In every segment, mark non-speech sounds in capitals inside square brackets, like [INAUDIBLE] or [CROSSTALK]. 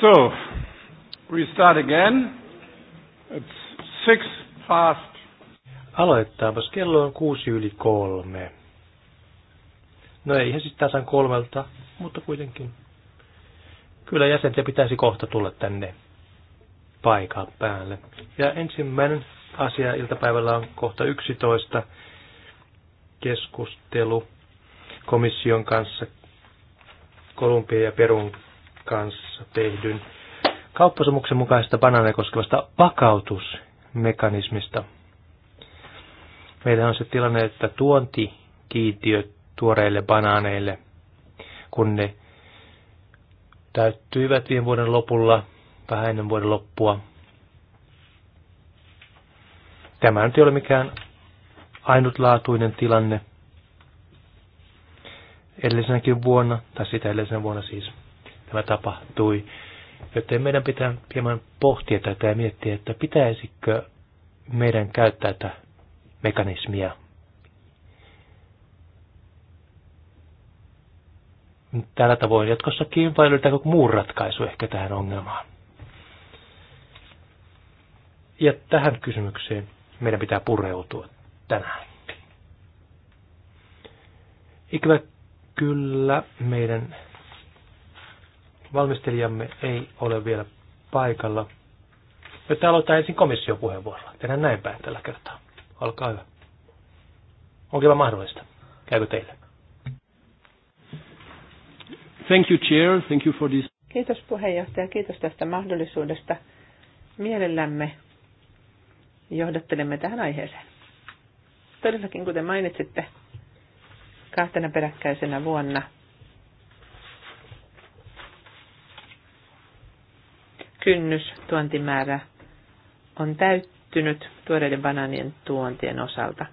So, we start again. It's six past. Aloitetaanpas, kello on kuusi yli kolme. No ei ihan siis tasan kolmelta, mutta kuitenkin. Kyllä jäsenten pitäisi kohta tulla tänne paikan päälle. Ja ensimmäinen asia iltapäivällä on kohta 11 keskustelu komission kanssa Kolumbia ja Perun kanssa tehdyn kauppasomuksen mukaisesta banaaneja koskevasta vakautusmekanismista. Meillä on se tilanne, että tuontikiintiöt tuoreille banaaneille, kun ne täyttyivät viime vuoden lopulla, vähän ennen vuoden loppua. Tämä nyt ei ole mikään ainutlaatuinen tilanne. Edellisenäkin vuonna, tai sitä edellisenä vuonna siis, tämä tapahtui. Joten meidän pitää hieman pohtia tätä ja miettiä, että pitäisikö meidän käyttää tätä mekanismia. Tällä tavoin jatkossakin, vai löytääkö muu ratkaisu ehkä tähän ongelmaan? Ja tähän kysymykseen meidän pitää pureutua tänään. Ikävä kyllä meidän valmistelijamme ei ole vielä paikalla. Nyt aloittaa ensin komission puheenvuorolla. Tehdään näin päin tällä kertaa. Olkaa hyvä. Onko tämä mahdollista? Käykö teille? Thank you, Chair. Thank you for this. Kiitos puheenjohtaja. Kiitos tästä mahdollisuudesta. Mielellämme johdattelemme tähän aiheeseen. Todellakin, kuten mainitsitte, kahtena peräkkäisenä vuonna – kynnys tuontimäärä on täyttynyt tuoreiden banaanien tuontien osalta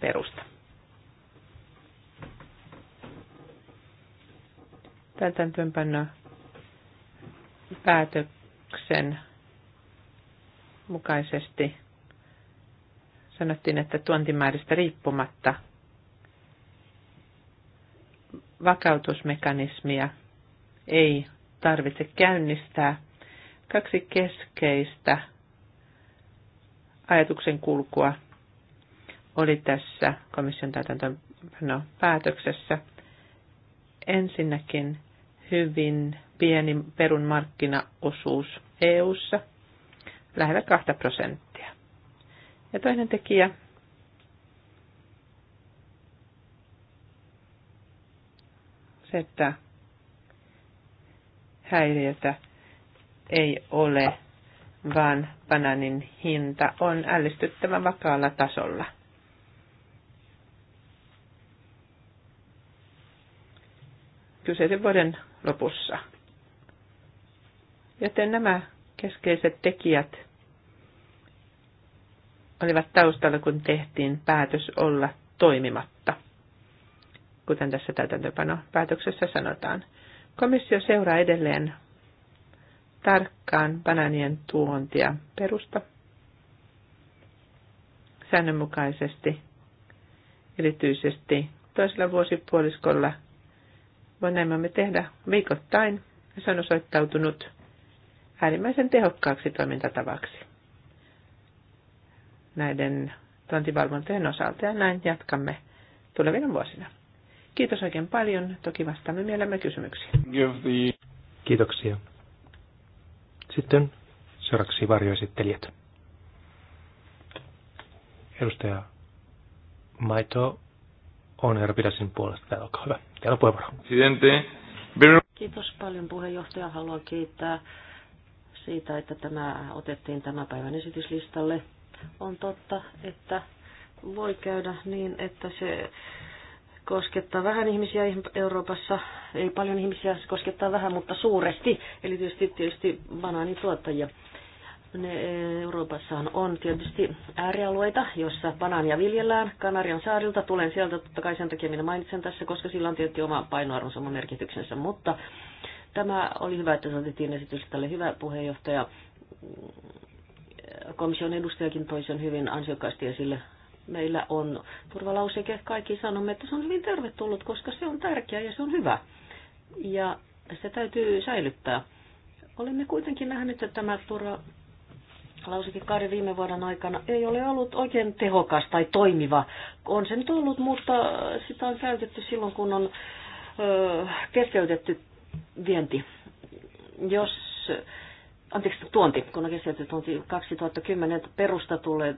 perusta. Täytäntöönpanno päätöksen mukaisesti sanottiin, että tuontimääristä riippumatta vakautusmekanismia ei tarvitse käynnistää – kaksi keskeistä ajatuksen kulkua oli tässä komission täytäntöönpano päätöksessä. Ensinnäkin hyvin pieni perun markkinaosuus EU-ssa, lähellä 2 prosenttia. Ja toinen tekijä se, että häiriötä ei ole, vaan bananin hinta on ällistyttävän vakaalla tasolla. kyseisen vuoden lopussa. Joten nämä keskeiset tekijät olivat taustalla, kun tehtiin päätös olla toimimatta, kuten tässä täytäntöpano päätöksessä sanotaan. Komissio seuraa edelleen tarkkaan bananien tuontia perusta säännönmukaisesti, erityisesti toisella vuosipuoliskolla. Voimme tehdä viikoittain ja se on osoittautunut äärimmäisen tehokkaaksi toimintatavaksi näiden tuontivalvontojen osalta ja näin jatkamme tulevina vuosina. Kiitos oikein paljon. Toki vastaamme mielemme kysymyksiin. Kiitoksia. Sitten seuraavaksi varjoesittelijät. Edustaja Maito on Herpidasin puolesta täällä, olkaa hyvä. Täällä on puheenvuoro. Kiitos paljon puheenjohtaja. Haluan kiittää siitä, että tämä otettiin tämän päivän esityslistalle. On totta, että voi käydä niin, että se koskettaa vähän ihmisiä Euroopassa, ei paljon ihmisiä, se koskettaa vähän, mutta suuresti, eli tietysti, tietysti banaanituottajia. Ne e, Euroopassahan on tietysti äärialueita, joissa banaania viljellään. Kanarian saarilta tulen sieltä, totta kai sen takia minä mainitsen tässä, koska sillä on tietysti oma painoarvonsa, oma merkityksensä, mutta tämä oli hyvä, että se otettiin esitys tälle hyvä puheenjohtaja. Komission edustajakin toi sen hyvin ansiokkaasti esille meillä on turvalauseke. Kaikki sanomme, että se on hyvin tervetullut, koska se on tärkeä ja se on hyvä. Ja se täytyy säilyttää. Olemme kuitenkin nähneet, että tämä turvalauseke lausekekaari viime vuoden aikana ei ole ollut oikein tehokas tai toimiva. On se nyt ollut, mutta sitä on käytetty silloin, kun on keskeytetty vienti. Jos, anteeksi, tuonti, kun on keskeytetty tuonti 2010 perusta tulee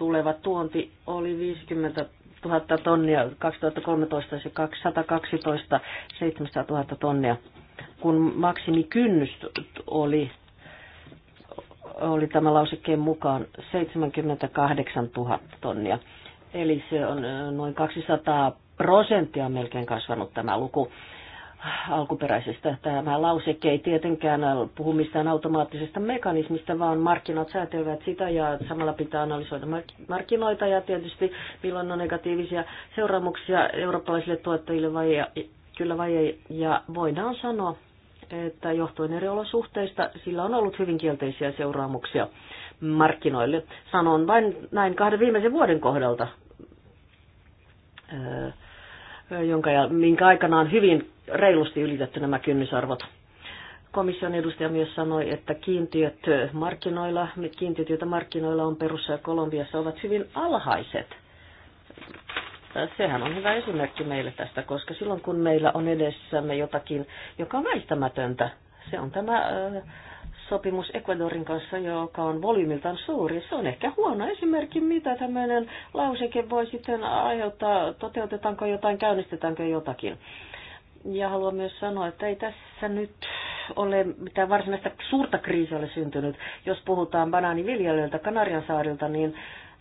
tuleva tuonti oli 50 000 tonnia, 2013 se 112 700 000 tonnia, kun maksimikynnys oli, oli tämä lausekkeen mukaan 78 000 tonnia. Eli se on noin 200 prosenttia melkein kasvanut tämä luku alkuperäisestä. Tämä lauseke ei tietenkään puhu mistään automaattisesta mekanismista, vaan markkinat säätelevät sitä ja samalla pitää analysoida markkinoita ja tietysti milloin on negatiivisia seuraamuksia eurooppalaisille tuottajille vai kyllä vai ei. Ja voidaan sanoa, että johtuen eri olosuhteista sillä on ollut hyvin kielteisiä seuraamuksia markkinoille. Sanon vain näin kahden viimeisen vuoden kohdalta, jonka, ja minkä aikanaan hyvin reilusti ylitetty nämä kynnysarvot. Komission edustaja myös sanoi, että kiintiöt markkinoilla, kiintiöt, joita markkinoilla on Perussa ja Kolumbiassa, ovat hyvin alhaiset. Sehän on hyvä esimerkki meille tästä, koska silloin kun meillä on edessämme jotakin, joka on väistämätöntä, se on tämä sopimus Ecuadorin kanssa, joka on volyymiltaan suuri. Se on ehkä huono esimerkki, mitä tämmöinen lauseke voi sitten aiheuttaa, toteutetaanko jotain, käynnistetäänkö jotakin. Ja haluan myös sanoa, että ei tässä nyt ole mitään varsinaista suurta kriisiä ole syntynyt. Jos puhutaan banaaniviljelijöiltä Kanarian saarilta, niin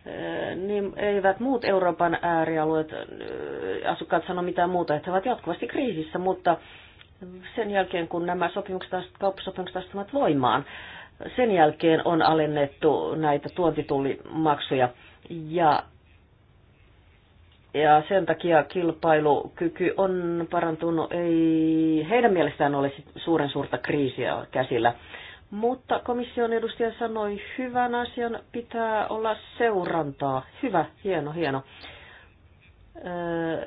eh, niin eivät muut Euroopan äärialueet eh, asukkaat sano mitään muuta, että he ovat jatkuvasti kriisissä, mutta sen jälkeen kun nämä sopimukset, kauppasopimukset astuvat voimaan, sen jälkeen on alennettu näitä tuontitullimaksuja ja ja sen takia kilpailukyky on parantunut. Ei heidän mielestään ole suuren suurta kriisiä käsillä. Mutta komission edustaja sanoi, hyvän asian pitää olla seurantaa. Hyvä, hieno, hieno. Öö,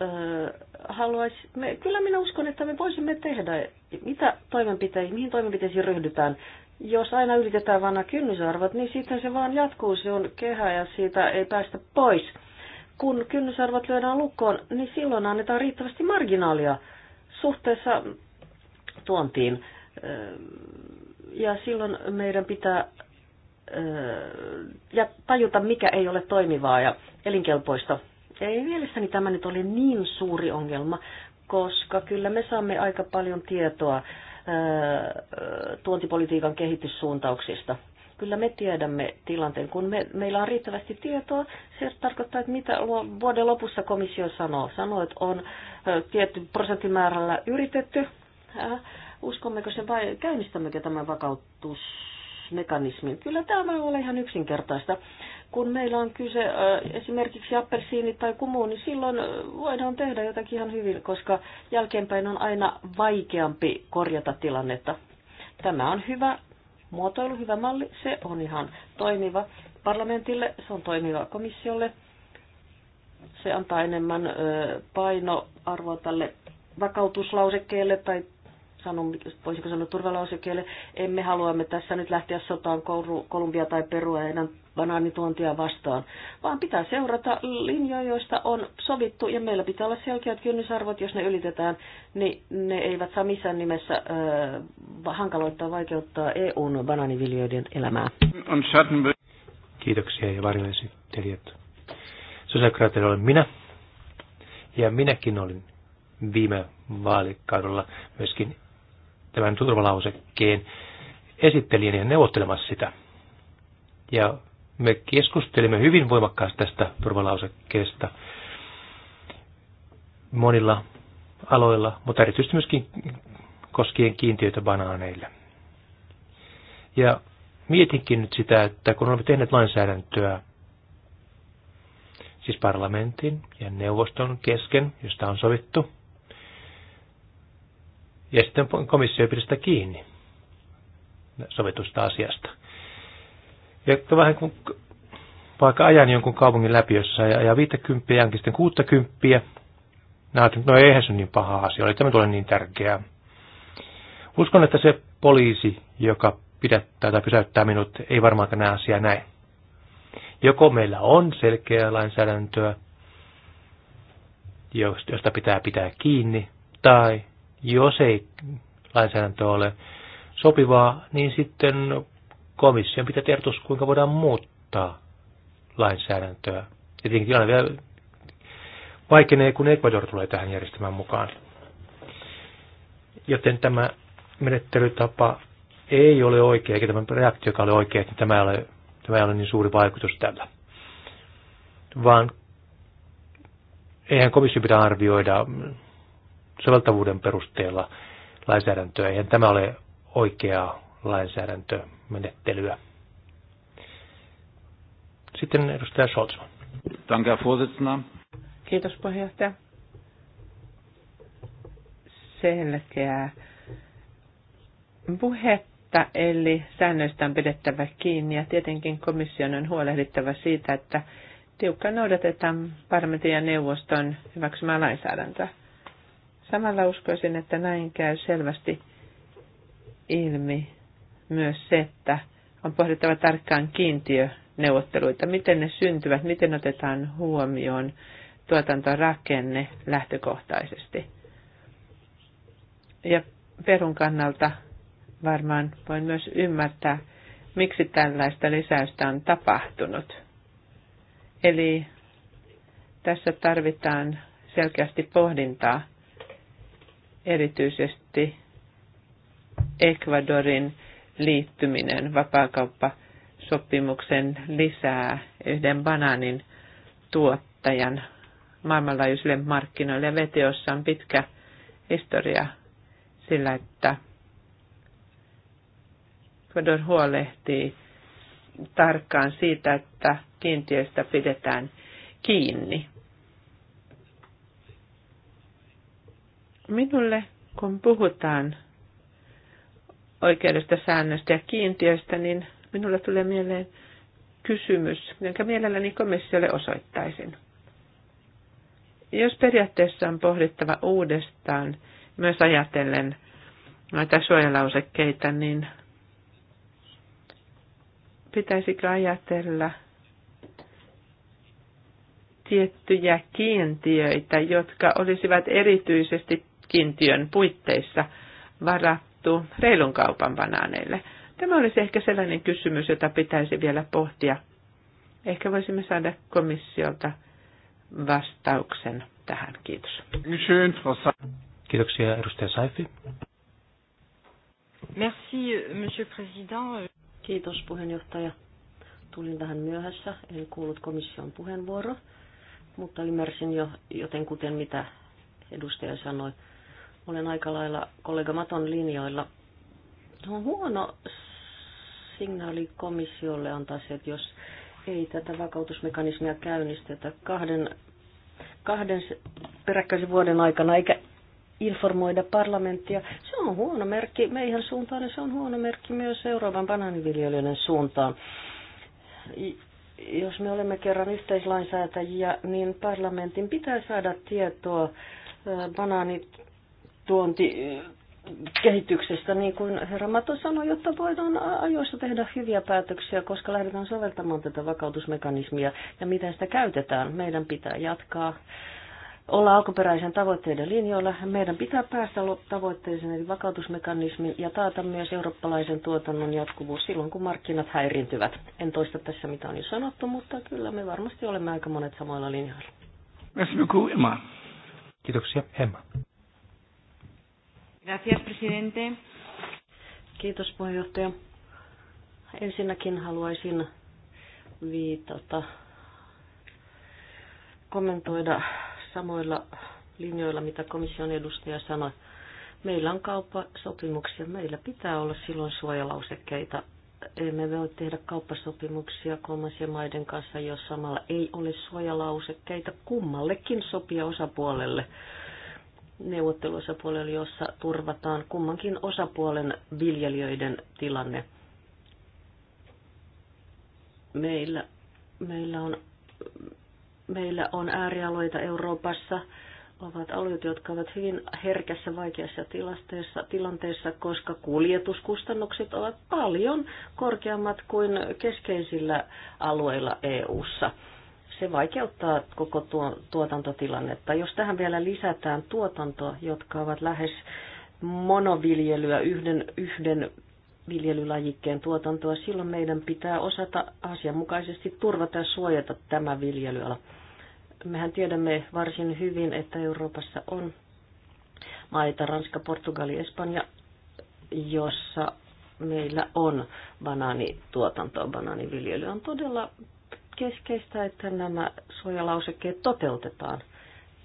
öö, haluais, me, kyllä minä uskon, että me voisimme tehdä, mitä toimenpiteisiin, mihin toimenpiteisiin ryhdytään. Jos aina ylitetään vanha kynnysarvot, niin sitten se vaan jatkuu, se on kehä ja siitä ei päästä pois kun kynnysarvot lyödään lukkoon, niin silloin annetaan riittävästi marginaalia suhteessa tuontiin. Ja silloin meidän pitää ja tajuta, mikä ei ole toimivaa ja elinkelpoista. Ei mielestäni tämä nyt ole niin suuri ongelma, koska kyllä me saamme aika paljon tietoa tuontipolitiikan kehityssuuntauksista. Kyllä me tiedämme tilanteen. Kun me, meillä on riittävästi tietoa, se tarkoittaa, että mitä vuoden lopussa komissio sanoo. Sanoo, että on tietty prosenttimäärällä yritetty. Äh, uskommeko se vai käynnistämmekö tämän vakautusmekanismin? Kyllä tämä ei ole ihan yksinkertaista. Kun meillä on kyse esimerkiksi appelsiinit tai kumu, niin silloin voidaan tehdä jotakin ihan hyvin, koska jälkeenpäin on aina vaikeampi korjata tilannetta. Tämä on hyvä muotoilu, hyvä malli, se on ihan toimiva parlamentille, se on toimiva komissiolle. Se antaa enemmän painoarvoa tälle vakautuslausekkeelle tai sanonut, voisiko sanoa turvalausekkeelle, emme haluamme tässä nyt lähteä sotaan Kolumbia tai Perua ja enää banaanituontia vastaan, vaan pitää seurata linjoja, joista on sovittu ja meillä pitää olla selkeät kynnysarvot, jos ne ylitetään, niin ne eivät saa missään nimessä äh, hankaloittaa vaikeuttaa EUn banaaniviljoiden elämää. On Kiitoksia ja varjoesittelijät. Sosiaalikaatteella olen minä ja minäkin olin viime vaalikaudella myöskin tämän turvalausekkeen esittelijän ja neuvottelemassa sitä. Ja me keskustelimme hyvin voimakkaasti tästä turvalausekkeesta monilla aloilla, mutta erityisesti myöskin koskien kiintiöitä banaaneille. Ja mietinkin nyt sitä, että kun olemme tehneet lainsäädäntöä, siis parlamentin ja neuvoston kesken, josta on sovittu, ja sitten komissio ei pidä sitä kiinni sovitusta asiasta. Ja vähän kun vaikka ajan jonkun kaupungin läpi, jossa ja ajaa 50 ja sitten 60, no eihän se ole niin paha asia, oli tämä tulee niin tärkeää. Uskon, että se poliisi, joka pidättää tai pysäyttää minut, ei varmaankaan näe asiaa näin. Joko meillä on selkeää lainsäädäntöä, josta pitää pitää kiinni, tai jos ei lainsäädäntö ole sopivaa, niin sitten komission pitää tiedottaa, kuinka voidaan muuttaa lainsäädäntöä. Ja tietenkin tilanne vielä vaikenee, kun Ecuador tulee tähän järjestelmään mukaan. Joten tämä menettelytapa ei ole oikea, eikä tämä reaktio, joka oli oikea, niin tämä ei ole, tämä ei ole niin suuri vaikutus tällä. Vaan eihän komissio pitää arvioida soveltavuuden perusteella lainsäädäntöä. Eihän tämä ole oikea lainsäädäntömenettelyä. Sitten edustaja Scholzman. Danke, Herr Kiitos puheenjohtaja. Selkeää puhetta, eli säännöistä on pidettävä kiinni ja tietenkin komission on huolehdittava siitä, että tiukkaan noudatetaan parlamentin ja neuvoston hyväksymää lainsäädäntöä. Samalla uskoisin, että näin käy selvästi ilmi myös se, että on pohdittava tarkkaan kiintiöneuvotteluita, miten ne syntyvät, miten otetaan huomioon tuotantorakenne lähtökohtaisesti. Ja Perun kannalta varmaan voin myös ymmärtää, miksi tällaista lisäystä on tapahtunut. Eli tässä tarvitaan selkeästi pohdintaa erityisesti Ecuadorin liittyminen vapaakauppasopimuksen lisää yhden banaanin tuottajan maailmanlaajuisille markkinoille. Ja VTOssa on pitkä historia sillä, että Ecuador huolehtii tarkkaan siitä, että kiintiöistä pidetään kiinni. Minulle, kun puhutaan oikeudesta, säännöstä ja kiintiöistä, niin minulle tulee mieleen kysymys, jonka mielelläni komissiolle osoittaisin. Jos periaatteessa on pohdittava uudestaan, myös ajatellen noita suojalausekkeita, niin pitäisikö ajatella tiettyjä kiintiöitä, jotka olisivat erityisesti kiintiön puitteissa varattu reilun kaupan banaaneille. Tämä olisi ehkä sellainen kysymys, jota pitäisi vielä pohtia. Ehkä voisimme saada komissiolta vastauksen tähän. Kiitos. Kiitoksia, edustaja Saifi. Merci, monsieur président. Kiitos, puheenjohtaja. Tulin tähän myöhässä, en kuullut komission puheenvuoro, mutta ymmärsin jo kuten mitä edustaja sanoi. Olen aika lailla kollega Maton linjoilla. On huono signaali komissiolle antaa se, että jos ei tätä vakautusmekanismia käynnistetä kahden, kahden peräkkäisen vuoden aikana eikä informoida parlamenttia. Se on huono merkki meidän suuntaan ja se on huono merkki myös Euroopan banaaniviljelijöiden suuntaan. Jos me olemme kerran yhteislainsäätäjiä, niin parlamentin pitää saada tietoa banaanit tuonti kehityksestä, niin kuin herra Mato sanoi, jotta voidaan ajoissa tehdä hyviä päätöksiä, koska lähdetään soveltamaan tätä vakautusmekanismia ja miten sitä käytetään. Meidän pitää jatkaa olla alkuperäisen tavoitteiden linjoilla. Meidän pitää päästä tavoitteeseen eli vakautusmekanismin ja taata myös eurooppalaisen tuotannon jatkuvuus silloin, kun markkinat häiriintyvät. En toista tässä, mitä on jo sanottu, mutta kyllä me varmasti olemme aika monet samoilla linjoilla. Kiitoksia, Emma. Gracias, presidente. Kiitos puheenjohtaja. Ensinnäkin haluaisin viitata, kommentoida samoilla linjoilla, mitä komission edustaja sanoi. Meillä on kauppasopimuksia, meillä pitää olla silloin suojalausekkeita. Emme voi tehdä kauppasopimuksia kolmansien maiden kanssa, jos samalla ei ole suojalausekkeita kummallekin sopia osapuolelle neuvotteluosapuolelle, jossa turvataan kummankin osapuolen viljelijöiden tilanne. Meillä, meillä, on, meillä on äärialueita Euroopassa, ovat alueet, jotka ovat hyvin herkässä, vaikeassa tilanteessa, tilanteessa, koska kuljetuskustannukset ovat paljon korkeammat kuin keskeisillä alueilla EU:ssa. ssa se vaikeuttaa koko tuo, tuotantotilannetta. Jos tähän vielä lisätään tuotanto, jotka ovat lähes monoviljelyä, yhden, yhden viljelylajikkeen tuotantoa, silloin meidän pitää osata asianmukaisesti turvata ja suojata tämä viljelyala. Mehän tiedämme varsin hyvin, että Euroopassa on maita Ranska, Portugali, Espanja, jossa meillä on banaanituotantoa, banaaniviljely on todella keskeistä, että nämä suojalausekkeet toteutetaan.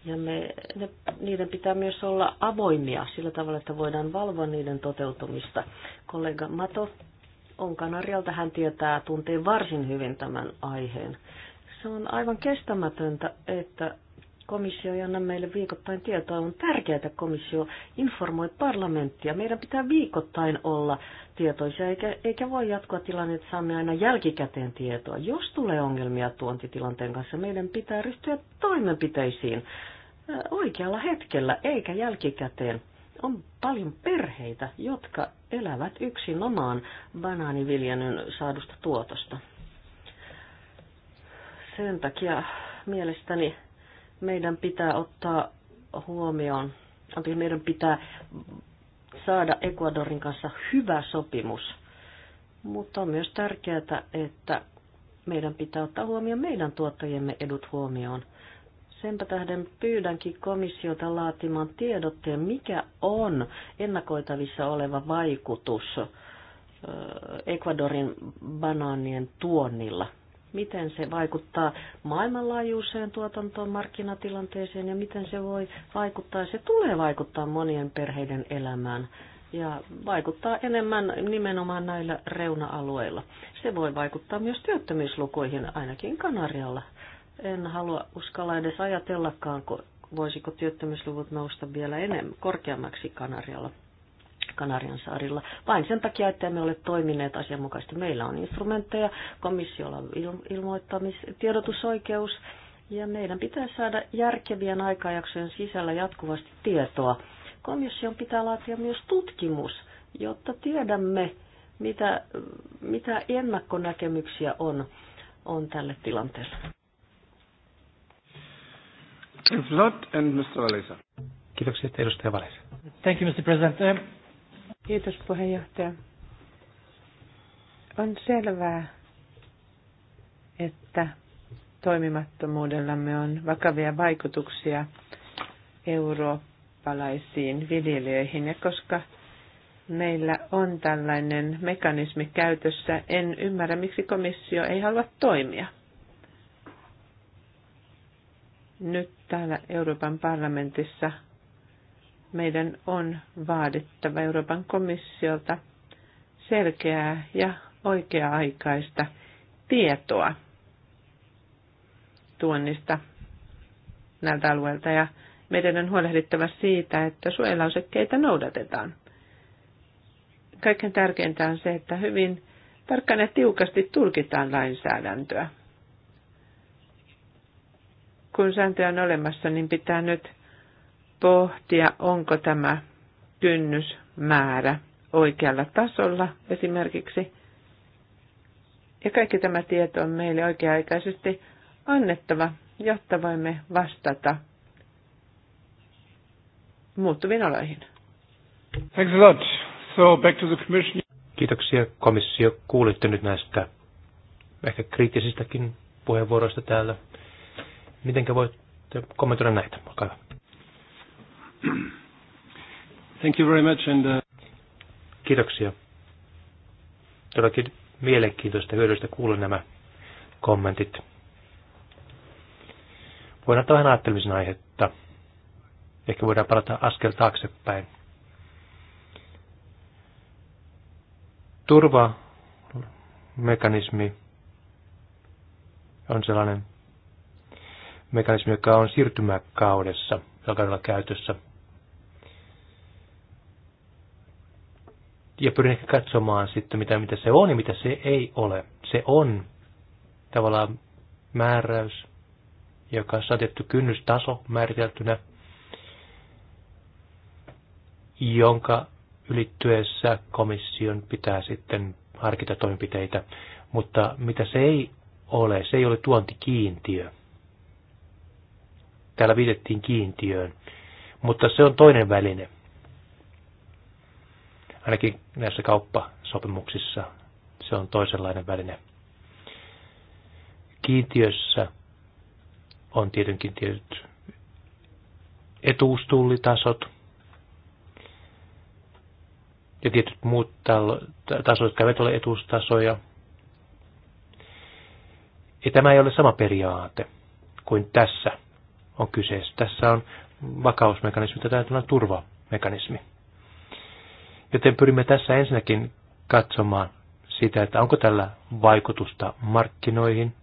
Ja me, ne, niiden pitää myös olla avoimia sillä tavalla, että voidaan valvoa niiden toteutumista. Kollega Mato on Kanarialta, hän tietää, tuntee varsin hyvin tämän aiheen. Se on aivan kestämätöntä, että komissio ei anna meille viikoittain tietoa. On tärkeää, että komissio informoi parlamenttia. Meidän pitää viikoittain olla tietoisia, eikä, eikä voi jatkoa tilanne, että saamme aina jälkikäteen tietoa. Jos tulee ongelmia tuontitilanteen kanssa, meidän pitää ryhtyä toimenpiteisiin äh, oikealla hetkellä, eikä jälkikäteen. On paljon perheitä, jotka elävät yksin omaan banaaniviljelyn saadusta tuotosta. Sen takia mielestäni meidän pitää ottaa huomioon, anteeksi, meidän pitää saada Ecuadorin kanssa hyvä sopimus, mutta on myös tärkeää, että meidän pitää ottaa huomioon meidän tuottajiemme edut huomioon. Senpä tähden pyydänkin komissiota laatimaan tiedotteen, mikä on ennakoitavissa oleva vaikutus Ecuadorin banaanien tuonnilla – miten se vaikuttaa maailmanlaajuiseen tuotantoon, markkinatilanteeseen ja miten se voi vaikuttaa. Se tulee vaikuttaa monien perheiden elämään ja vaikuttaa enemmän nimenomaan näillä reuna-alueilla. Se voi vaikuttaa myös työttömyyslukuihin, ainakin Kanarialla. En halua uskalla edes ajatellakaan, voisiko työttömyysluvut nousta vielä enemmän korkeammaksi Kanarialla. Kanarian saarilla. Vain sen takia, että emme ole toimineet asianmukaisesti. Meillä on instrumentteja, komissiolla on ilmoittamis- ja meidän pitää saada järkevien aikajaksojen sisällä jatkuvasti tietoa. Komission pitää laatia myös tutkimus, jotta tiedämme, mitä, mitä ennakkonäkemyksiä on, on tälle tilanteelle. Flot and Mr. Valesa. Kiitoksia, edustaja Valisa. Thank you, Mr. President. Uh, Kiitos puheenjohtaja. On selvää, että toimimattomuudellamme on vakavia vaikutuksia eurooppalaisiin viljelijöihin. Ja koska meillä on tällainen mekanismi käytössä, en ymmärrä, miksi komissio ei halua toimia. Nyt täällä Euroopan parlamentissa meidän on vaadittava Euroopan komissiolta selkeää ja oikea-aikaista tietoa tuonnista näiltä alueilta ja meidän on huolehdittava siitä, että suojelausekkeita noudatetaan. Kaiken tärkeintä on se, että hyvin tarkkaan ja tiukasti tulkitaan lainsäädäntöä. Kun sääntöjä on olemassa, niin pitää nyt pohtia, onko tämä kynnysmäärä oikealla tasolla esimerkiksi. Ja kaikki tämä tieto on meille oikea-aikaisesti annettava, jotta voimme vastata muuttuviin oloihin. Thanks a lot. So back to the commission. Kiitoksia komissio. Kuulitte nyt näistä ehkä kriittisistäkin puheenvuoroista täällä. Mitenkä voitte kommentoida näitä? Olkaa hyvä. Thank you very much and, uh... Kiitoksia. Todellakin mielenkiintoista hyödyllistä kuulla nämä kommentit. Voin ottaa vähän ajattelemisen aihetta. Ehkä voidaan palata askel taaksepäin. Turvamekanismi on sellainen mekanismi, joka on siirtymäkaudessa, joka on käytössä ja pyrin ehkä katsomaan sitten, mitä, mitä se on ja mitä se ei ole. Se on tavallaan määräys, joka on saatettu kynnystaso määriteltynä, jonka ylittyessä komission pitää sitten harkita toimenpiteitä. Mutta mitä se ei ole, se ei ole tuontikiintiö. Täällä viitettiin kiintiöön, mutta se on toinen väline – Ainakin näissä kauppasopimuksissa se on toisenlainen väline. Kiintiössä on tietenkin tietyt etuustullitasot ja tietyt muut tasot, jotka eivät ole etuustasoja. Ja tämä ei ole sama periaate kuin tässä on kyseessä. Tässä on vakausmekanismi, tätä on turvamekanismi. Joten pyrimme tässä ensinnäkin katsomaan sitä, että onko tällä vaikutusta markkinoihin,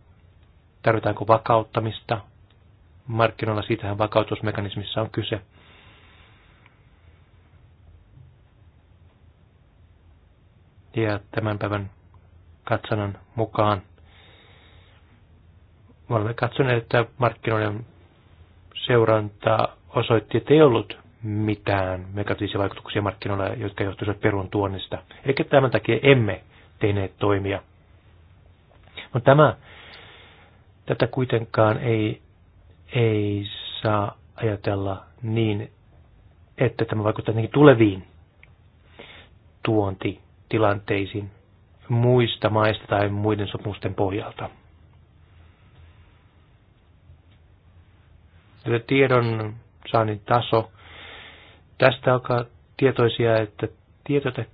tarvitaanko vakauttamista markkinoilla, siitähän vakautusmekanismissa on kyse. Ja tämän päivän katsanan mukaan olemme katsoneet, että markkinoiden seuranta osoitti, että ei ollut mitään negatiivisia vaikutuksia markkinoilla, jotka johtuisivat perun tuonnista. Eli tämän takia emme tehneet toimia. Mutta no tämä, tätä kuitenkaan ei, ei saa ajatella niin, että tämä vaikuttaa jotenkin tuleviin tuontitilanteisiin muista maista tai muiden sopimusten pohjalta. tiedon saannin taso tästä alkaa tietoisia, että tietoja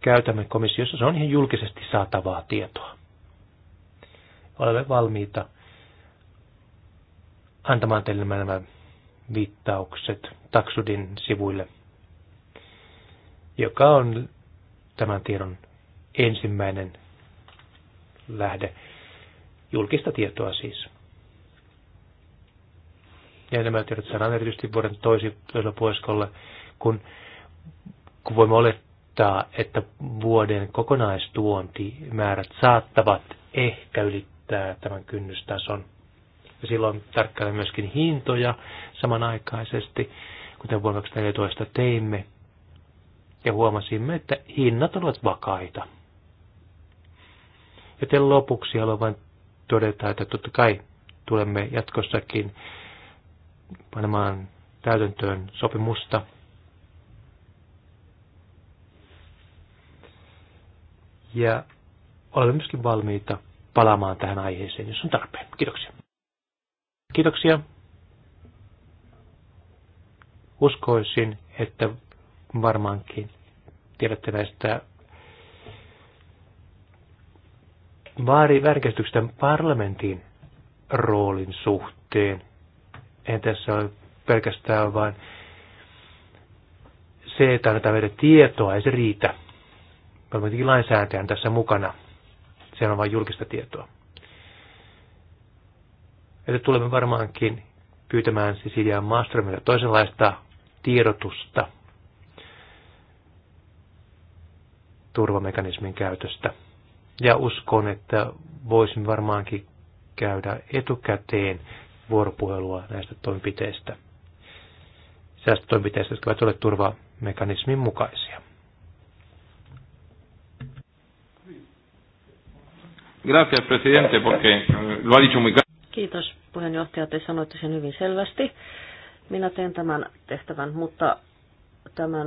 käytämme komissiossa, se on ihan julkisesti saatavaa tietoa. Olemme valmiita antamaan teille nämä viittaukset Taksudin sivuille, joka on tämän tiedon ensimmäinen lähde. Julkista tietoa siis. Ja nämä tiedot saadaan erityisesti vuoden toisella puoliskolla kun, kun voimme olettaa, että vuoden kokonaistuontimäärät saattavat ehkä ylittää tämän kynnystason. Ja silloin tarkkailla myöskin hintoja samanaikaisesti, kuten vuonna 2014 teimme. Ja huomasimme, että hinnat olivat vakaita. Joten lopuksi haluan vain todeta, että totta kai tulemme jatkossakin panemaan täytäntöön sopimusta ja olemme myöskin valmiita palaamaan tähän aiheeseen, jos on tarpeen. Kiitoksia. Kiitoksia. Uskoisin, että varmaankin tiedätte näistä väärinkäsityksistä parlamentin roolin suhteen. En tässä ole pelkästään vain se, että annetaan meidän tietoa, ei se riitä parlamentin lainsäätäjän tässä mukana. Se on vain julkista tietoa. Että tulemme varmaankin pyytämään Cecilia maastromille toisenlaista tiedotusta turvamekanismin käytöstä. Ja uskon, että voisin varmaankin käydä etukäteen vuoropuhelua näistä toimenpiteistä. Säästötoimenpiteistä, jotka ovat ole turvamekanismin mukaisia. Gracias, presidente, porque eh, lo ha dicho muy Kiitos puheenjohtaja, te sanoitte sen hyvin selvästi. Minä teen tämän tehtävän, mutta tämän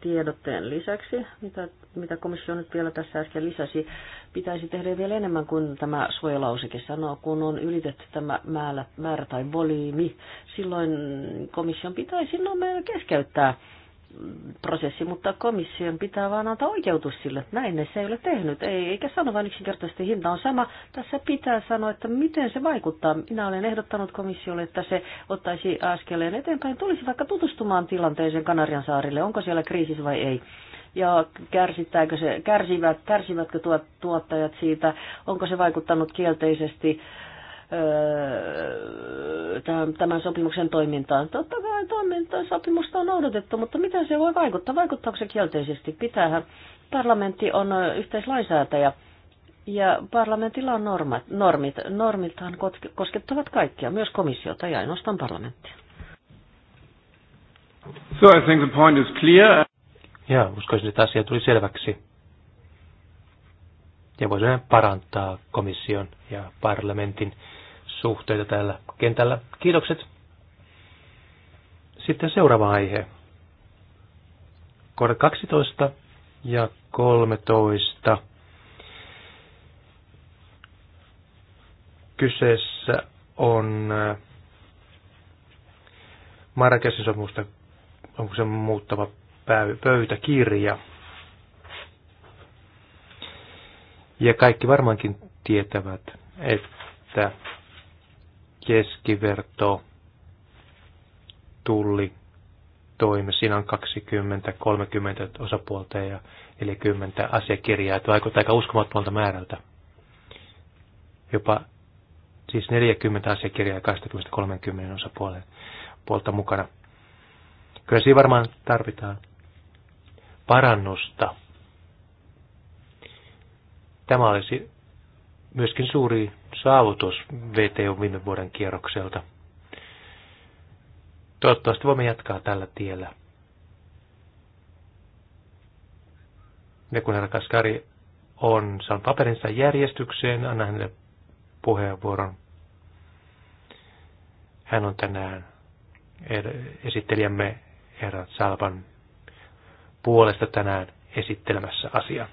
tiedotteen lisäksi, mitä, mitä komissio nyt vielä tässä äsken lisäsi, pitäisi tehdä vielä enemmän kuin tämä suojalauseke sanoo, kun on ylitetty tämä määrä, määrä tai volyymi. Silloin komission pitäisi no, keskeyttää prosessi, mutta komission pitää vaan antaa oikeutus sille, että näin ne se ei ole tehnyt. Ei, eikä sano vain yksinkertaisesti hinta on sama. Tässä pitää sanoa, että miten se vaikuttaa. Minä olen ehdottanut komissiolle, että se ottaisi askeleen eteenpäin. Tulisi vaikka tutustumaan tilanteeseen Kanarian saarille, onko siellä kriisissä vai ei ja kärsittääkö se, kärsivät, kärsivätkö tuottajat siitä, onko se vaikuttanut kielteisesti Öö, tämän sopimuksen toimintaan. Totta kai toiminta, sopimusta on noudatettu, mutta miten se voi vaikuttaa? Vaikuttaako se kielteisesti? Pitäähän, parlamentti on yhteislainsäätäjä ja parlamentilla on normat, normit. Normithan koskettavat kaikkia, myös komissiota ja ainoastaan parlamenttia. So I think the point is clear. Ja uskoisin, että asia tuli selväksi. Ja voisi parantaa komission ja parlamentin suhteita täällä kentällä. Kiitokset. Sitten seuraava aihe. kohde 12 ja 13. Kyseessä on äh, Marrakesin sopimusta, onko se muuttava pöytäkirja. Ja kaikki varmaankin tietävät, että keskiverto tulli toimi. Siinä on 20-30 osapuolta ja 40 asiakirjaa. Tuo vaikuttaa aika uskomattomalta määrältä. Jopa siis 40 asiakirjaa 20-30 osapuolta puolta mukana. Kyllä siinä varmaan tarvitaan parannusta. Tämä olisi myöskin suuri saavutus VTO viime vuoden kierrokselta. Toivottavasti voimme jatkaa tällä tiellä. Ja kun herra Kaskari on saanut paperinsa järjestykseen, anna hänelle puheenvuoron. Hän on tänään er- esittelijämme herra Salvan puolesta tänään esittelemässä asiaa.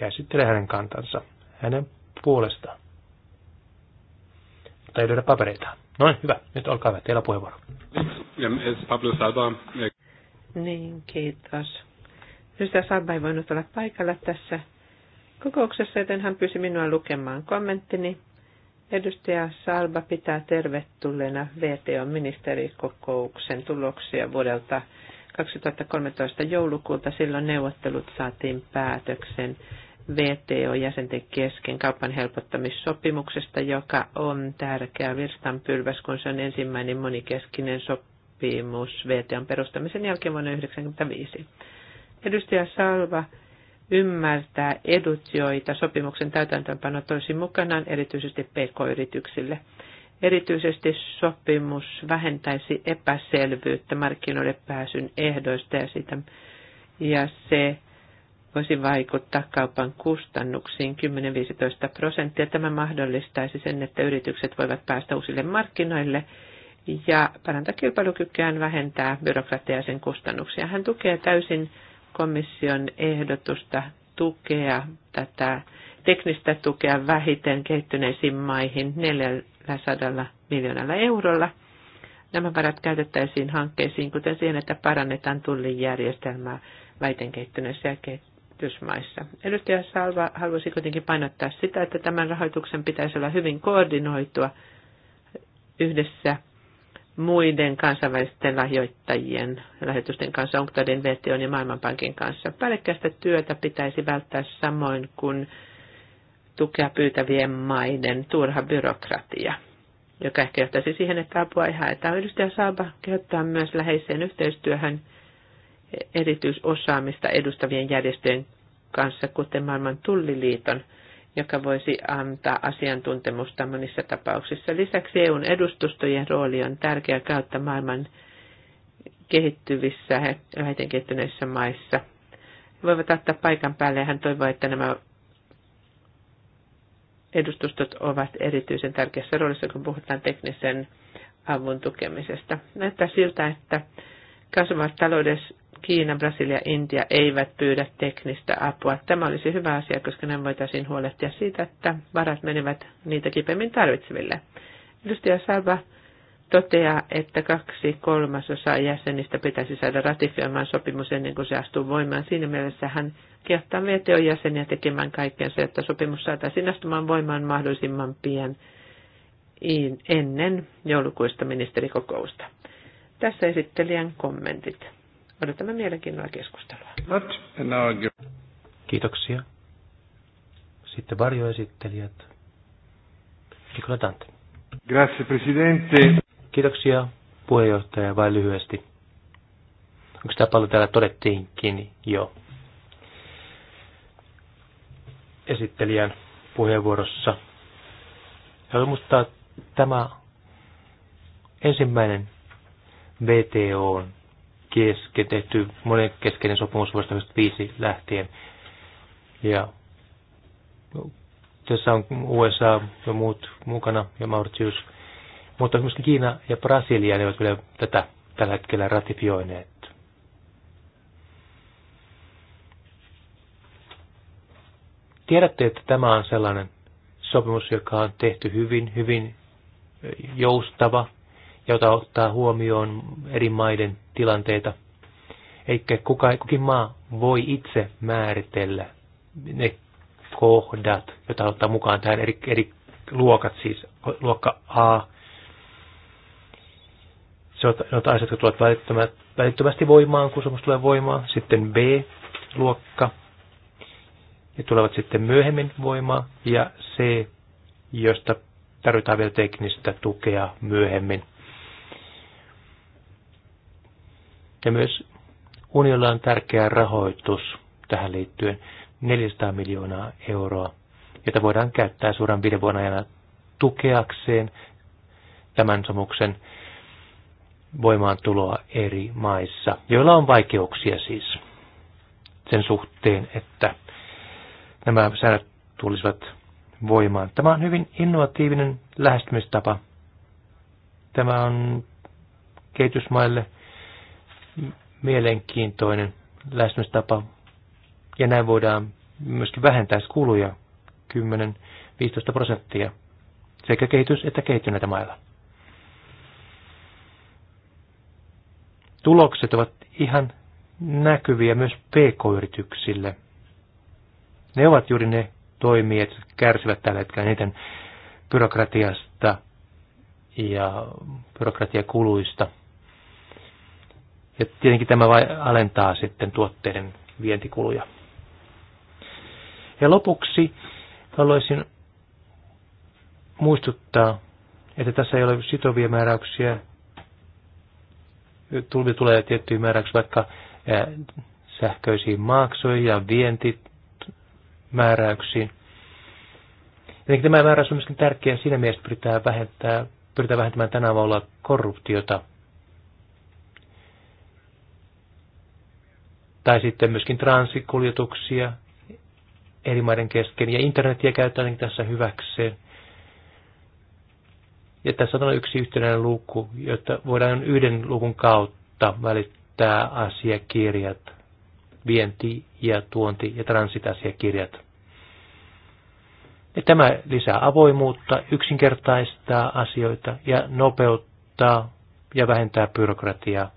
Ja esittelee hänen kantansa hänen puolestaan. Mutta ei löydä papereitaan. Noin, hyvä. Nyt olkaa hyvä. Teillä on puheenvuoro. Pablo Niin, kiitos. Ystävä Sabba ei voinut olla paikalla tässä kokouksessa, joten hän pyysi minua lukemaan kommenttini. Edustaja Salba pitää tervetulleena VTO-ministerikokouksen tuloksia vuodelta 2013 joulukuulta. Silloin neuvottelut saatiin päätöksen VTO-jäsenten kesken kaupan helpottamissopimuksesta, joka on tärkeä virstanpylväs, kun se on ensimmäinen monikeskinen sopimus VTOn perustamisen jälkeen vuonna 1995. Edustaja Salva ymmärtää edut, joita sopimuksen täytäntöönpano toisi mukanaan erityisesti pk-yrityksille. Erityisesti sopimus vähentäisi epäselvyyttä markkinoille pääsyn ehdoista ja, sitä, ja se voisi vaikuttaa kaupan kustannuksiin 10-15 prosenttia. Tämä mahdollistaisi sen, että yritykset voivat päästä uusille markkinoille ja parantaa kilpailukykyään vähentää byrokratiaa sen kustannuksia. Hän tukee täysin komission ehdotusta tukea tätä teknistä tukea vähiten kehittyneisiin maihin 400 miljoonalla eurolla. Nämä varat käytettäisiin hankkeisiin, kuten siihen, että parannetaan tullijärjestelmää väiten kehittyneissä ja kehitysmaissa. Edustaja Salva haluaisi kuitenkin painottaa sitä, että tämän rahoituksen pitäisi olla hyvin koordinoitua yhdessä muiden kansainvälisten lahjoittajien lähetysten kanssa, Onktadin, VTOn ja Maailmanpankin kanssa. Päällekkäistä työtä pitäisi välttää samoin kuin tukea pyytävien maiden turha byrokratia, joka ehkä johtaisi siihen, että apua ei haeta. Edustaja Saaba kehottaa myös läheiseen yhteistyöhön – erityisosaamista edustavien järjestöjen kanssa, kuten maailman tulliliiton, joka voisi antaa asiantuntemusta monissa tapauksissa. Lisäksi EUn edustustojen rooli on tärkeä kautta maailman kehittyvissä ja vähiten kehittyneissä maissa. He voivat ottaa paikan päälle ja hän toivoo, että nämä edustustot ovat erityisen tärkeässä roolissa, kun puhutaan teknisen avun tukemisesta. Näyttää siltä, että kasvavat Kiina, Brasilia, Intia eivät pyydä teknistä apua. Tämä olisi hyvä asia, koska ne voitaisiin huolehtia siitä, että varat menevät niitä kipeimmin tarvitseville. Edustaja Salva toteaa, että kaksi kolmasosaa jäsenistä pitäisi saada ratifioimaan sopimus ennen kuin se astuu voimaan. Siinä mielessä hän kehottaa vto jäseniä tekemään kaikkensa, että sopimus saataisiin astumaan voimaan mahdollisimman pian ennen joulukuista ministerikokousta. Tässä esittelijän kommentit odotamme mielenkiinnolla keskustelua. Kiitoksia. Sitten varjoesittelijät. Nikola Dante. Grazie, presidente. Kiitoksia puheenjohtaja vain lyhyesti. Onko tämä paljon täällä todettiinkin jo esittelijän puheenvuorossa? Ja muistaa tämä ensimmäinen on kesken, tehty monen keskeinen sopimus vuodesta 1995 lähtien. Ja tässä on USA ja muut mukana ja Mauritius. Mutta myöskin Kiina ja Brasilia ne ovat vielä tätä tällä hetkellä ratifioineet. Tiedätte, että tämä on sellainen sopimus, joka on tehty hyvin, hyvin joustava jota ottaa huomioon eri maiden tilanteita. Eikä kuka, kukin maa voi itse määritellä ne kohdat, joita ottaa mukaan tähän eri, eri luokat, siis luokka A. Se on asiat, jotka tulevat välittömästi voimaan, kun sopimus tulee voimaan. Sitten B-luokka, ja tulevat sitten myöhemmin voimaan, ja C, josta tarvitaan vielä teknistä tukea myöhemmin. Ja myös unionilla on tärkeä rahoitus tähän liittyen, 400 miljoonaa euroa, jota voidaan käyttää suuran viiden vuoden ajana tukeakseen tämän sopimuksen voimaantuloa eri maissa, joilla on vaikeuksia siis sen suhteen, että nämä säännöt tulisivat voimaan. Tämä on hyvin innovatiivinen lähestymistapa. Tämä on kehitysmaille mielenkiintoinen lähestymistapa. Ja näin voidaan myöskin vähentää kuluja 10-15 prosenttia sekä kehitys- että kehittyneitä mailla. Tulokset ovat ihan näkyviä myös pk-yrityksille. Ne ovat juuri ne toimijat, jotka kärsivät tällä hetkellä niiden byrokratiasta ja byrokratiakuluista. Ja tietenkin tämä vai alentaa sitten tuotteiden vientikuluja. Ja lopuksi haluaisin muistuttaa, että tässä ei ole sitovia määräyksiä. Tulvi tulee tiettyjä määräyksiä vaikka sähköisiin maaksoihin ja vientimääräyksiin. Jotenkin tämä määräys on myöskin tärkeä siinä mielessä, pyritään, vähentää, pyritään vähentämään tänä vuonna korruptiota – tai sitten myöskin transikuljetuksia eri maiden kesken, ja internetiä käytetään tässä hyväkseen. Ja tässä on yksi yhtenäinen luku, jotta voidaan yhden lukun kautta välittää asiakirjat, vienti- ja tuonti- ja transitasiakirjat. Ja tämä lisää avoimuutta, yksinkertaistaa asioita ja nopeuttaa ja vähentää byrokratiaa.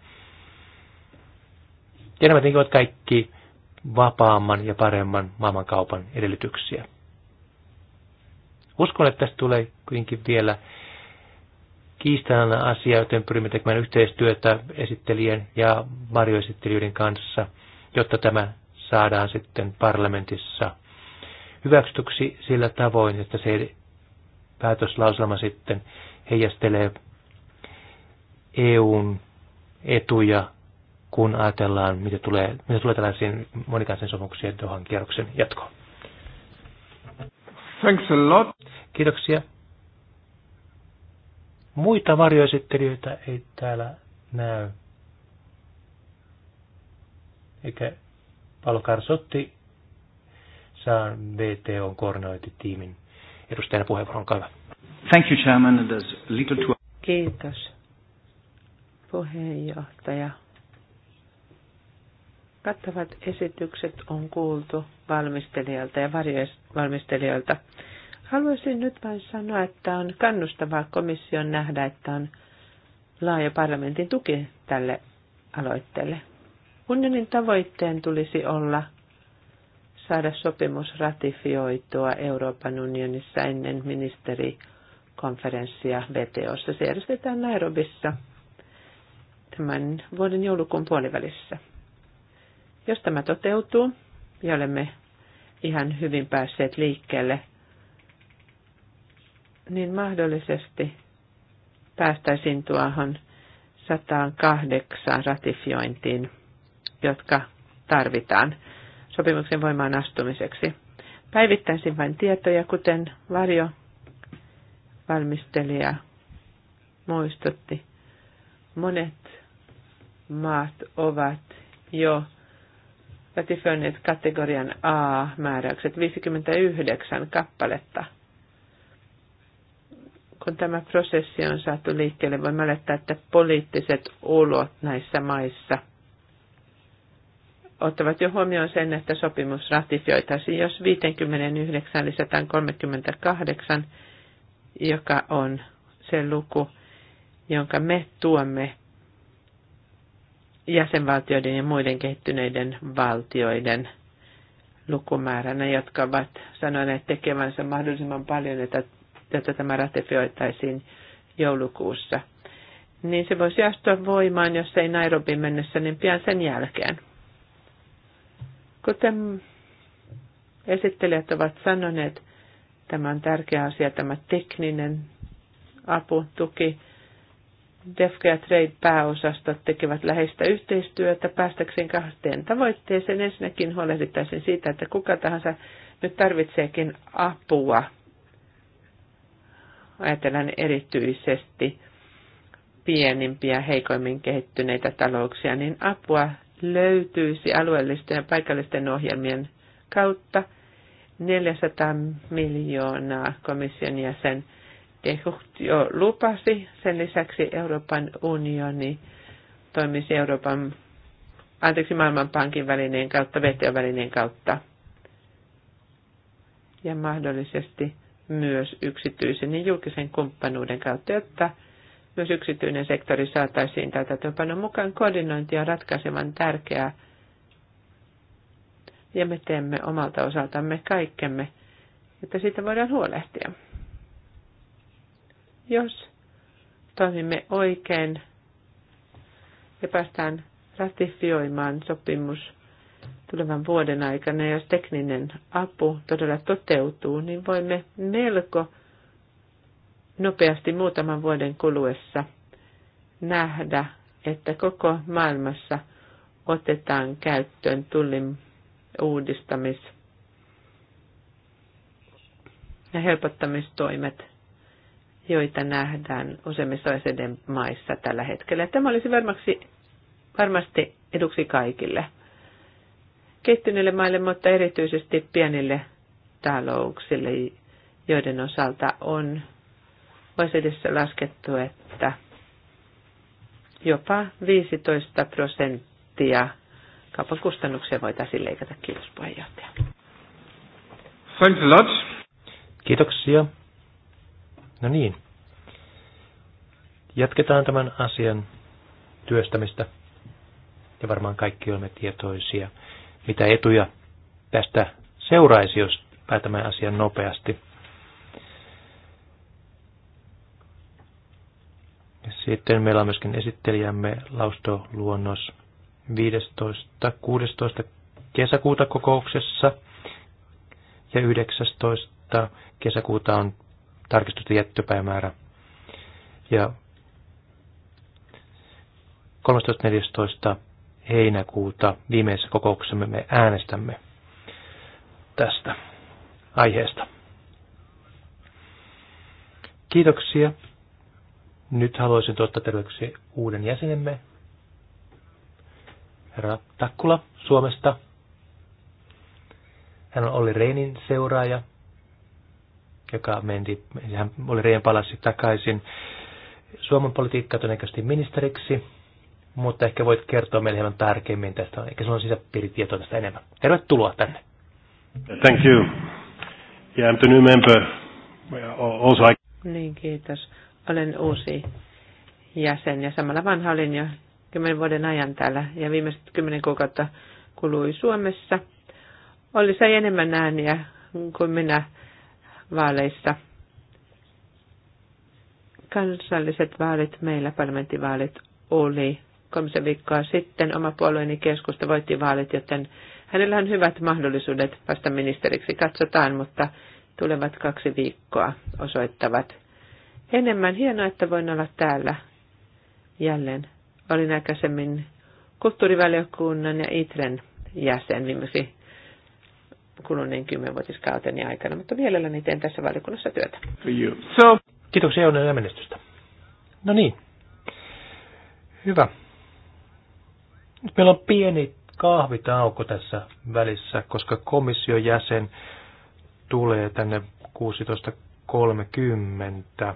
Ja nämä tietenkin ovat kaikki vapaamman ja paremman maailmankaupan edellytyksiä. Uskon, että tästä tulee kuitenkin vielä kiistanalainen asia, joten pyrimme tekemään yhteistyötä esittelijän ja varjoesittelijöiden kanssa, jotta tämä saadaan sitten parlamentissa hyväksytyksi sillä tavoin, että se päätöslauselma sitten heijastelee EUn etuja kun ajatellaan, mitä tulee, mitä tulee tällaisiin monikansien sopimuksien tuohon kierroksen jatkoon. Thanks a lot. Kiitoksia. Muita varjoesittelijöitä ei täällä näy. Eikä Paolo Karsotti saa VTOn koordinointitiimin edustajana puheenvuoron. Olkaa Thank you, Chairman. There's little to... Kiitos, puheenjohtaja Kattavat esitykset on kuultu valmistelijalta ja varjoisvalmistelijoilta. Haluaisin nyt vain sanoa, että on kannustavaa komission nähdä, että on laaja parlamentin tuki tälle aloitteelle. Unionin tavoitteen tulisi olla saada sopimus ratifioitua Euroopan unionissa ennen ministerikonferenssia VTOssa. Se järjestetään Nairobissa tämän vuoden joulukuun puolivälissä. Jos tämä toteutuu, ja olemme ihan hyvin päässeet liikkeelle, niin mahdollisesti päästäisiin tuohon 108 ratifiointiin, jotka tarvitaan sopimuksen voimaan astumiseksi. Päivittäisin vain tietoja, kuten Varjo valmistelija muistutti. Monet maat ovat jo ratifioineet kategorian A-määräykset 59 kappaletta. Kun tämä prosessi on saatu liikkeelle, voimme olettaa, että poliittiset olot näissä maissa ottavat jo huomioon sen, että sopimus ratifioitaisiin, jos 59 lisätään 38, joka on se luku, jonka me tuomme jäsenvaltioiden ja muiden kehittyneiden valtioiden lukumääränä, jotka ovat sanoneet tekevänsä mahdollisimman paljon, että, että tämä ratifioitaisiin joulukuussa. Niin se voisi astua voimaan, jos ei Nairobi mennessä, niin pian sen jälkeen. Kuten esittelijät ovat sanoneet, tämä on tärkeä asia, tämä tekninen apu, tuki DEFCA ja Trade-pääosastot tekevät läheistä yhteistyötä päästäkseen kahteen tavoitteeseen. Ensinnäkin huolehdittaisiin siitä, että kuka tahansa nyt tarvitseekin apua. Ajatellaan erityisesti pienimpiä, heikoimmin kehittyneitä talouksia, niin apua löytyisi alueellisten ja paikallisten ohjelmien kautta 400 miljoonaa komission jäsen – Dehucht jo lupasi. Sen lisäksi Euroopan unioni toimisi Euroopan, anteeksi, Maailmanpankin välineen kautta, VTO välineen kautta ja mahdollisesti myös yksityisen ja julkisen kumppanuuden kautta, jotta myös yksityinen sektori saataisiin työpanon mukaan. Koordinointi on ratkaisevan tärkeää ja me teemme omalta osaltamme kaikkemme, että siitä voidaan huolehtia. Jos toimimme oikein ja päästään ratifioimaan sopimus tulevan vuoden aikana, jos tekninen apu todella toteutuu, niin voimme melko nopeasti muutaman vuoden kuluessa nähdä, että koko maailmassa otetaan käyttöön tullin uudistamis- ja helpottamistoimet joita nähdään useimmissa OECDn maissa tällä hetkellä. Tämä olisi varmasti, varmasti eduksi kaikille kehittyneille maille, mutta erityisesti pienille talouksille, joiden osalta on OECDssä laskettu, että jopa 15 prosenttia kaupan kustannuksia voitaisiin leikata. Kiitos puheenjohtaja. Thanks a lot. Kiitoksia. No niin. Jatketaan tämän asian työstämistä. Ja varmaan kaikki olemme tietoisia, mitä etuja tästä seuraisi, jos päätämme asian nopeasti. Sitten meillä on myöskin esittelijämme laustoluonnos 15.16. kesäkuuta kokouksessa ja 19. kesäkuuta on tarkistusten jättöpäivämäärä. Ja 13.14. heinäkuuta viimeisessä kokouksessa me äänestämme tästä aiheesta. Kiitoksia. Nyt haluaisin tuottaa terveeksi uuden jäsenemme, herra Takkula Suomesta. Hän on Olli Reinin seuraaja joka menti, hän oli reijän palasi takaisin Suomen politiikkaa todennäköisesti ministeriksi, mutta ehkä voit kertoa meille hieman tarkemmin tästä, eikä sinulla on sisäpiiritietoa tästä enemmän. Tervetuloa tänne. Thank you. Yeah, I'm the new member. Also I... Niin, kiitos. Olen uusi jäsen ja samalla vanha olin jo kymmenen vuoden ajan täällä ja viimeiset kymmenen kuukautta kului Suomessa. Oli se enemmän ääniä kuin minä vaaleissa. Kansalliset vaalit meillä, parlamenttivaalit, oli kolmisen viikkoa sitten. Oma puolueeni keskusta voitti vaalit, joten hänellä on hyvät mahdollisuudet vasta ministeriksi. Katsotaan, mutta tulevat kaksi viikkoa osoittavat. Enemmän hienoa, että voin olla täällä jälleen. Olin aikaisemmin kulttuurivaliokunnan ja ITREN jäsen viimeksi kuluneen kymmenvuotiskauteni aikana, mutta mielelläni teen tässä valiokunnassa työtä. So. Kiitoksia Jounen ja menestystä. No niin. Hyvä. Nyt meillä on pieni kahvitauko tässä välissä, koska komission jäsen tulee tänne 16.30.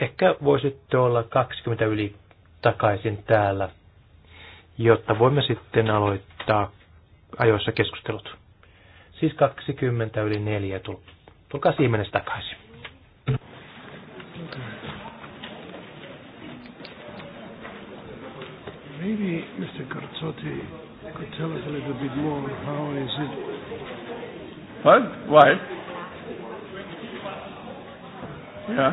Ehkä voisitte olla 20 yli takaisin täällä, jotta voimme sitten aloittaa ajoissa keskustelut. Siis 20 yli 4. Tulkaa siimenes takaisin. Maybe Mr. Garzotti could tell us a little bit more how is it. What? Why? Yeah.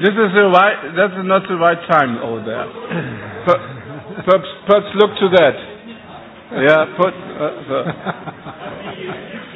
This is the right. That's not the right time over there. [LAUGHS] per, perhaps, perhaps look to that. Yeah, put. Uh, the [LAUGHS]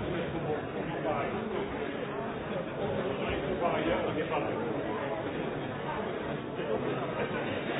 Thank you.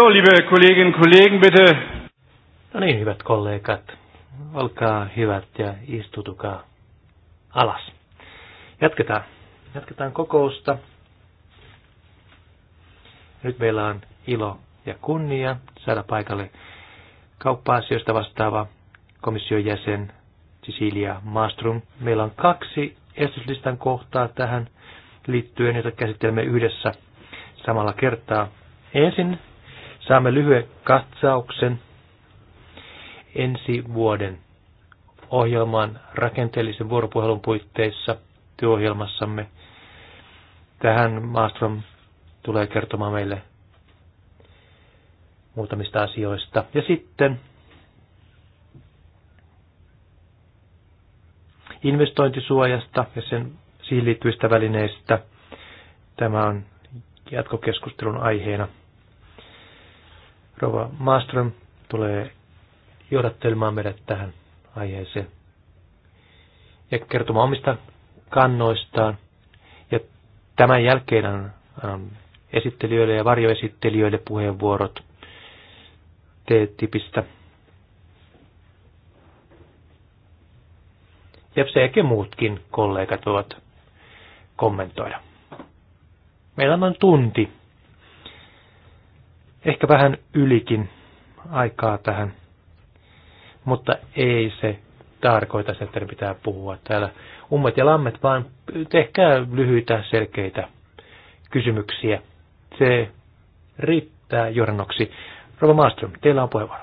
So, liebe Kolleginnen und Kollegen, bitte. No niin, hyvät kollegat. Olkaa hyvät ja istutukaa alas. Jatketaan. Jatketaan kokousta. Nyt meillä on ilo ja kunnia saada paikalle kauppa-asioista vastaava komission jäsen Cecilia Maastrum. Meillä on kaksi esityslistan kohtaa tähän liittyen, joita käsittelemme yhdessä samalla kertaa. Ensin Saamme lyhyen katsauksen ensi vuoden ohjelman rakenteellisen vuoropuhelun puitteissa työohjelmassamme. Tähän Maastrom tulee kertomaan meille muutamista asioista. Ja sitten investointisuojasta ja sen siihen liittyvistä välineistä. Tämä on jatkokeskustelun aiheena. Rova Maastrom tulee johdattelemaan meidät tähän aiheeseen ja kertomaan omista kannoistaan. Ja tämän jälkeen on, on esittelijöille ja varjoesittelijöille puheenvuorot T-tipistä. Ja sekä muutkin kollegat voivat kommentoida. Meillä on noin tunti ehkä vähän ylikin aikaa tähän, mutta ei se tarkoita että että pitää puhua täällä ummet ja lammet, vaan tehkää lyhyitä, selkeitä kysymyksiä. Se riittää johdannoksi. Rova Maastrom, teillä on puheenvuoro.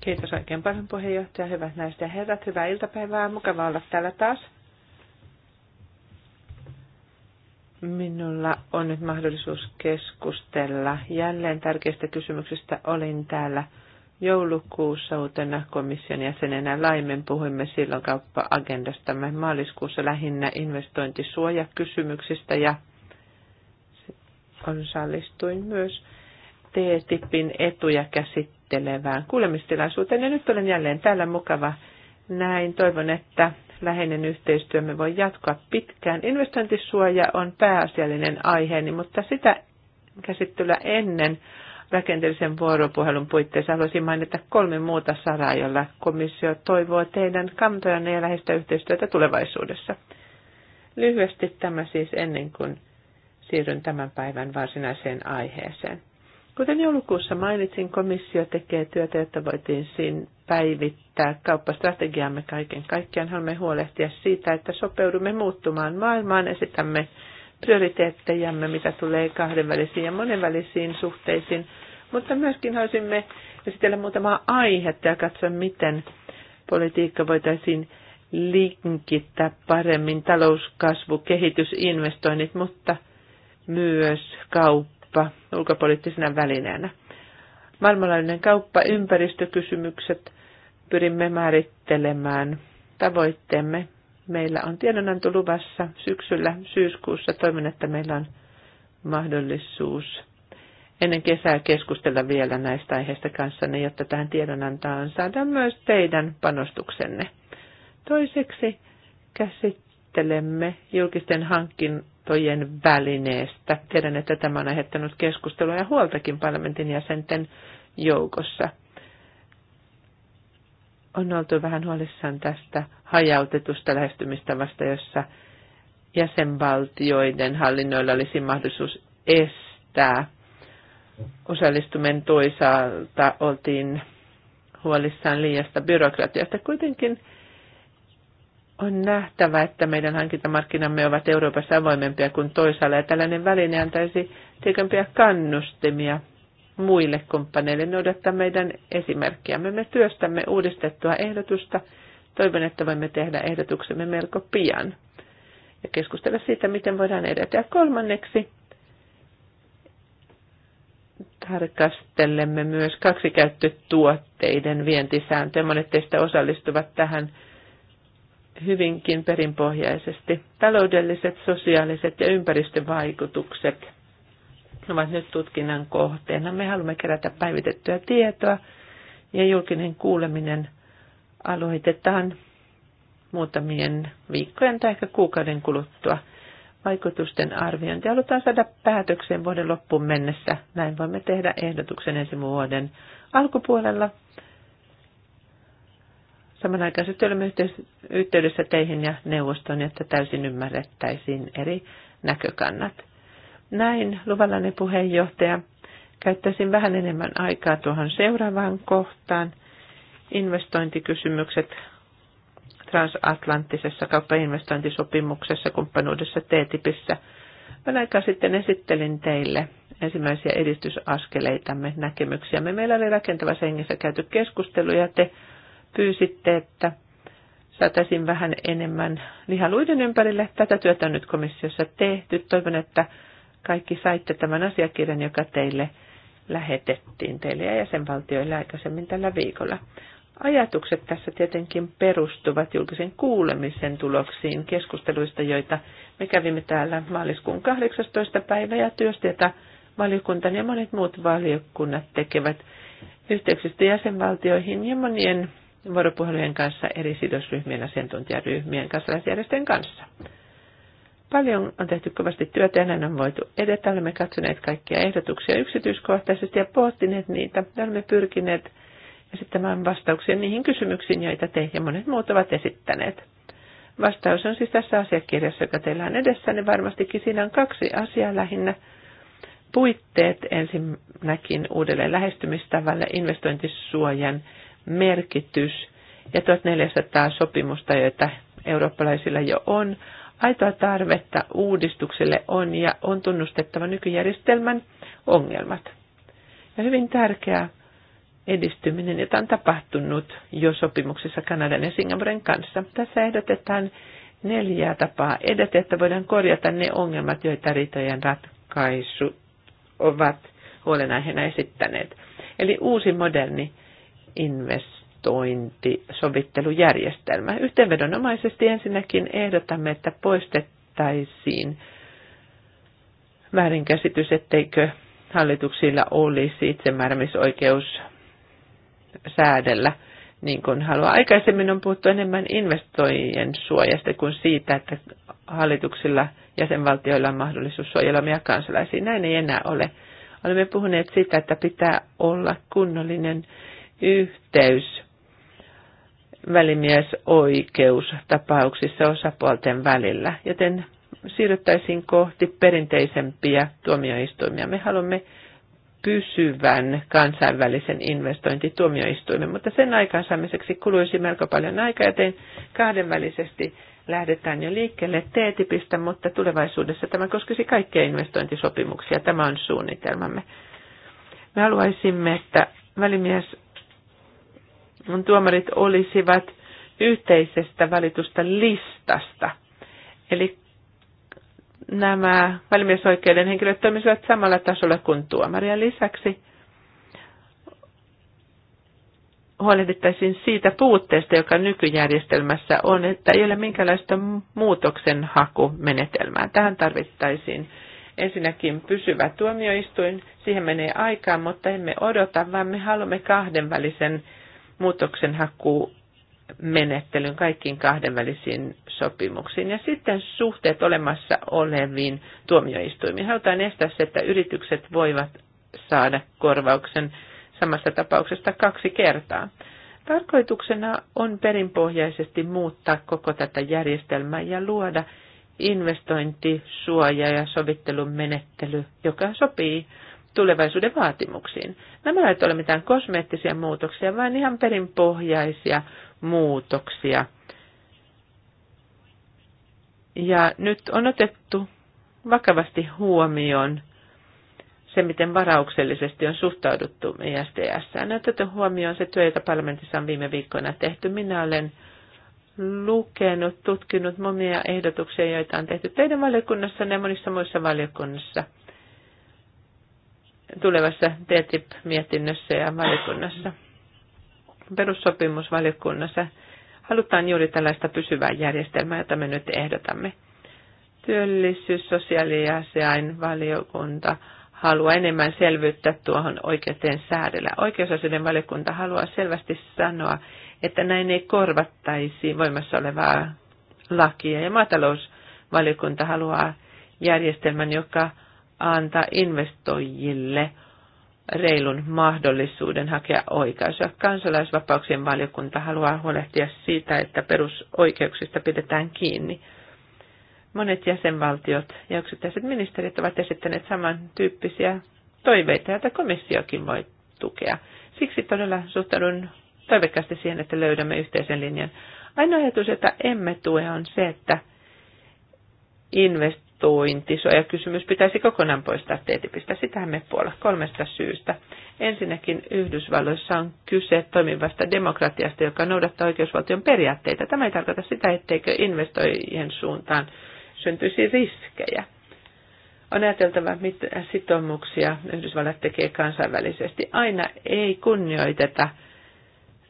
Kiitos oikein paljon puheenjohtaja. Hyvät naiset ja herrat, hyvää iltapäivää. Mukava olla täällä taas. Minulla on nyt mahdollisuus keskustella jälleen tärkeistä kysymyksistä. Olin täällä joulukuussa uutena komission jäsenenä. Laimen puhuimme silloin kauppa-agendastamme maaliskuussa lähinnä investointisuojakysymyksistä ja osallistuin myös TTIPin etuja käsittelevään kuulemistilaisuuteen. Ja nyt olen jälleen täällä mukava näin. Toivon, että läheinen yhteistyömme voi jatkaa pitkään. Investointisuoja on pääasiallinen aiheeni, mutta sitä käsittelyä ennen rakenteellisen vuoropuhelun puitteissa haluaisin mainita kolme muuta saraa, jolla komissio toivoo teidän kantojanne ja läheistä yhteistyötä tulevaisuudessa. Lyhyesti tämä siis ennen kuin siirryn tämän päivän varsinaiseen aiheeseen. Kuten joulukuussa mainitsin, komissio tekee työtä, jotta voitaisiin päivittää kauppastrategiamme kaiken kaikkiaan. Haluamme huolehtia siitä, että sopeudumme muuttumaan maailmaan, esitämme prioriteettejamme, mitä tulee kahdenvälisiin ja monenvälisiin suhteisiin, mutta myöskin haluaisimme esitellä muutamaa aihetta ja katsoa, miten politiikka voitaisiin linkittää paremmin talouskasvu, kehitys, investoinnit, mutta myös kauppa kauppa ulkopoliittisena välineenä. Maailmanlainen kauppa, ympäristökysymykset pyrimme määrittelemään tavoitteemme. Meillä on tiedonanto luvassa syksyllä syyskuussa. toimin, että meillä on mahdollisuus ennen kesää keskustella vielä näistä aiheista kanssanne, jotta tähän tiedonantaan saadaan myös teidän panostuksenne. Toiseksi käsittelemme julkisten hankin, virastojen välineestä. Tiedän, että tämä on aiheuttanut keskustelua ja huoltakin parlamentin jäsenten joukossa. On oltu vähän huolissaan tästä hajautetusta lähestymistavasta, jossa jäsenvaltioiden hallinnoilla olisi mahdollisuus estää osallistuminen toisaalta oltiin huolissaan liiasta byrokratiasta. Kuitenkin on nähtävä, että meidän hankintamarkkinamme ovat Euroopassa avoimempia kuin toisaalla ja tällainen väline antaisi tiukempia kannustimia muille kumppaneille noudattaa meidän esimerkkiämme. Me työstämme uudistettua ehdotusta. Toivon, että voimme tehdä ehdotuksemme melko pian ja keskustella siitä, miten voidaan edetä. Ja kolmanneksi tarkastelemme myös kaksikäyttötuotteiden vientisääntöjä. Monet teistä osallistuvat tähän hyvinkin perinpohjaisesti. Taloudelliset, sosiaaliset ja ympäristövaikutukset ovat nyt tutkinnan kohteena. Me haluamme kerätä päivitettyä tietoa ja julkinen kuuleminen aloitetaan muutamien viikkojen tai ehkä kuukauden kuluttua vaikutusten arviointi. Halutaan saada päätökseen vuoden loppuun mennessä. Näin voimme tehdä ehdotuksen ensi vuoden alkupuolella Samanaikaisesti olemme yhteydessä teihin ja neuvostoon, että täysin ymmärrettäisiin eri näkökannat. Näin, luvallani puheenjohtaja, käyttäisin vähän enemmän aikaa tuohon seuraavaan kohtaan. Investointikysymykset transatlanttisessa kauppainvestointisopimuksessa, kumppanuudessa TTIPissä. Mä aikaa sitten esittelin teille ensimmäisiä edistysaskeleitamme, näkemyksiämme. Meillä oli rakentavassa hengessä käyty keskustelu ja te pyysitte, että saataisiin vähän enemmän lihaluiden ympärille. Tätä työtä on nyt komissiossa tehty. Toivon, että kaikki saitte tämän asiakirjan, joka teille lähetettiin teille ja jäsenvaltioille aikaisemmin tällä viikolla. Ajatukset tässä tietenkin perustuvat julkisen kuulemisen tuloksiin keskusteluista, joita me kävimme täällä maaliskuun 18. päivä ja jota valiokunta ja monet muut valiokunnat tekevät yhteyksistä jäsenvaltioihin ja monien vuoropuhelujen kanssa eri sidosryhmien, asiantuntijaryhmien, kansalaisjärjestöjen kanssa. Paljon on tehty kovasti työtä ja näin on voitu edetä. Olemme katsoneet kaikkia ehdotuksia yksityiskohtaisesti ja pohtineet niitä. Olemme pyrkineet esittämään vastauksia niihin kysymyksiin, joita te ja monet muut ovat esittäneet. Vastaus on siis tässä asiakirjassa, joka teillä on niin Varmastikin siinä on kaksi asiaa lähinnä. Puitteet ensinnäkin uudelleen lähestymistavalle investointisuojan merkitys ja 1400 sopimusta, joita eurooppalaisilla jo on. Aitoa tarvetta uudistukselle on ja on tunnustettava nykyjärjestelmän ongelmat. Ja hyvin tärkeää edistyminen, jota on tapahtunut jo sopimuksissa Kanadan ja Singaporen kanssa. Tässä ehdotetaan neljää tapaa edetä, että voidaan korjata ne ongelmat, joita riitojen ratkaisu ovat huolenaiheena esittäneet. Eli uusi moderni investointisovittelujärjestelmä. Yhteenvedonomaisesti ensinnäkin ehdotamme, että poistettaisiin väärinkäsitys, etteikö hallituksilla olisi itsemääräämisoikeus säädellä niin kuin haluaa. Aikaisemmin on puhuttu enemmän investoijien suojasta kuin siitä, että hallituksilla jäsenvaltioilla on mahdollisuus suojella omia kansalaisia. Näin ei enää ole. Olemme puhuneet siitä, että pitää olla kunnollinen yhteys välimiesoikeustapauksissa osapuolten välillä, joten siirryttäisiin kohti perinteisempiä tuomioistuimia. Me haluamme pysyvän kansainvälisen investointituomioistuimen, mutta sen aikaansaamiseksi kuluisi melko paljon aikaa, joten kahdenvälisesti lähdetään jo liikkeelle teetipistä, mutta tulevaisuudessa tämä koskisi kaikkia investointisopimuksia. Tämä on suunnitelmamme. Me haluaisimme, että välimies tuomarit olisivat yhteisestä valitusta listasta. Eli nämä välimiesoikeuden henkilöt toimisivat samalla tasolla kuin tuomaria lisäksi huolehdittaisiin siitä puutteesta, joka nykyjärjestelmässä on, että ei ole minkäänlaista muutoksen hakumenetelmää. Tähän tarvittaisiin ensinnäkin pysyvä tuomioistuin, siihen menee aikaa, mutta emme odota, vaan me haluamme kahdenvälisen välisen muutoksenhaku kaikkiin kahdenvälisiin sopimuksiin. Ja sitten suhteet olemassa oleviin tuomioistuimiin. Halutaan estää se, että yritykset voivat saada korvauksen samasta tapauksesta kaksi kertaa. Tarkoituksena on perinpohjaisesti muuttaa koko tätä järjestelmää ja luoda investointisuoja ja sovittelumenettely, menettely, joka sopii tulevaisuuden vaatimuksiin. Nämä eivät ole mitään kosmeettisia muutoksia, vaan ihan perinpohjaisia muutoksia. Ja nyt on otettu vakavasti huomioon se, miten varauksellisesti on suhtauduttu ISDS. E on otettu huomioon se työ, jota parlamentissa on viime viikkoina tehty. Minä olen lukenut, tutkinut monia ehdotuksia, joita on tehty teidän valiokunnassa ja monissa muissa valiokunnissa – tulevassa TTIP-mietinnössä ja valiokunnassa, perussopimusvaliokunnassa, halutaan juuri tällaista pysyvää järjestelmää, jota me nyt ehdotamme. Työllisyys, sosiaali- ja valiokunta haluaa enemmän selvyyttä tuohon oikeuteen säädellä. Oikeusasioiden valiokunta haluaa selvästi sanoa, että näin ei korvattaisi voimassa olevaa lakia. Ja maatalousvaliokunta haluaa järjestelmän, joka antaa investoijille reilun mahdollisuuden hakea oikaisua. Kansalaisvapauksien valiokunta haluaa huolehtia siitä, että perusoikeuksista pidetään kiinni. Monet jäsenvaltiot ja yksittäiset ministerit ovat esittäneet samantyyppisiä toiveita, joita komissiokin voi tukea. Siksi todella suhtaudun toivekkaasti siihen, että löydämme yhteisen linjan. Ainoa ajatus, jota emme tue, on se, että invest kysymys pitäisi kokonaan poistaa TTIPistä. Sitähän me puolella kolmesta syystä. Ensinnäkin Yhdysvalloissa on kyse toimivasta demokratiasta, joka noudattaa oikeusvaltion periaatteita. Tämä ei tarkoita sitä, etteikö investoijien suuntaan syntyisi riskejä. On ajateltava, mitä sitoumuksia Yhdysvallat tekee kansainvälisesti. Aina ei kunnioiteta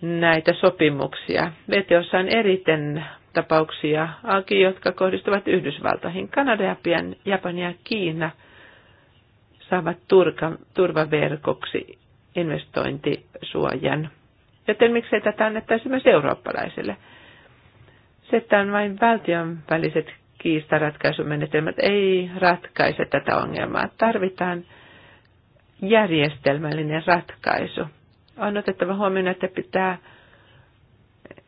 näitä sopimuksia. VTOssa on eriten tapauksia auki, jotka kohdistuvat Yhdysvaltoihin. Kanada ja pian Japania ja Kiina saavat turka, turvaverkoksi investointisuojan. Joten miksei tätä annettaisi myös eurooppalaisille? Se, että on vain valtion väliset kiistaratkaisumenetelmät, ei ratkaise tätä ongelmaa. Tarvitaan järjestelmällinen ratkaisu. On otettava huomioon, että pitää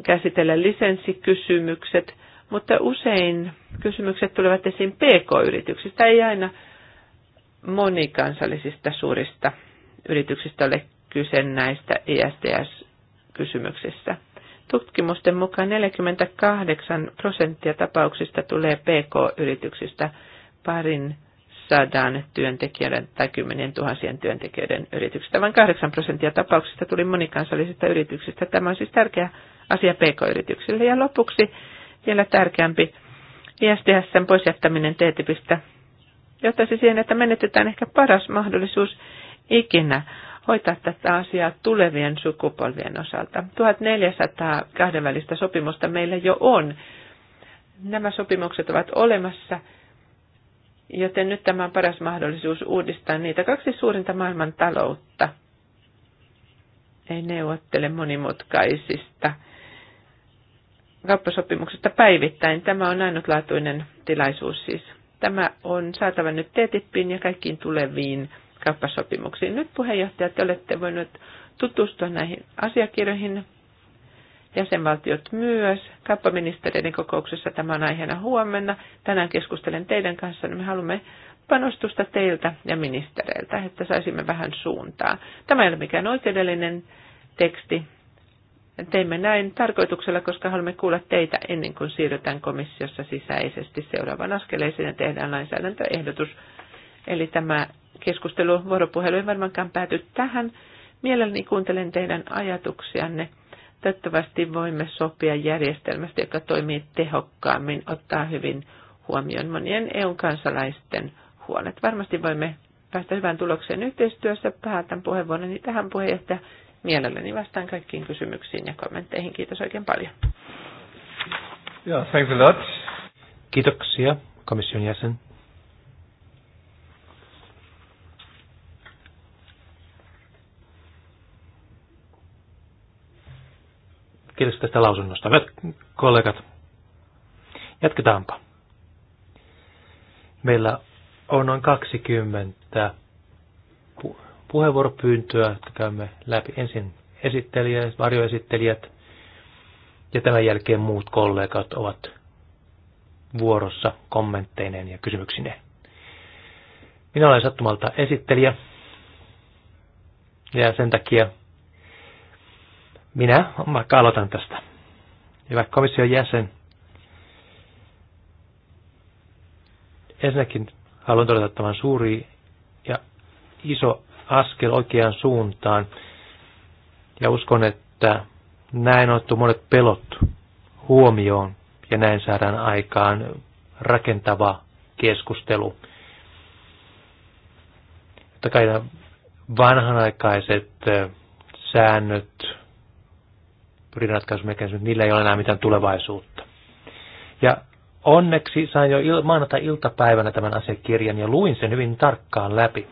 käsitellä lisenssikysymykset, mutta usein kysymykset tulevat esiin PK-yrityksistä, ei aina monikansallisista suurista yrityksistä ole kyse näistä ISTS-kysymyksissä. Tutkimusten mukaan 48 prosenttia tapauksista tulee PK-yrityksistä parin sadan työntekijöiden tai kymmenien tuhansien työntekijöiden yrityksistä. Vain 8 prosenttia tapauksista tuli monikansallisista yrityksistä. Tämä on siis tärkeä asia pk-yrityksille. Ja lopuksi vielä tärkeämpi ISDSn pois jättäminen TTIPistä johtaisi siihen, että menetetään ehkä paras mahdollisuus ikinä hoitaa tätä asiaa tulevien sukupolvien osalta. 1400 kahdenvälistä sopimusta meillä jo on. Nämä sopimukset ovat olemassa, joten nyt tämä on paras mahdollisuus uudistaa niitä kaksi suurinta maailman taloutta. Ei neuvottele monimutkaisista kauppasopimuksesta päivittäin. Tämä on ainutlaatuinen tilaisuus siis. Tämä on saatava nyt TTIPin ja kaikkiin tuleviin kauppasopimuksiin. Nyt puheenjohtaja, te olette voineet tutustua näihin asiakirjoihin, jäsenvaltiot myös. Kauppaministeriöiden kokouksessa tämä on aiheena huomenna. Tänään keskustelen teidän kanssa, niin me haluamme panostusta teiltä ja ministereiltä, että saisimme vähän suuntaa. Tämä ei ole mikään oikeudellinen teksti, Teimme näin tarkoituksella, koska haluamme kuulla teitä ennen kuin siirrytään komissiossa sisäisesti seuraavan askeleeseen ja tehdään lainsäädäntöehdotus. Eli tämä keskustelu, vuoropuhelu ei varmaankaan pääty tähän. Mielelläni kuuntelen teidän ajatuksianne. Toivottavasti voimme sopia järjestelmästä, joka toimii tehokkaammin, ottaa hyvin huomioon monien EU-kansalaisten huolet. Varmasti voimme päästä hyvään tulokseen yhteistyössä. Päätän puheenvuoroni tähän puheenjohtaja. Mielelläni vastaan kaikkiin kysymyksiin ja kommentteihin. Kiitos oikein paljon. Yeah, thanks a lot. Kiitoksia, komission jäsen. Kiitos tästä lausunnosta. Hyvät kollegat, jatketaanpa. Meillä on noin 20 puheenvuoropyyntöä, jotka käymme läpi ensin esittelijät, varjoesittelijät ja tämän jälkeen muut kollegat ovat vuorossa kommentteineen ja kysymyksineen. Minä olen sattumalta esittelijä ja sen takia minä vaikka aloitan tästä. Hyvä komission jäsen, ensinnäkin haluan todeta tämän suuri ja iso askel oikeaan suuntaan. Ja uskon, että näin on otettu monet pelot huomioon ja näin saadaan aikaan rakentava keskustelu. Totta kai vanhanaikaiset säännöt, ydinratkaisumekanismit, niillä ei ole enää mitään tulevaisuutta. Ja onneksi sain jo il- maanantai-iltapäivänä tämän asiakirjan ja luin sen hyvin tarkkaan läpi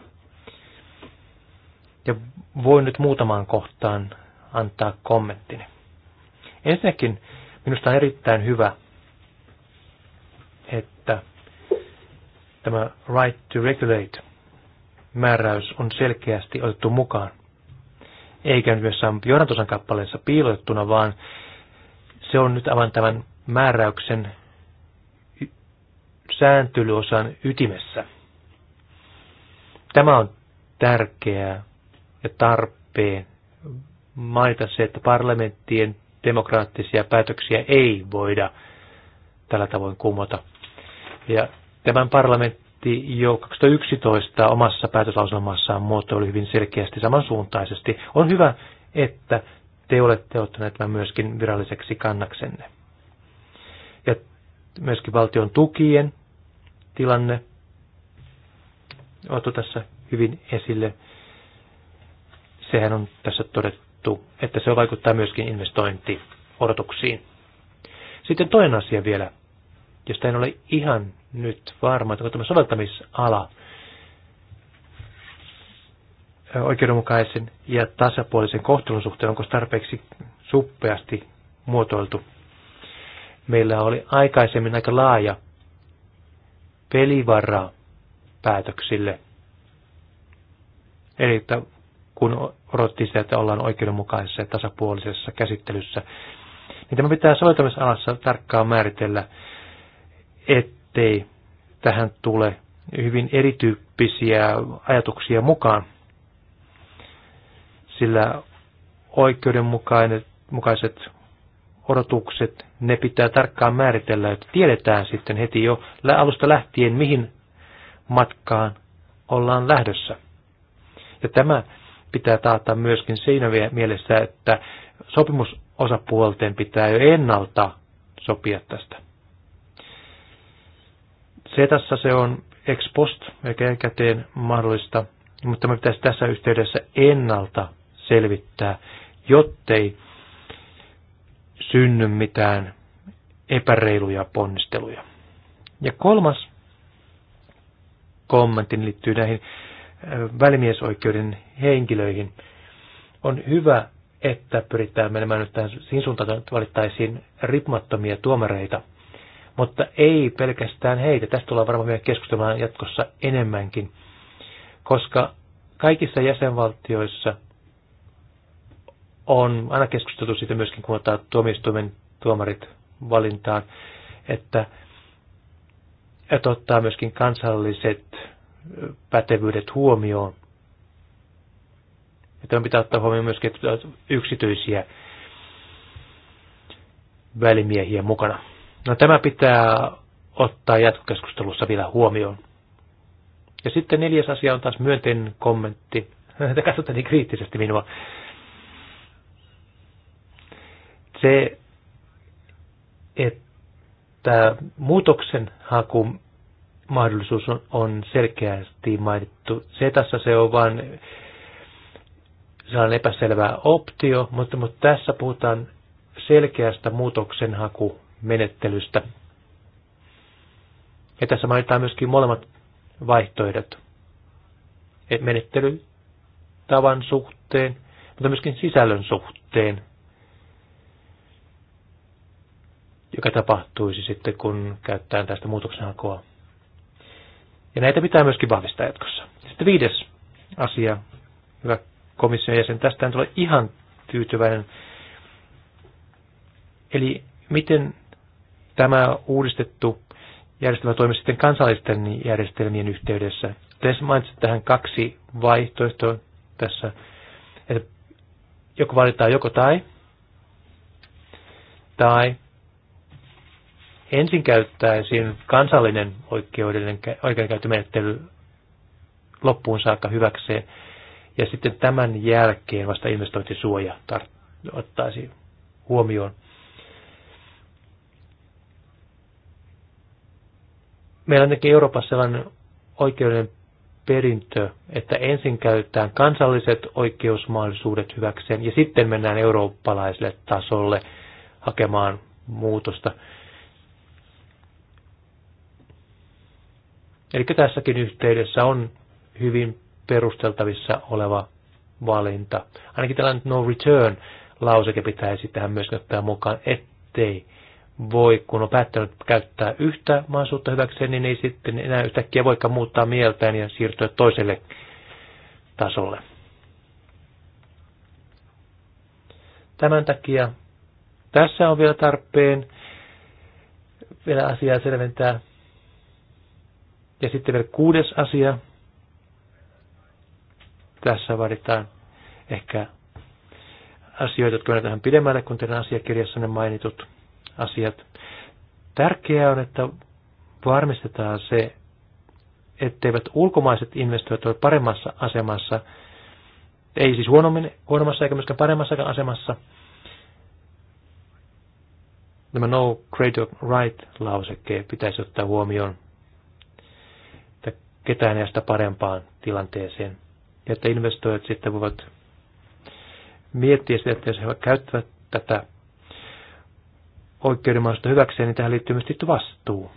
ja voin nyt muutamaan kohtaan antaa kommenttini. Ensinnäkin minusta on erittäin hyvä, että tämä right to regulate määräys on selkeästi otettu mukaan. Eikä nyt myös Jorantosan kappaleessa piilotettuna, vaan se on nyt aivan tämän määräyksen sääntelyosan ytimessä. Tämä on tärkeää ja tarpeen mainita se, että parlamenttien demokraattisia päätöksiä ei voida tällä tavoin kumota. Ja tämän parlamentti jo 2011 omassa päätöslauselmassaan muotoili hyvin selkeästi samansuuntaisesti. On hyvä, että te olette ottaneet tämän myöskin viralliseksi kannaksenne. Ja myöskin valtion tukien tilanne on tässä hyvin esille sehän on tässä todettu, että se vaikuttaa myöskin investointiodotuksiin. Sitten toinen asia vielä, josta en ole ihan nyt varma, että onko tämä soveltamisala oikeudenmukaisen ja tasapuolisen kohtelun suhteen, onko tarpeeksi suppeasti muotoiltu. Meillä oli aikaisemmin aika laaja pelivara päätöksille. Eli että kun odotti sitä, että ollaan oikeudenmukaisessa ja tasapuolisessa käsittelyssä. Niin tämä pitää soveltamisalassa tarkkaan määritellä, ettei tähän tule hyvin erityyppisiä ajatuksia mukaan. Sillä oikeudenmukaiset odotukset, ne pitää tarkkaan määritellä, että tiedetään sitten heti jo alusta lähtien, mihin matkaan ollaan lähdössä. Ja tämä pitää taata myöskin siinä mielessä, että sopimusosapuolten pitää jo ennalta sopia tästä. Se tässä se on ex post, eikä käteen mahdollista, mutta me pitäisi tässä yhteydessä ennalta selvittää, jottei synny mitään epäreiluja ponnisteluja. Ja kolmas kommentti liittyy näihin välimiesoikeuden henkilöihin. On hyvä, että pyritään menemään nyt tähän siinä suuntaan, että valittaisiin ripmattomia tuomareita, mutta ei pelkästään heitä. Tästä tullaan varmaan vielä keskustelemaan jatkossa enemmänkin, koska kaikissa jäsenvaltioissa on aina keskusteltu siitä myöskin, kun ottaa tuomioistuimen tuomarit valintaan, että, että ottaa myöskin kansalliset pätevyydet huomioon. Ja tämä pitää ottaa huomioon myöskin yksityisiä välimiehiä mukana. No tämä pitää ottaa jatkokeskustelussa vielä huomioon. Ja sitten neljäs asia on taas myönteinen kommentti. [LAUGHS] Te katsotte niin kriittisesti minua. Se, että muutoksen haku mahdollisuus on, on selkeästi mainittu. Setassa se on vain sellainen epäselvä optio, mutta, mutta tässä puhutaan selkeästä muutoksenhakumenettelystä. Ja tässä mainitaan myöskin molemmat vaihtoehdot. E, menettelytavan suhteen, mutta myöskin sisällön suhteen, joka tapahtuisi sitten, kun käyttää tästä muutoksenhakua ja näitä pitää myöskin vahvistaa jatkossa. Sitten viides asia, hyvä komission jäsen, tästä en tule ihan tyytyväinen. Eli miten tämä uudistettu järjestelmä toimii sitten kansallisten järjestelmien yhteydessä? Tässä mainitsit tähän kaksi vaihtoehtoa tässä, että joko valitaan joko tai, tai ensin käyttäisin kansallinen oikeudellinen oikeudenkäyttömenettely loppuun saakka hyväkseen, ja sitten tämän jälkeen vasta investointisuoja tar- ottaisi huomioon. Meillä on Euroopassa sellainen oikeuden perintö, että ensin käytetään kansalliset oikeusmahdollisuudet hyväkseen ja sitten mennään eurooppalaiselle tasolle hakemaan muutosta. Eli tässäkin yhteydessä on hyvin perusteltavissa oleva valinta. Ainakin tällainen no return lauseke pitäisi tähän myös ottaa mukaan, ettei voi, kun on päättänyt käyttää yhtä mahdollisuutta hyväkseen, niin ei sitten enää yhtäkkiä voikaan muuttaa mieltään ja siirtyä toiselle tasolle. Tämän takia tässä on vielä tarpeen vielä asiaa selventää ja sitten vielä kuudes asia. Tässä vaaditaan ehkä asioita, jotka menevät vähän pidemmälle kuin teidän asiakirjassanne mainitut asiat. Tärkeää on, että varmistetaan se, etteivät ulkomaiset investoijat ole paremmassa asemassa, ei siis huonommin, huonommassa eikä myöskään paremmassakaan asemassa. Nämä no creative right lausekkeen pitäisi ottaa huomioon ketään näistä parempaan tilanteeseen. Ja että investoijat sitten voivat miettiä sitä, että jos he käyttävät tätä oikeudenmukaisuutta hyväkseen, niin tähän liittyy myös vastuu.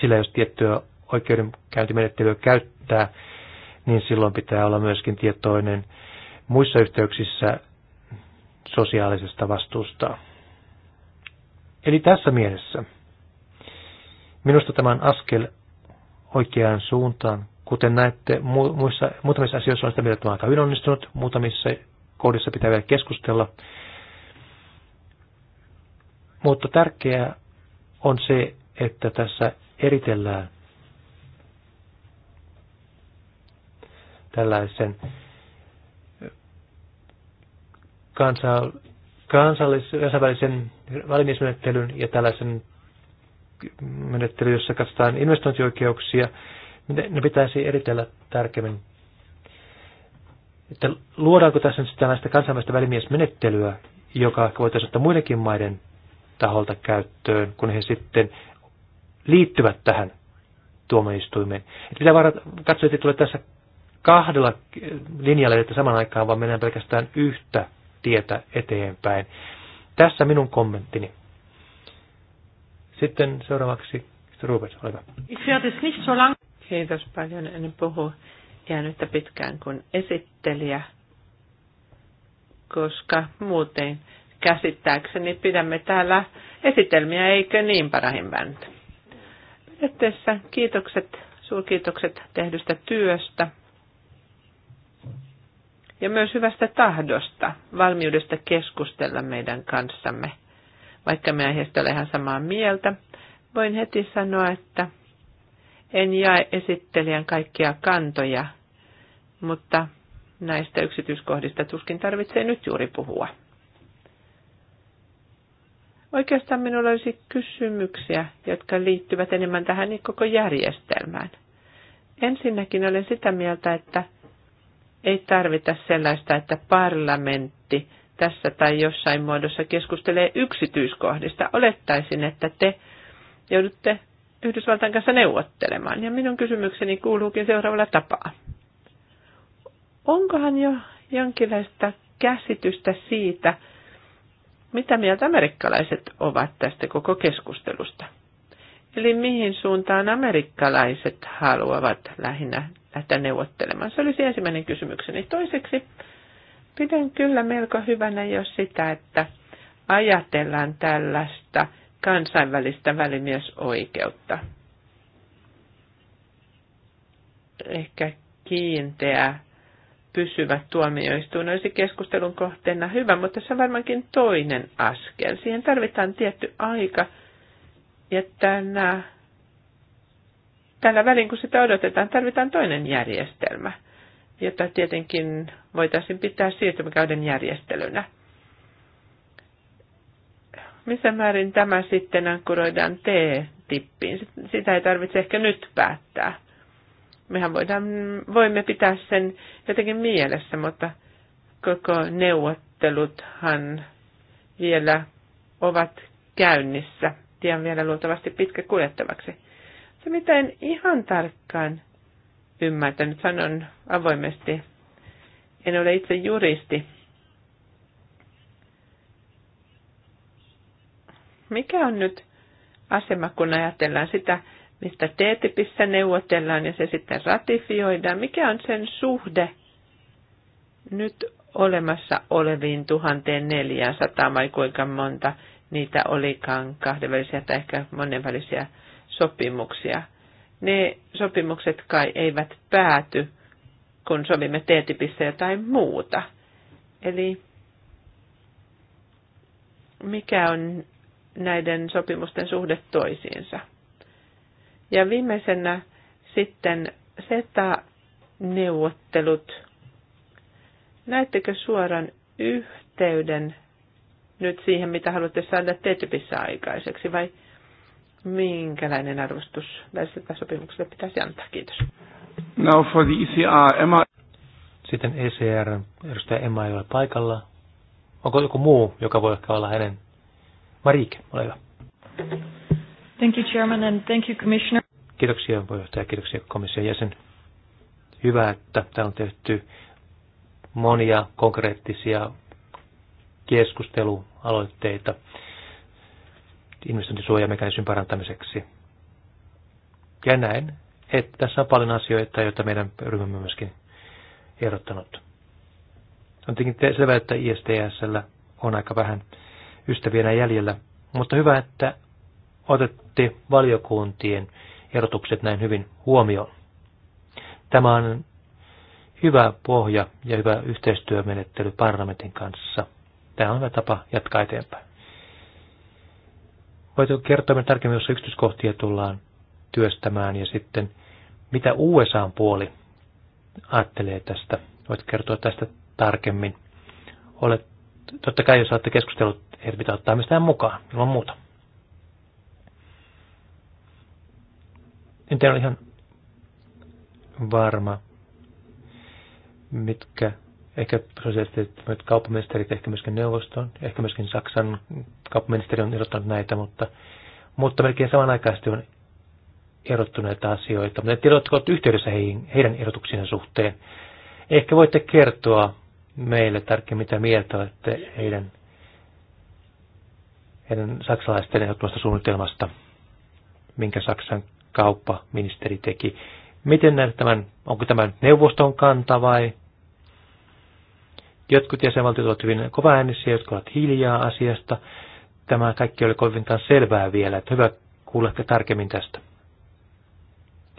Sillä jos tiettyä oikeudenkäyntimenettelyä käyttää, niin silloin pitää olla myöskin tietoinen muissa yhteyksissä sosiaalisesta vastuusta. Eli tässä mielessä minusta tämä on askel oikeaan suuntaan. Kuten näette, muissa, muutamissa asioissa on sitä mieltä, että on aika hyvin onnistunut, muutamissa kohdissa pitää vielä keskustella. Mutta tärkeää on se, että tässä eritellään tällaisen kansa, kansallis, kansainvälisen ja tällaisen menettely, jossa katsotaan investointioikeuksia, niin ne pitäisi eritellä tarkemmin. Että luodaanko tässä nyt tällaista kansainvälistä välimiesmenettelyä, joka voitaisiin ottaa muidenkin maiden taholta käyttöön, kun he sitten liittyvät tähän tuomioistuimeen. Että pitää varata, katsoa, että tulee tässä kahdella linjalla, että saman aikaan vaan mennään pelkästään yhtä tietä eteenpäin. Tässä minun kommenttini. Sitten seuraavaksi Rupes, ole hyvä. Kiitos paljon, en puhu jäänyttä pitkään kuin esittelijä, koska muuten käsittääkseni pidämme täällä esitelmiä, eikö niin parahin väntä. Periaatteessa kiitokset, suurkiitokset tehdystä työstä ja myös hyvästä tahdosta, valmiudesta keskustella meidän kanssamme – vaikka me aiheesta ole ihan samaa mieltä. Voin heti sanoa, että en jae esittelijän kaikkia kantoja, mutta näistä yksityiskohdista tuskin tarvitsee nyt juuri puhua. Oikeastaan minulla olisi kysymyksiä, jotka liittyvät enemmän tähän koko järjestelmään. Ensinnäkin olen sitä mieltä, että ei tarvita sellaista, että parlamentti tässä tai jossain muodossa keskustelee yksityiskohdista. Olettaisin, että te joudutte Yhdysvaltain kanssa neuvottelemaan. Ja minun kysymykseni kuuluukin seuraavalla tapaa. Onkohan jo jonkinlaista käsitystä siitä, mitä mieltä amerikkalaiset ovat tästä koko keskustelusta? Eli mihin suuntaan amerikkalaiset haluavat lähinnä lähteä neuvottelemaan? Se olisi ensimmäinen kysymykseni. Toiseksi, Pidän kyllä melko hyvänä jo sitä, että ajatellaan tällaista kansainvälistä välimiesoikeutta. Ehkä kiinteä pysyvä tuomioistuin olisi keskustelun kohteena hyvä, mutta se on varmaankin toinen askel. Siihen tarvitaan tietty aika ja tänä, tällä välin kun sitä odotetaan, tarvitaan toinen järjestelmä – jota tietenkin voitaisiin pitää siirtymäkauden järjestelynä. Missä määrin tämä sitten ankkuroidaan T-tippiin? Sitä ei tarvitse ehkä nyt päättää. Mehän voidaan, voimme pitää sen jotenkin mielessä, mutta koko neuvotteluthan vielä ovat käynnissä. Tien vielä luultavasti pitkä kuljettavaksi. Se mitä en ihan tarkkaan ymmärtänyt. Sanon avoimesti, en ole itse juristi. Mikä on nyt asema, kun ajatellaan sitä, mistä TTIPissä neuvotellaan ja se sitten ratifioidaan? Mikä on sen suhde nyt olemassa oleviin 1400 vai kuinka monta niitä olikaan kahdenvälisiä tai ehkä monenvälisiä sopimuksia – ne sopimukset kai eivät pääty, kun sovimme TTIPissä jotain muuta. Eli mikä on näiden sopimusten suhde toisiinsa? Ja viimeisenä sitten SETA-neuvottelut. Näettekö suoran yhteyden nyt siihen, mitä haluatte saada TTIPissä aikaiseksi, vai – minkälainen arvostus tässä sopimukselle pitäisi antaa. Kiitos. Now for the ECR, Emma. Sitten ECR, edustaja Emma ei ole paikalla. Onko joku muu, joka voi ehkä olla hänen? Marike, ole hyvä. Thank you, Chairman, and thank you, Commissioner. Kiitoksia, puheenjohtaja, kiitoksia komission jäsen. Hyvä, että täällä on tehty monia konkreettisia keskustelualoitteita investointisuojamekanismin parantamiseksi. Ja näin, että tässä on paljon asioita, joita meidän ryhmämme myöskin ehdottanut. On tietenkin selvää, että ISTSllä on aika vähän ystäviä jäljellä, mutta hyvä, että otette valiokuntien erotukset näin hyvin huomioon. Tämä on hyvä pohja ja hyvä yhteistyömenettely parlamentin kanssa. Tämä on hyvä tapa jatkaa eteenpäin. Voitko kertoa me tarkemmin, jos yksityiskohtia tullaan työstämään ja sitten mitä USAn puoli ajattelee tästä? Voit kertoa tästä tarkemmin. Olet, totta kai jos olette keskustellut, heitä pitää ottaa mistään mukaan, ilman muuta. En tiedä ihan varma, mitkä Ehkä sosiaaliset kauppaministerit, ehkä myöskin neuvoston, ehkä myöskin Saksan kauppaministeri on erottanut näitä, mutta, mutta melkein samanaikaisesti on erottu näitä asioita. Mutta tiedotko yhteydessä heihin, heidän erotuksiensa suhteen? Ehkä voitte kertoa meille tarkemmin, mitä mieltä olette heidän, heidän saksalaisten ehdottomasta suunnitelmasta, minkä Saksan kauppaministeri teki. Miten näet tämän, onko tämä neuvoston kanta vai Jotkut jäsenvaltiot ovat hyvin kovaäänisiä, jotka ovat hiljaa asiasta. Tämä kaikki oli kovinkaan selvää vielä, että hyvä kuulette tarkemmin tästä.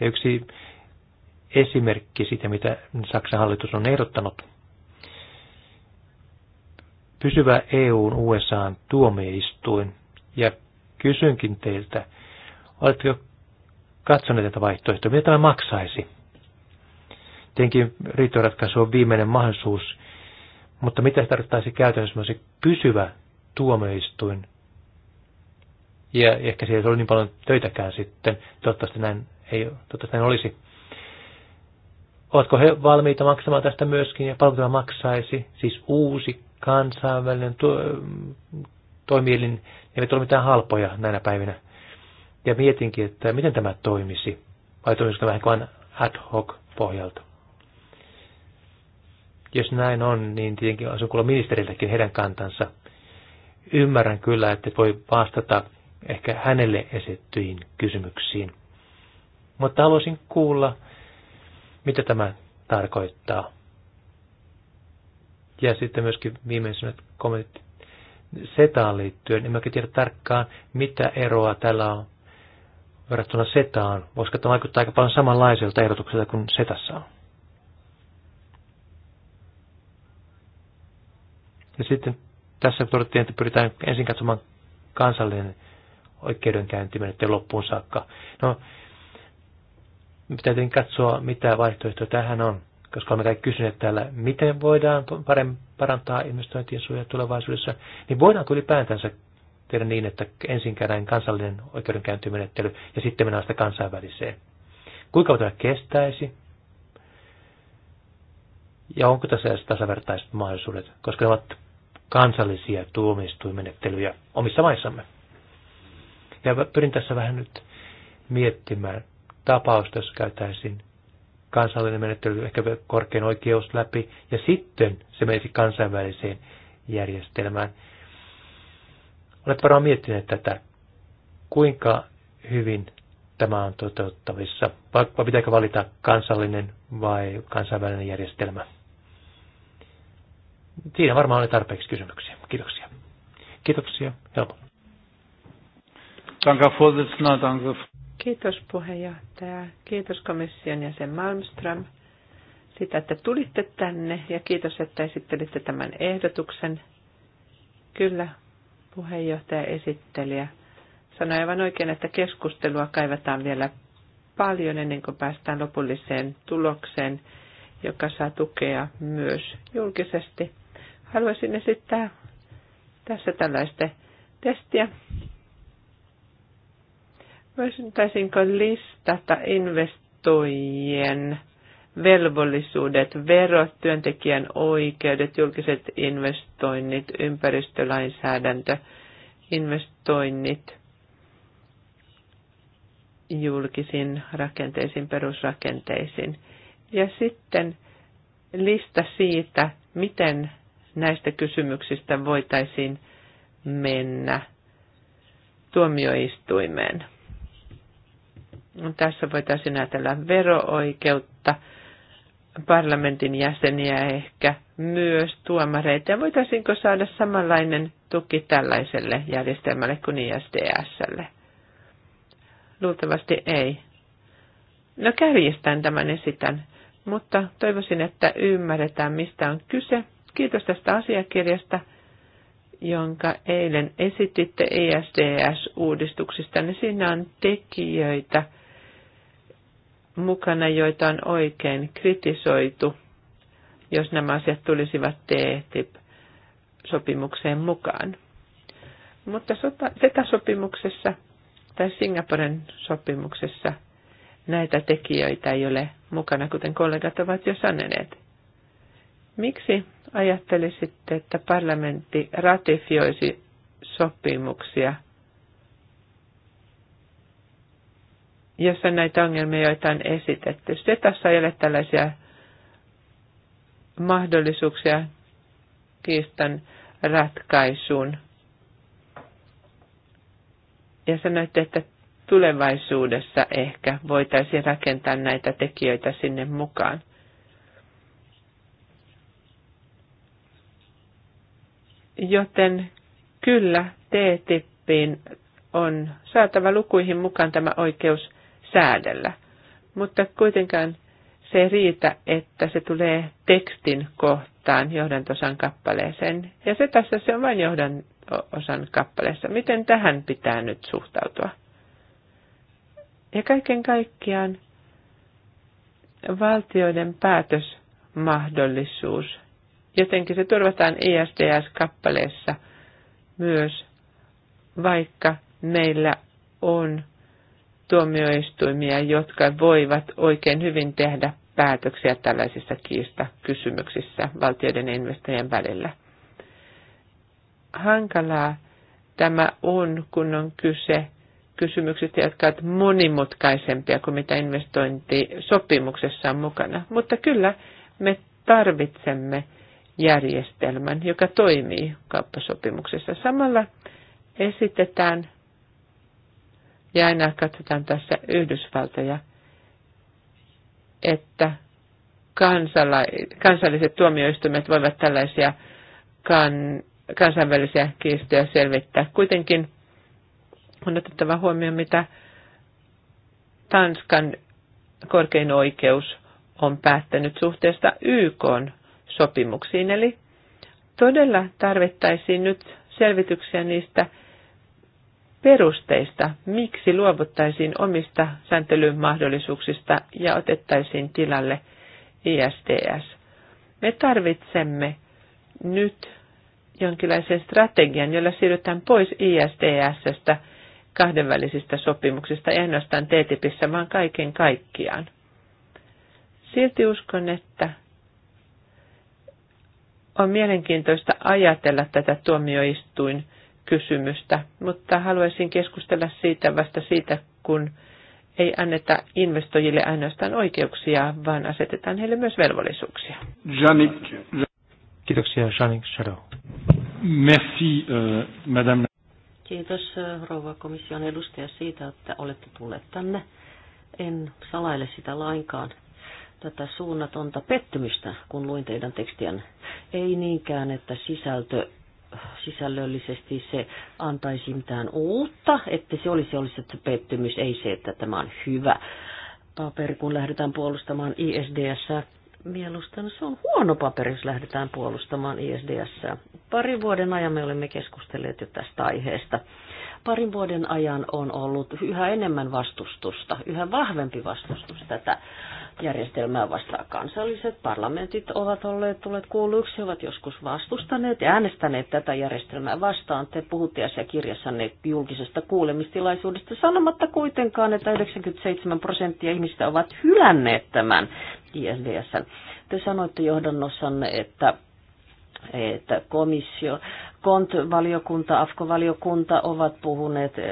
Ja yksi esimerkki siitä, mitä Saksan hallitus on ehdottanut. Pysyvä EUn USA tuomioistuin. Ja kysynkin teiltä, oletteko katsoneet tätä vaihtoehtoa, mitä tämä maksaisi? Tietenkin riittoratkaisu on viimeinen mahdollisuus, mutta mitä se tarkoittaisi käytännössä myös pysyvä tuomioistuin? Ja ehkä siellä ei ole niin paljon töitäkään sitten. Toivottavasti näin, ei, toivottavasti näin olisi. Oletko he valmiita maksamaan tästä myöskin ja palvelua maksaisi, siis uusi kansainvälinen tuo, toimielin, ne eivät ole mitään halpoja näinä päivinä. Ja mietinkin, että miten tämä toimisi, vai toimisiko vähän vain ad hoc pohjalta. Jos näin on, niin tietenkin on kuulla ministeriltäkin heidän kantansa. Ymmärrän kyllä, että voi vastata ehkä hänelle esittyihin kysymyksiin. Mutta haluaisin kuulla, mitä tämä tarkoittaa. Ja sitten myöskin viimeisenä kommentit setaan liittyen. En mä tiedä tarkkaan, mitä eroa tällä on verrattuna setaan. Voisiko tämä vaikuttaa aika paljon samanlaiselta erotukselta kuin setassa on? Ja sitten tässä todettiin, että pyritään ensin katsomaan kansallinen oikeudenkäynti menette loppuun saakka. No, pitää katsoa, mitä vaihtoehtoja tähän on, koska olemme kaikki kysyneet täällä, miten voidaan parantaa investointien suojaa tulevaisuudessa, niin voidaanko ylipäätänsä tehdä niin, että ensin käydään kansallinen oikeudenkäyntimenettely ja sitten mennään sitä kansainväliseen. Kuinka tämä kestäisi? Ja onko tässä tasavertaiset mahdollisuudet, koska ne ovat kansallisia tuomioistuimenettelyjä omissa maissamme. Ja pyrin tässä vähän nyt miettimään tapausta, jos käytäisiin kansallinen menettely, ehkä korkein oikeus läpi, ja sitten se menisi kansainväliseen järjestelmään. Olet varmaan miettinyt tätä, kuinka hyvin tämä on toteuttavissa, vai pitääkö valita kansallinen vai kansainvälinen järjestelmä? Siinä varmaan oli tarpeeksi kysymyksiä. Kiitoksia. Kiitoksia. Helpo. Kiitos puheenjohtaja. Kiitos komission jäsen Malmström sitä, että tulitte tänne ja kiitos, että esittelitte tämän ehdotuksen. Kyllä, puheenjohtaja esittelijä sanoi aivan oikein, että keskustelua kaivataan vielä paljon ennen kuin päästään lopulliseen tulokseen, joka saa tukea myös julkisesti. Haluaisin esittää tässä tällaista testiä. Voisitaisinko listata investoijien velvollisuudet, verot, työntekijän oikeudet, julkiset investoinnit, ympäristölainsäädäntö, investoinnit julkisiin rakenteisiin, perusrakenteisiin. Ja sitten lista siitä, miten näistä kysymyksistä voitaisiin mennä tuomioistuimeen. Tässä voitaisiin ajatella verooikeutta, parlamentin jäseniä ehkä myös tuomareita. Ja voitaisiinko saada samanlainen tuki tällaiselle järjestelmälle kuin ISDSlle? Luultavasti ei. No kärjistän tämän esitän, mutta toivoisin, että ymmärretään mistä on kyse Kiitos tästä asiakirjasta, jonka eilen esititte ESDS-uudistuksista. Niin siinä on tekijöitä mukana, joita on oikein kritisoitu, jos nämä asiat tulisivat TTIP-sopimukseen mukaan. Mutta tätä sopimuksessa tai Singaporen sopimuksessa näitä tekijöitä ei ole mukana, kuten kollegat ovat jo sanoneet. Miksi ajattelisitte, että parlamentti ratifioisi sopimuksia, jossa näitä ongelmia, joita on esitetty? Se tässä ei ole tällaisia mahdollisuuksia kiistan ratkaisuun. Ja sanoitte, että tulevaisuudessa ehkä voitaisiin rakentaa näitä tekijöitä sinne mukaan. Joten kyllä TTIPin on saatava lukuihin mukaan tämä oikeus säädellä. Mutta kuitenkaan se ei riitä, että se tulee tekstin kohtaan johdantosan kappaleeseen. Ja se tässä se on vain johdantosan kappaleessa. Miten tähän pitää nyt suhtautua? Ja kaiken kaikkiaan valtioiden päätösmahdollisuus jotenkin se turvataan ISDS-kappaleessa e myös, vaikka meillä on tuomioistuimia, jotka voivat oikein hyvin tehdä päätöksiä tällaisissa kysymyksissä valtioiden ja investoijien välillä. Hankalaa tämä on, kun on kyse kysymyksistä, jotka ovat monimutkaisempia kuin mitä investointisopimuksessa on mukana. Mutta kyllä me tarvitsemme järjestelmän, joka toimii kauppasopimuksessa. Samalla esitetään, ja aina katsotaan tässä Yhdysvaltoja, että kansala- kansalliset tuomioistuimet voivat tällaisia kan- kansainvälisiä kiistoja selvittää. Kuitenkin on otettava huomioon, mitä Tanskan korkein oikeus on päättänyt suhteesta YK sopimuksiin. Eli todella tarvittaisiin nyt selvityksiä niistä perusteista, miksi luovuttaisiin omista sääntelyn mahdollisuuksista ja otettaisiin tilalle ISDS. Me tarvitsemme nyt jonkinlaisen strategian, jolla siirrytään pois ISDSstä kahdenvälisistä sopimuksista, ei ainoastaan TTIPissä, vaan kaiken kaikkiaan. Silti uskon, että on mielenkiintoista ajatella tätä tuomioistuin kysymystä, mutta haluaisin keskustella siitä vasta siitä, kun ei anneta investoijille ainoastaan oikeuksia, vaan asetetaan heille myös velvollisuuksia. Janik. Kiitoksia, Janik Shadow. Merci, uh, madame. Kiitos euh, rouva komission edustaja siitä, että olette tulleet tänne. En salaile sitä lainkaan tätä suunnatonta pettymystä, kun luin teidän tekstiänne. Ei niinkään, että sisältö sisällöllisesti se antaisi mitään uutta, että se olisi, olisi että se pettymys, ei se, että tämä on hyvä paperi, kun lähdetään puolustamaan ISDS. Mielestäni se on huono paperi, jos lähdetään puolustamaan ISDS. Parin vuoden ajan me olemme keskustelleet jo tästä aiheesta. Parin vuoden ajan on ollut yhä enemmän vastustusta, yhä vahvempi vastustus tätä järjestelmää vastaan. Kansalliset parlamentit ovat olleet tulleet kuulluiksi, he ovat joskus vastustaneet ja äänestäneet tätä järjestelmää vastaan. Te puhutte kirjassanne julkisesta kuulemistilaisuudesta sanomatta kuitenkaan, että 97 prosenttia ihmistä ovat hylänneet tämän ISDS. Te sanoitte johdannossanne, että että komissio KONT-valiokunta, AFKO-valiokunta ovat puhuneet eh,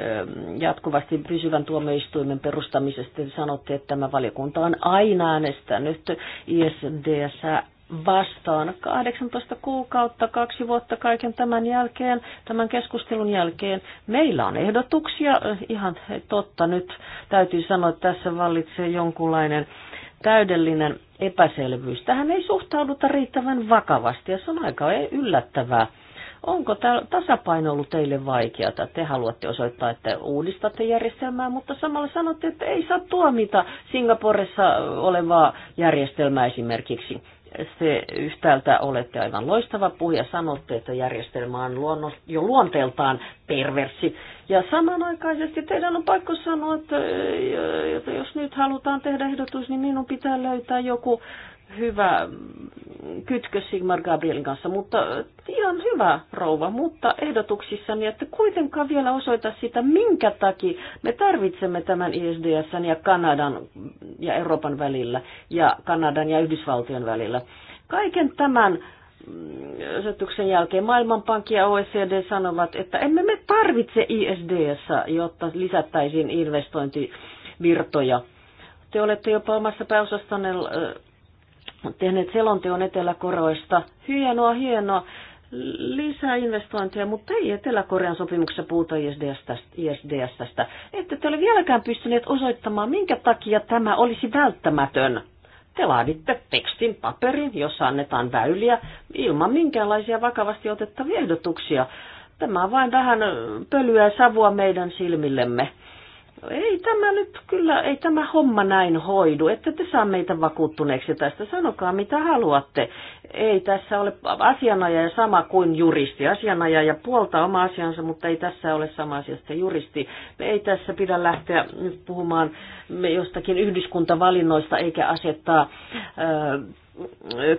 jatkuvasti pysyvän tuomioistuimen perustamisesta. Sanotte, että tämä valiokunta on aina äänestänyt ISDS vastaan 18 kuukautta, kaksi vuotta kaiken tämän jälkeen, tämän keskustelun jälkeen. Meillä on ehdotuksia, ihan totta nyt täytyy sanoa, että tässä vallitsee jonkunlainen täydellinen epäselvyys. Tähän ei suhtauduta riittävän vakavasti ja se on aika yllättävää. Onko tasapaino ollut teille vaikeata? Te haluatte osoittaa, että uudistatte järjestelmää, mutta samalla sanotte, että ei saa tuomita Singaporessa olevaa järjestelmää esimerkiksi se yhtäältä olette aivan loistava puhuja, sanotte, että järjestelmä on luonnos, jo luonteeltaan perversi. Ja samanaikaisesti teidän on pakko sanoa, että, että jos nyt halutaan tehdä ehdotus, niin minun pitää löytää joku hyvä kytkös Sigmar Gabrielin kanssa, mutta ihan hyvä rouva, mutta ehdotuksissani, että kuitenkaan vielä osoita sitä, minkä takia me tarvitsemme tämän ISDS ja Kanadan ja Euroopan välillä ja Kanadan ja Yhdysvaltion välillä. Kaiken tämän mm, asetuksen jälkeen Maailmanpankki ja OECD sanovat, että emme me tarvitse ISDS, jotta lisättäisiin investointivirtoja. Te olette jopa omassa pääosastanne äh, tehneet selonteon Etelä-Koroista. Hienoa, hienoa. Lisää investointeja, mutta ei Etelä-Korean sopimuksessa puhuta ISDSstä. Ette te ole vieläkään pystyneet osoittamaan, minkä takia tämä olisi välttämätön. Te laaditte tekstin paperin, jossa annetaan väyliä ilman minkäänlaisia vakavasti otettavia ehdotuksia. Tämä on vain vähän pölyä ja savua meidän silmillemme ei tämä nyt kyllä, ei tämä homma näin hoidu, että te saa meitä vakuuttuneeksi tästä, sanokaa mitä haluatte. Ei tässä ole asianajaja sama kuin juristi, asianajaja puolta oma asiansa, mutta ei tässä ole sama asiasta juristi. Me ei tässä pidä lähteä nyt puhumaan jostakin yhdyskuntavalinnoista eikä asettaa... Öö,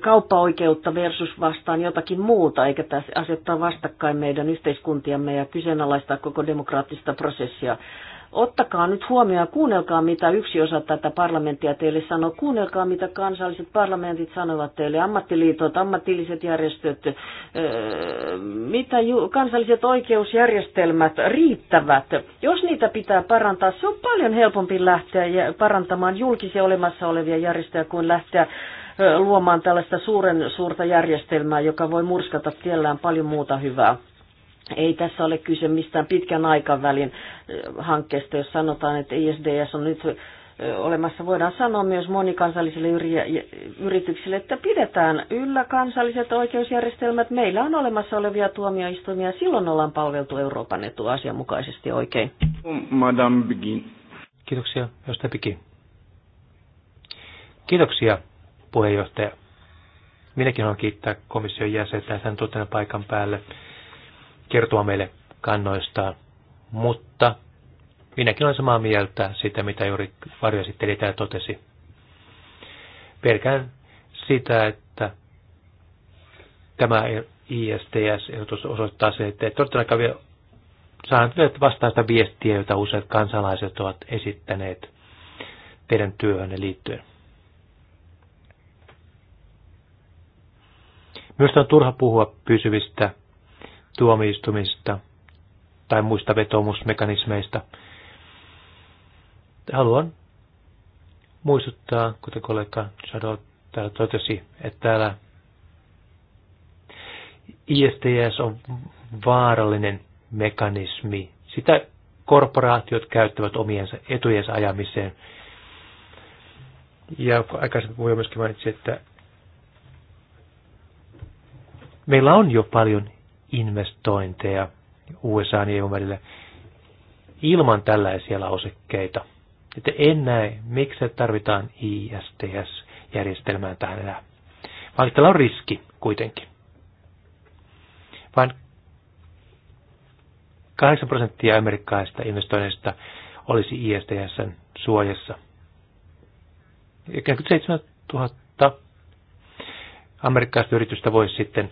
kauppaoikeutta versus vastaan jotakin muuta, eikä tässä asettaa vastakkain meidän yhteiskuntiamme ja kyseenalaistaa koko demokraattista prosessia. Ottakaa nyt huomioon, kuunnelkaa mitä yksi osa tätä parlamenttia teille sanoo, kuunnelkaa mitä kansalliset parlamentit sanovat teille, ammattiliitot, ammatilliset järjestöt, mitä kansalliset oikeusjärjestelmät riittävät. Jos niitä pitää parantaa, se on paljon helpompi lähteä parantamaan julkisia olemassa olevia järjestöjä kuin lähteä luomaan tällaista suuren suurta järjestelmää, joka voi murskata tiellään paljon muuta hyvää ei tässä ole kyse mistään pitkän aikavälin hankkeesta, jos sanotaan, että ISDS on nyt olemassa. Voidaan sanoa myös monikansallisille yrityksille, että pidetään yllä kansalliset oikeusjärjestelmät. Meillä on olemassa olevia tuomioistuimia silloin ollaan palveltu Euroopan etua asianmukaisesti oikein. Madame Begin. Kiitoksia, josta pikin. Kiitoksia, puheenjohtaja. Minäkin haluan kiittää komission jäsentä tämän tuottaneen paikan päälle kertoa meille kannoistaan, mutta minäkin olen samaa mieltä siitä, mitä juuri sitten tämä totesi. Pelkään sitä, että tämä ISTS-ehdotus osoittaa se, että totta vielä saan vastaan sitä viestiä, jota useat kansalaiset ovat esittäneet teidän työhönne liittyen. Myös on turha puhua pysyvistä tuomioistumista tai muista vetomusmekanismeista. Haluan muistuttaa, kuten kollega Shadow täällä totesi, että täällä ISTS on vaarallinen mekanismi. Sitä korporaatiot käyttävät omiensa etujensa ajamiseen. Ja aikaisemmin puhuja myöskin mainitsi, että meillä on jo paljon investointeja USA ja EU välillä ilman tällaisia lausekkeita. Että en näe, miksi tarvitaan ISTS-järjestelmää tähän enää. Vaan tällä on riski kuitenkin. Vain 8 prosenttia amerikkalaisista investoinneista olisi ISTSn suojassa. 47 000 amerikkalaista yritystä voisi sitten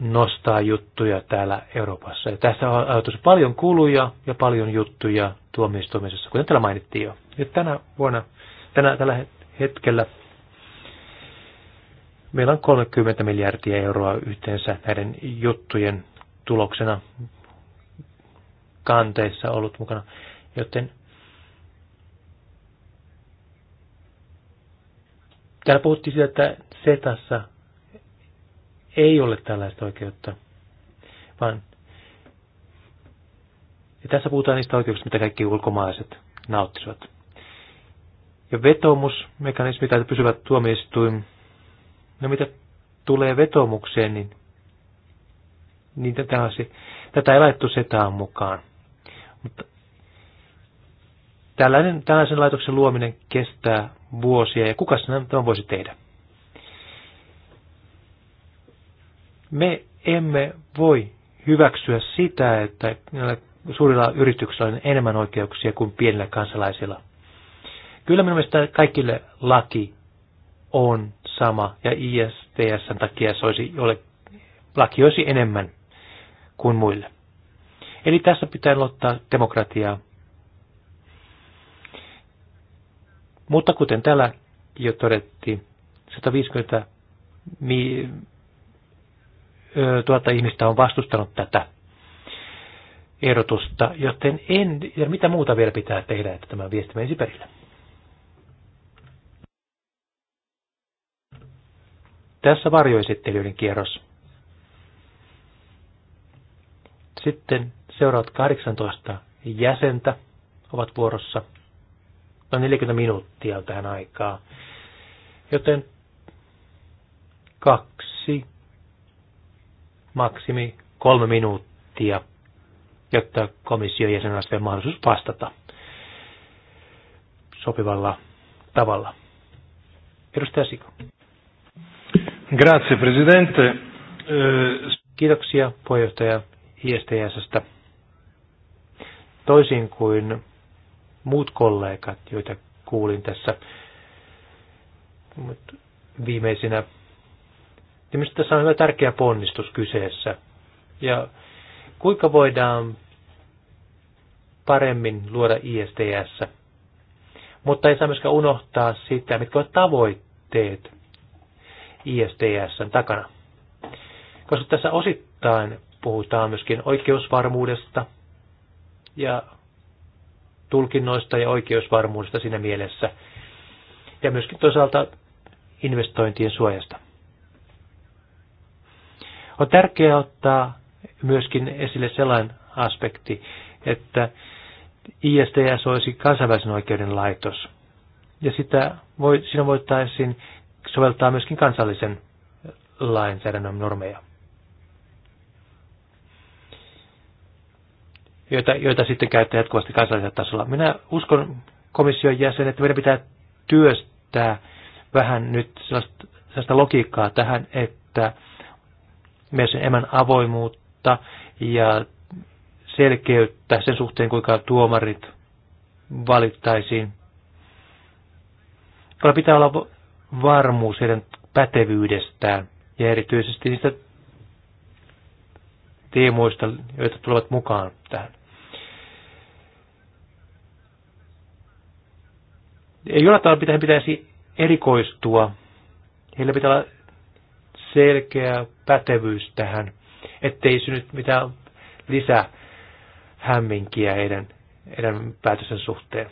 nostaa juttuja täällä Euroopassa. Ja tässä on ajatus paljon kuluja ja paljon juttuja tuomioistumisessa, kuten täällä mainittiin jo. Ja tänä vuonna, tänä, tällä hetkellä meillä on 30 miljardia euroa yhteensä näiden juttujen tuloksena kanteissa ollut mukana. Joten täällä puhuttiin siitä, että setassa ei ole tällaista oikeutta, vaan ja tässä puhutaan niistä oikeuksista, mitä kaikki ulkomaalaiset nauttisivat. Ja vetomusmekanismi tai pysyvät tuomioistuin, no mitä tulee vetomukseen, niin, niin tätä, on se, tätä ei laittu setaan mukaan. Mutta tällainen, tällaisen laitoksen luominen kestää vuosia ja kuka sen tämän voisi tehdä? Me emme voi hyväksyä sitä, että suurilla yrityksillä on enemmän oikeuksia kuin pienillä kansalaisilla. Kyllä minun mielestä kaikille laki on sama, ja ISTSn takia se olisi, ole, laki olisi enemmän kuin muille. Eli tässä pitää ottaa demokratiaa. Mutta kuten täällä jo todettiin, 150 tuhatta ihmistä on vastustanut tätä erotusta, joten en ja mitä muuta vielä pitää tehdä, että tämä viesti menisi perille. Tässä varjoesittelyiden kierros. Sitten seuraavat 18 jäsentä ovat vuorossa. Noin 40 minuuttia tähän aikaa. Joten kaksi maksimi kolme minuuttia, jotta komission jäsenellä on mahdollisuus vastata sopivalla tavalla. Edustaja Siko. Grazie, presidente. Kiitoksia puheenjohtaja ISTSstä. Toisin kuin muut kollegat, joita kuulin tässä viimeisinä ja minusta tässä on hyvä tärkeä ponnistus kyseessä. Ja kuinka voidaan paremmin luoda ISTS. Mutta ei saa myöskään unohtaa sitä, mitkä ovat tavoitteet ISTSn takana. Koska tässä osittain puhutaan myöskin oikeusvarmuudesta ja tulkinnoista ja oikeusvarmuudesta siinä mielessä. Ja myöskin toisaalta investointien suojasta. On tärkeää ottaa myöskin esille sellainen aspekti, että ISTS olisi kansainvälisen oikeuden laitos. Ja sitä voi, siinä voitaisiin soveltaa myöskin kansallisen lainsäädännön normeja, joita, joita sitten käyttää jatkuvasti kansallisella tasolla. Minä uskon komission jäsen, että meidän pitää työstää vähän nyt sellaista, sellaista logiikkaa tähän, että myös emän avoimuutta ja selkeyttä sen suhteen, kuinka tuomarit valittaisiin. Kyllä pitää olla varmuus heidän pätevyydestään ja erityisesti niistä teemoista, joita tulevat mukaan tähän. Ei Jollain tavalla pitää, pitäisi erikoistua. Heillä pitää olla selkeä pätevyys tähän, ettei synny mitään lisää hämminkiä heidän, heidän päätösten suhteen.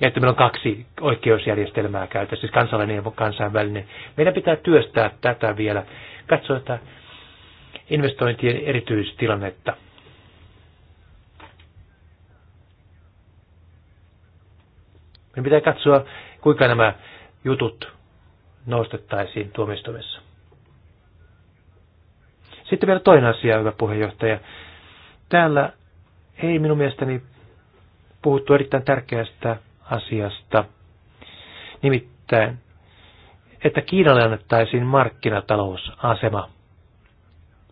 Ja että meillä on kaksi oikeusjärjestelmää käytössä, siis kansallinen ja kansainvälinen. Meidän pitää työstää tätä vielä, katsoa tätä investointien erityistilannetta. Meidän pitää katsoa, kuinka nämä jutut nostettaisiin tuomioistuimessa. Sitten vielä toinen asia, hyvä puheenjohtaja. Täällä ei minun mielestäni puhuttu erittäin tärkeästä asiasta, nimittäin, että Kiinalle annettaisiin markkinatalousasema.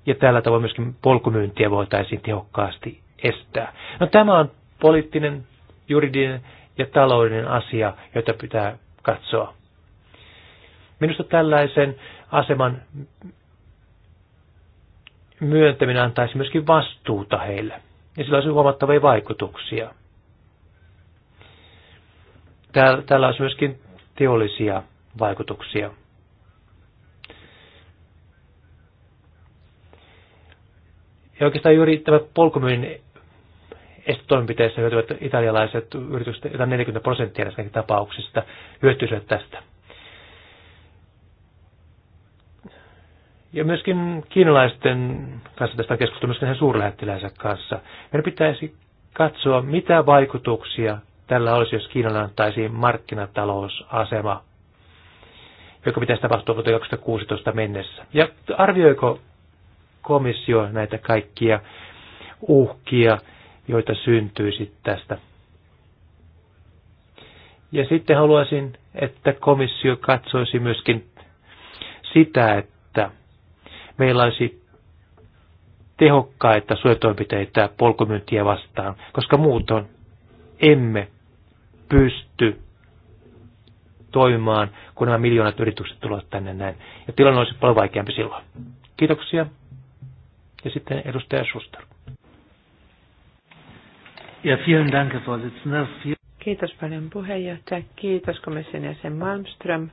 Ja tällä tavoin myöskin polkumyyntiä voitaisiin tehokkaasti estää. No tämä on poliittinen, juridinen ja taloudellinen asia, jota pitää katsoa. Minusta tällaisen aseman myöntäminen antaisi myöskin vastuuta heille. Ja sillä olisi huomattavia vaikutuksia. Tällä olisi myöskin teollisia vaikutuksia. Ja oikeastaan juuri tämä polkumyynnin estotoimenpiteessä hyötyvät italialaiset yritykset, jotain 40 prosenttia näistä tapauksista hyötyisivät tästä. ja myöskin kiinalaisten kanssa tästä keskustelua, myöskin heidän suurlähettiläänsä kanssa. Meidän pitäisi katsoa, mitä vaikutuksia tällä olisi, jos Kiinalla antaisi markkinatalousasema, joka pitäisi tapahtua vuoteen 2016 mennessä. Ja arvioiko komissio näitä kaikkia uhkia, joita syntyisi tästä? Ja sitten haluaisin, että komissio katsoisi myöskin sitä, että meillä olisi tehokkaita suojatoimenpiteitä polkumyyntiä vastaan, koska muutoin emme pysty toimimaan, kun nämä miljoonat yritykset tulevat tänne näin. Ja tilanne olisi paljon vaikeampi silloin. Kiitoksia. Ja sitten edustaja Schuster. Ja vielen dank, Kiitos paljon puheenjohtaja. Kiitos komission jäsen Malmström,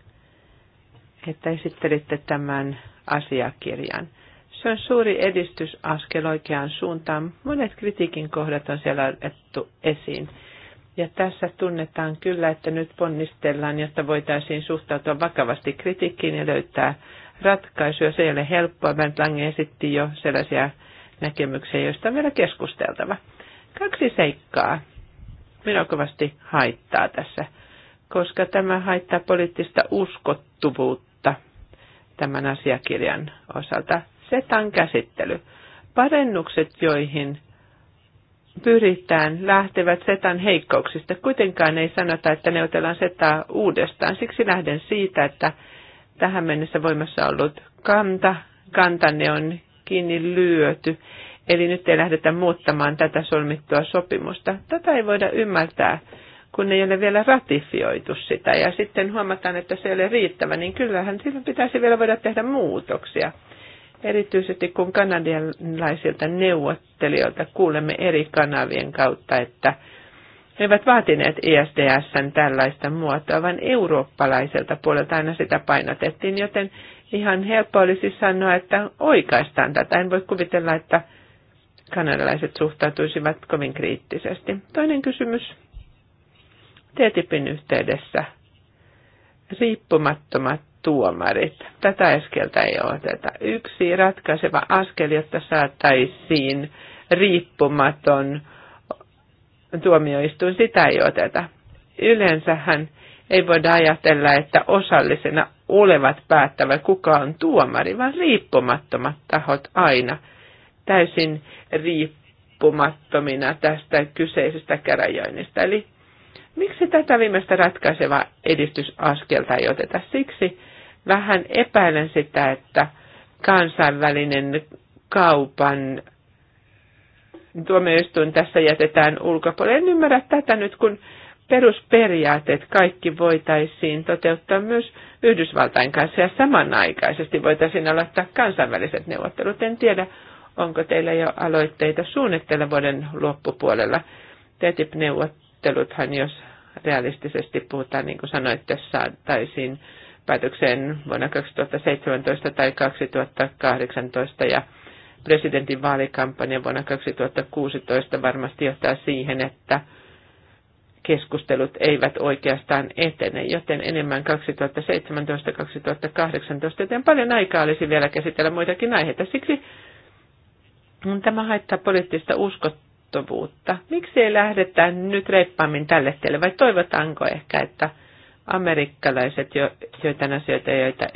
että esittelitte tämän asiakirjan. Se on suuri edistysaskel oikeaan suuntaan. Monet kritiikin kohdat on siellä otettu esiin. Ja tässä tunnetaan kyllä, että nyt ponnistellaan, jotta voitaisiin suhtautua vakavasti kritiikkiin ja löytää ratkaisuja. Se ei ole helppoa. Bernd Lange esitti jo sellaisia näkemyksiä, joista on vielä keskusteltava. Kaksi seikkaa minua kovasti haittaa tässä, koska tämä haittaa poliittista uskottuvuutta tämän asiakirjan osalta. Setan käsittely. Parennukset, joihin pyritään, lähtevät setan heikkouksista. Kuitenkaan ei sanota, että neuvotellaan setaa uudestaan. Siksi lähden siitä, että tähän mennessä voimassa ollut kanta, kantanne on kiinni lyöty. Eli nyt ei lähdetä muuttamaan tätä solmittua sopimusta. Tätä ei voida ymmärtää kun ei ole vielä ratifioitu sitä ja sitten huomataan, että se ei ole riittävä, niin kyllähän silloin pitäisi vielä voida tehdä muutoksia. Erityisesti kun kanadialaisilta neuvottelijoilta kuulemme eri kanavien kautta, että he eivät vaatineet ISDSn tällaista muotoa, vaan eurooppalaiselta puolelta aina sitä painotettiin, joten ihan helppo olisi sanoa, että oikaistaan tätä. En voi kuvitella, että kanadalaiset suhtautuisivat kovin kriittisesti. Toinen kysymys TTIPin yhteydessä riippumattomat tuomarit. Tätä eskeltä ei oteta. Yksi ratkaiseva askel, jotta saataisiin riippumaton tuomioistuin, sitä ei oteta. Yleensähän ei voida ajatella, että osallisena olevat päättävät, kuka on tuomari, vaan riippumattomat tahot aina täysin riippumattomina tästä kyseisestä käräjöinnistä. Eli Miksi tätä viimeistä ratkaisevaa edistysaskelta ei oteta? Siksi vähän epäilen sitä, että kansainvälinen kaupan tuomioistuin tässä jätetään ulkopuolelle. En ymmärrä tätä nyt, kun perusperiaatteet kaikki voitaisiin toteuttaa myös Yhdysvaltain kanssa ja samanaikaisesti voitaisiin aloittaa kansainväliset neuvottelut. En tiedä, onko teillä jo aloitteita suunnitteilla vuoden loppupuolella TTIP-neuvottelut neuvotteluthan, jos realistisesti puhutaan, niin kuin sanoitte, saataisiin päätökseen vuonna 2017 tai 2018 ja presidentin vaalikampanja vuonna 2016 varmasti johtaa siihen, että keskustelut eivät oikeastaan etene, joten enemmän 2017-2018, joten paljon aikaa olisi vielä käsitellä muitakin aiheita. Siksi tämä haittaa poliittista uskottavuutta ulottuvuutta. Miksi ei lähdetä nyt reippaammin tälle tielle, vai toivotaanko ehkä, että amerikkalaiset, jo, joitain asioita, joita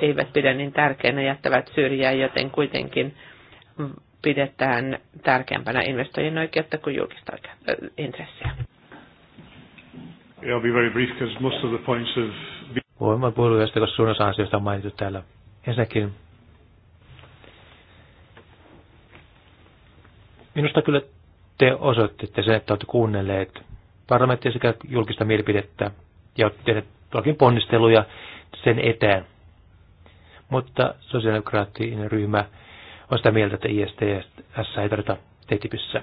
eivät pidä niin tärkeänä, jättävät syrjään, joten kuitenkin pidetään tärkeämpänä investoijien oikeutta kuin julkista oikeutta, intressiä. I'll be very Voin vain puhua koska suurin osa asioista on mainittu täällä. Ensinnäkin minusta kyllä te osoittitte sen, että olette kuunnelleet parlamenttia sekä julkista mielipidettä ja olette tehneet tuokin ponnisteluja sen eteen. Mutta sosiaalidemokraattinen ryhmä on sitä mieltä, että ISTS ei tarvita TTIPissä.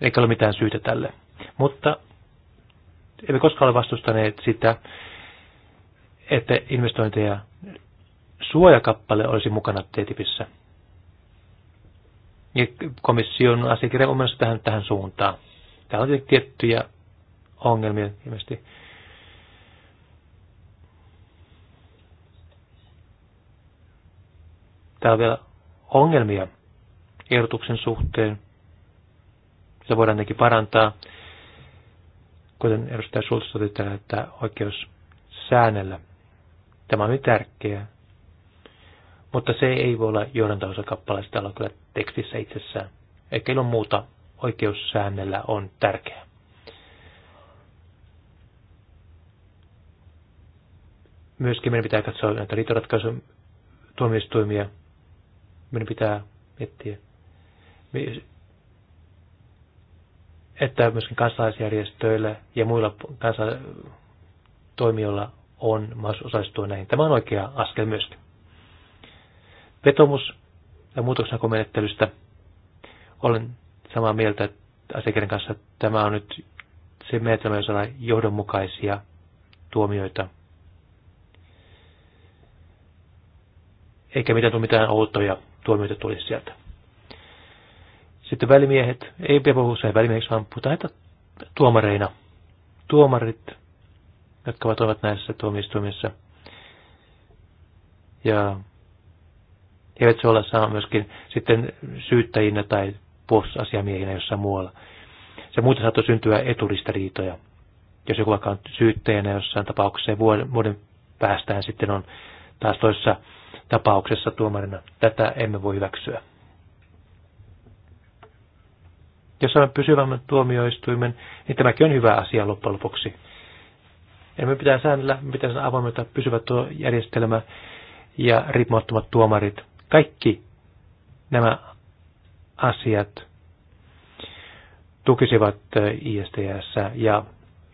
Eikä ole mitään syytä tälle. Mutta emme koskaan ole vastustaneet sitä, että investointeja suojakappale olisi mukana TTIPissä. Ja komissio asiakirja on menossa tähän, tähän suuntaan. Täällä on tiettyjä ongelmia ilmeisesti. Täällä on vielä ongelmia ehdotuksen suhteen. Sitä voidaan nekin parantaa. Kuten edustaja Schultz totesi että oikeus säännellä. Tämä on tärkeää mutta se ei voi olla johdantaosakappale, sitä on kyllä tekstissä itsessään. Eikä ilman muuta oikeussäännellä on tärkeä. Myöskin meidän pitää katsoa näitä liitoratkaisun tuomioistuimia. Meidän pitää miettiä, että myöskin kansalaisjärjestöillä ja muilla toimijoilla on mahdollisuus osallistua näihin. Tämä on oikea askel myöskin vetomus ja muutoksenhakumenettelystä. Olen samaa mieltä että asiakirjan kanssa, että tämä on nyt se menetelmä, jossa johdonmukaisia tuomioita. Eikä mitään mitään outoja tuomioita tulisi sieltä. Sitten välimiehet, ei pidä puhua usein välimieheksi, vaan puhutaan tuomareina. Tuomarit, jotka ovat näissä tuomioistuimissa. Ja eivät se olla saa myöskin sitten syyttäjinä tai puolustusasiamiehinä jossain muualla. Se muuten saattoi syntyä eturistariitoja. Jos joku vaikka on syyttäjänä jossain tapauksessa ja vuoden, vuoden päästään sitten on taas toisessa tapauksessa tuomarina. Tätä emme voi hyväksyä. Jos saamme pysyvämmän tuomioistuimen, niin tämäkin on hyvä asia loppujen lopuksi. Ja me pitää säännellä, me pitää saada avoimelta pysyvä tuo järjestelmä ja riippumattomat tuomarit – kaikki nämä asiat tukisivat ISTS ja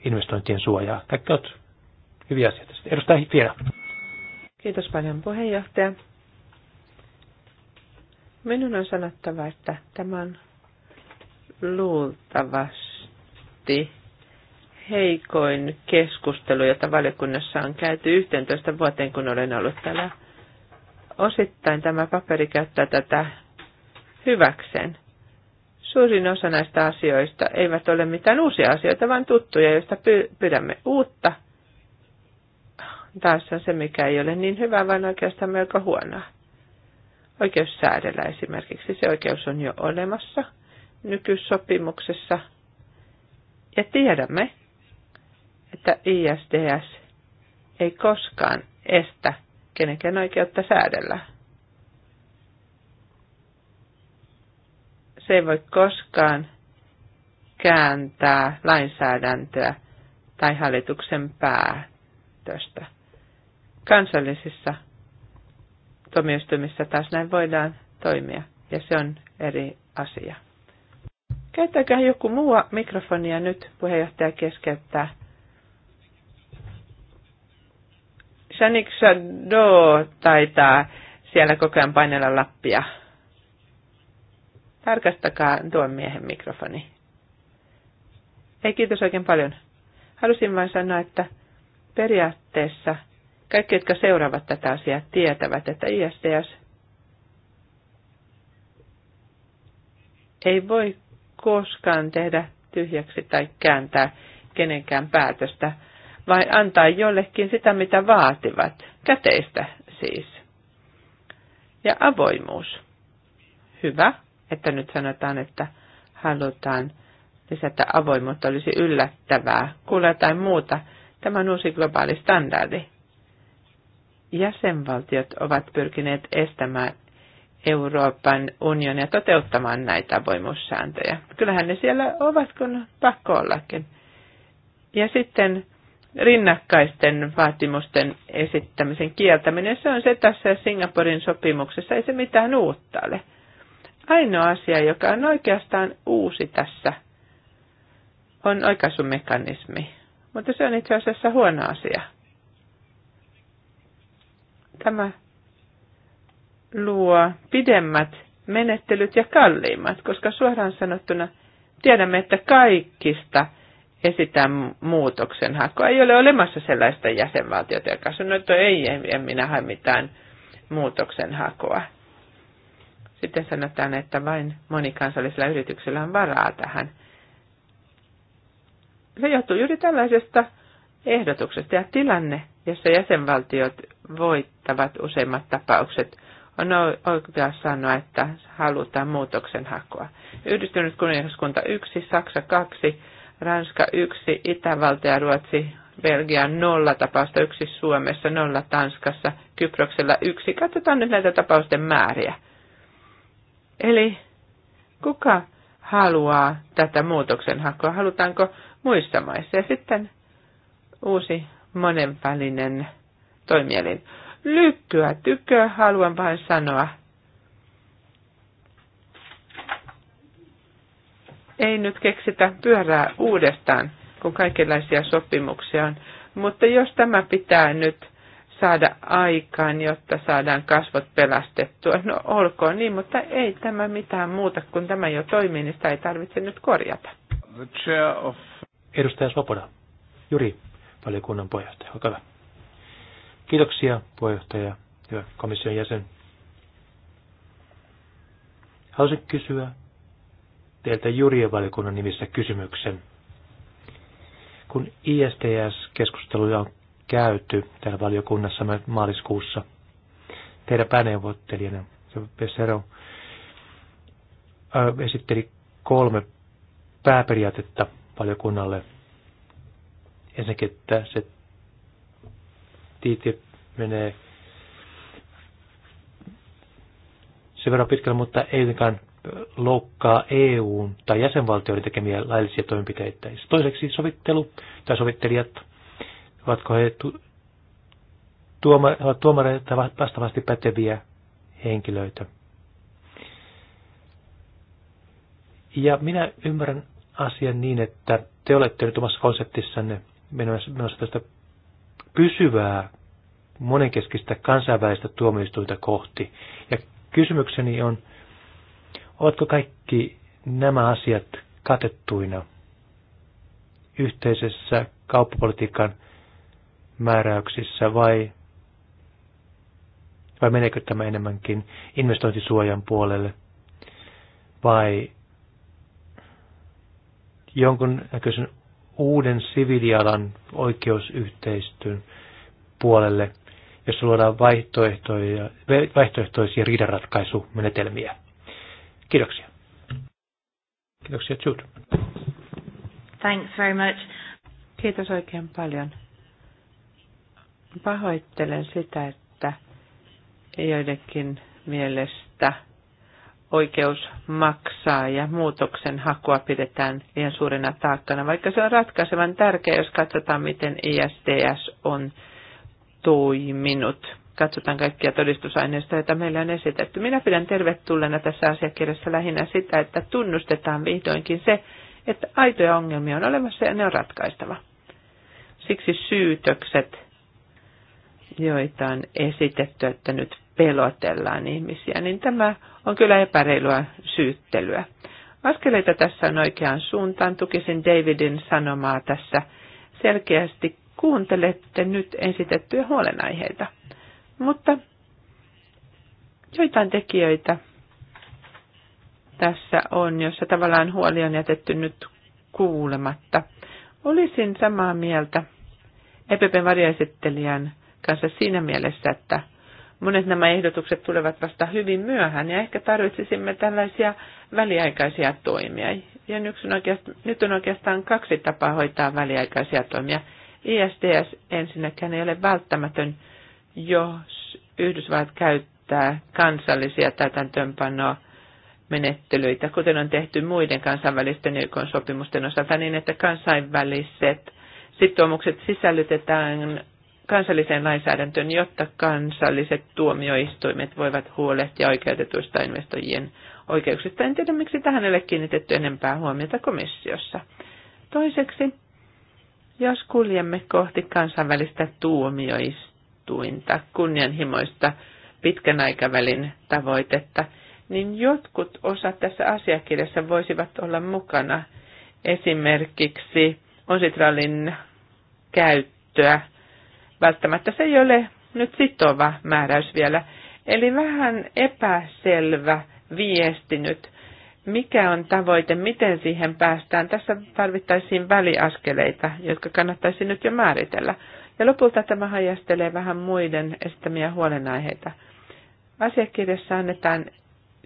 investointien suojaa. Kaikki ovat hyviä asioita. edustaja Fiera. Kiitos paljon puheenjohtaja. Minun on sanottava, että tämä on luultavasti heikoin keskustelu, jota valiokunnassa on käyty 11 vuoteen, kun olen ollut täällä osittain tämä paperi käyttää tätä hyväkseen. Suurin osa näistä asioista eivät ole mitään uusia asioita, vaan tuttuja, joista pyydämme uutta. Taas on se, mikä ei ole niin hyvä, vaan oikeastaan melko huonoa. Oikeus säädellä esimerkiksi, se oikeus on jo olemassa nykysopimuksessa. Ja tiedämme, että ISDS ei koskaan estä kenenkään oikeutta säädellä. Se ei voi koskaan kääntää lainsäädäntöä tai hallituksen päätöstä. Kansallisissa tuomioistuimissa taas näin voidaan toimia, ja se on eri asia. Käyttäkää joku muu mikrofonia nyt, puheenjohtaja keskeyttää. Shanik Shadow taitaa siellä koko ajan painella lappia. Tarkastakaa tuon miehen mikrofoni. Ei kiitos oikein paljon. Halusin vain sanoa, että periaatteessa kaikki, jotka seuraavat tätä asiaa, tietävät, että ISDS ei voi koskaan tehdä tyhjäksi tai kääntää kenenkään päätöstä vai antaa jollekin sitä, mitä vaativat. Käteistä siis. Ja avoimuus. Hyvä, että nyt sanotaan, että halutaan lisätä avoimuutta, olisi yllättävää, kuulee tai muuta. Tämä on uusi globaali standardi. Jäsenvaltiot ovat pyrkineet estämään Euroopan unionia toteuttamaan näitä avoimuussääntöjä. Kyllähän ne siellä ovat, kun pakko ollakin. Ja sitten rinnakkaisten vaatimusten esittämisen kieltäminen. Se on se tässä Singaporin sopimuksessa, ei se mitään uutta ole. Ainoa asia, joka on oikeastaan uusi tässä, on oikaisumekanismi. Mutta se on itse asiassa huono asia. Tämä luo pidemmät menettelyt ja kalliimmat, koska suoraan sanottuna tiedämme, että kaikista – esittää muutoksen hakua. Ei ole olemassa sellaista jäsenvaltiota, joka sanoo, että ei, en, en minä hae mitään muutoksen hakua. Sitten sanotaan, että vain monikansallisella yrityksellä on varaa tähän. Se johtuu juuri tällaisesta ehdotuksesta ja tilanne, jossa jäsenvaltiot voittavat useimmat tapaukset, on oikeastaan sanoa, että halutaan muutoksen hakua. Yhdistynyt kuningaskunta 1, Saksa 2, Ranska 1, Itävalta ja Ruotsi, Belgia nolla tapausta, yksi Suomessa, nolla Tanskassa, Kyproksella yksi. Katsotaan nyt näitä tapausten määriä. Eli kuka haluaa tätä muutoksen hakua? Halutaanko muissa maissa? Ja sitten uusi monenvälinen toimielin. Lykkyä tykö, haluan vain sanoa. ei nyt keksitä pyörää uudestaan, kun kaikenlaisia sopimuksia on. Mutta jos tämä pitää nyt saada aikaan, jotta saadaan kasvot pelastettua, no olkoon niin, mutta ei tämä mitään muuta, kun tämä jo toimii, niin sitä ei tarvitse nyt korjata. The chair of... Edustaja Svoboda, Juri, valiokunnan puheenjohtaja, olkaa hyvä. Kiitoksia puheenjohtaja ja komission jäsen. Haluaisin kysyä teiltä jurien valiokunnan nimissä kysymyksen. Kun ISTS-keskusteluja on käyty täällä valiokunnassa maaliskuussa, teidän pääneuvottelijana, Pesero, esitteli kolme pääperiaatetta valiokunnalle. Ensinnäkin, että se TTIP menee sen verran pitkälle, mutta ei loukkaa EUn tai jäsenvaltioiden tekemiä laillisia toimenpiteitä. Toiseksi sovittelu tai sovittelijat, ovatko he tuoma- tuomareita vastaavasti päteviä henkilöitä. Ja minä ymmärrän asian niin, että te olette nyt omassa konseptissanne menossa tästä pysyvää monenkeskistä kansainvälistä tuomioistuinta kohti. Ja kysymykseni on, Ovatko kaikki nämä asiat katettuina yhteisessä kauppapolitiikan määräyksissä vai, vai meneekö tämä enemmänkin investointisuojan puolelle vai jonkun näköisen uuden sivilialan oikeusyhteistyön puolelle, jossa luodaan vaihtoehtoja, vaihtoehtoisia riidanratkaisumenetelmiä. Kiitoksia. Kiitoksia Jude. Thanks very much. Kiitos oikein paljon. Pahoittelen sitä, että joidenkin mielestä oikeus maksaa ja muutoksen hakua pidetään liian suurena taakkana, vaikka se on ratkaisevan tärkeä, jos katsotaan, miten ISDS on toiminut katsotaan kaikkia todistusaineistoja, joita meillä on esitetty. Minä pidän tervetulleena tässä asiakirjassa lähinnä sitä, että tunnustetaan vihdoinkin se, että aitoja ongelmia on olemassa ja ne on ratkaistava. Siksi syytökset, joita on esitetty, että nyt pelotellaan ihmisiä, niin tämä on kyllä epäreilua syyttelyä. Askeleita tässä on oikeaan suuntaan. Tukisin Davidin sanomaa tässä selkeästi kuuntelette nyt esitettyjä huolenaiheita. Mutta joitain tekijöitä tässä on, jossa tavallaan huoli on jätetty nyt kuulematta. Olisin samaa mieltä EPPn varjoesittelijän kanssa siinä mielessä, että monet nämä ehdotukset tulevat vasta hyvin myöhään ja ehkä tarvitsisimme tällaisia väliaikaisia toimia. Ja nyt on oikeastaan kaksi tapaa hoitaa väliaikaisia toimia. ISDS ensinnäkään ei ole välttämätön jos Yhdysvallat käyttää kansallisia täytäntöönpanoa menettelyitä, kuten on tehty muiden kansainvälisten YK-sopimusten osalta, niin että kansainväliset sitoumukset sisällytetään kansalliseen lainsäädäntöön, jotta kansalliset tuomioistuimet voivat huolehtia oikeutetuista investoijien oikeuksista. En tiedä, miksi tähän ei ole kiinnitetty enempää huomiota komissiossa. Toiseksi, jos kuljemme kohti kansainvälistä tuomioistuimia suunnitelluinta, kunnianhimoista pitkän aikavälin tavoitetta, niin jotkut osat tässä asiakirjassa voisivat olla mukana. Esimerkiksi onsitralin käyttöä. Välttämättä se ei ole nyt sitova määräys vielä. Eli vähän epäselvä viesti nyt, mikä on tavoite, miten siihen päästään. Tässä tarvittaisiin väliaskeleita, jotka kannattaisi nyt jo määritellä. Ja lopulta tämä hajastelee vähän muiden estämiä huolenaiheita. Asiakirjassa annetaan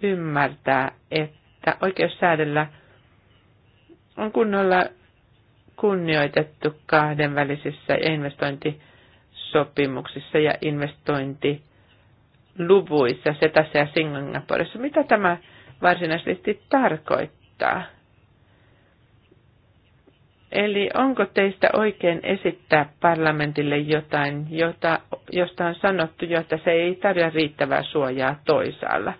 ymmärtää, että oikeus säädellä on kunnolla kunnioitettu kahdenvälisissä ja investointisopimuksissa ja investointiluvuissa, se ja Singaporessa. Mitä tämä varsinaisesti tarkoittaa? Eli onko teistä oikein esittää parlamentille jotain, jota, josta on sanottu jo, että se ei tarjoa riittävää suojaa toisaalla?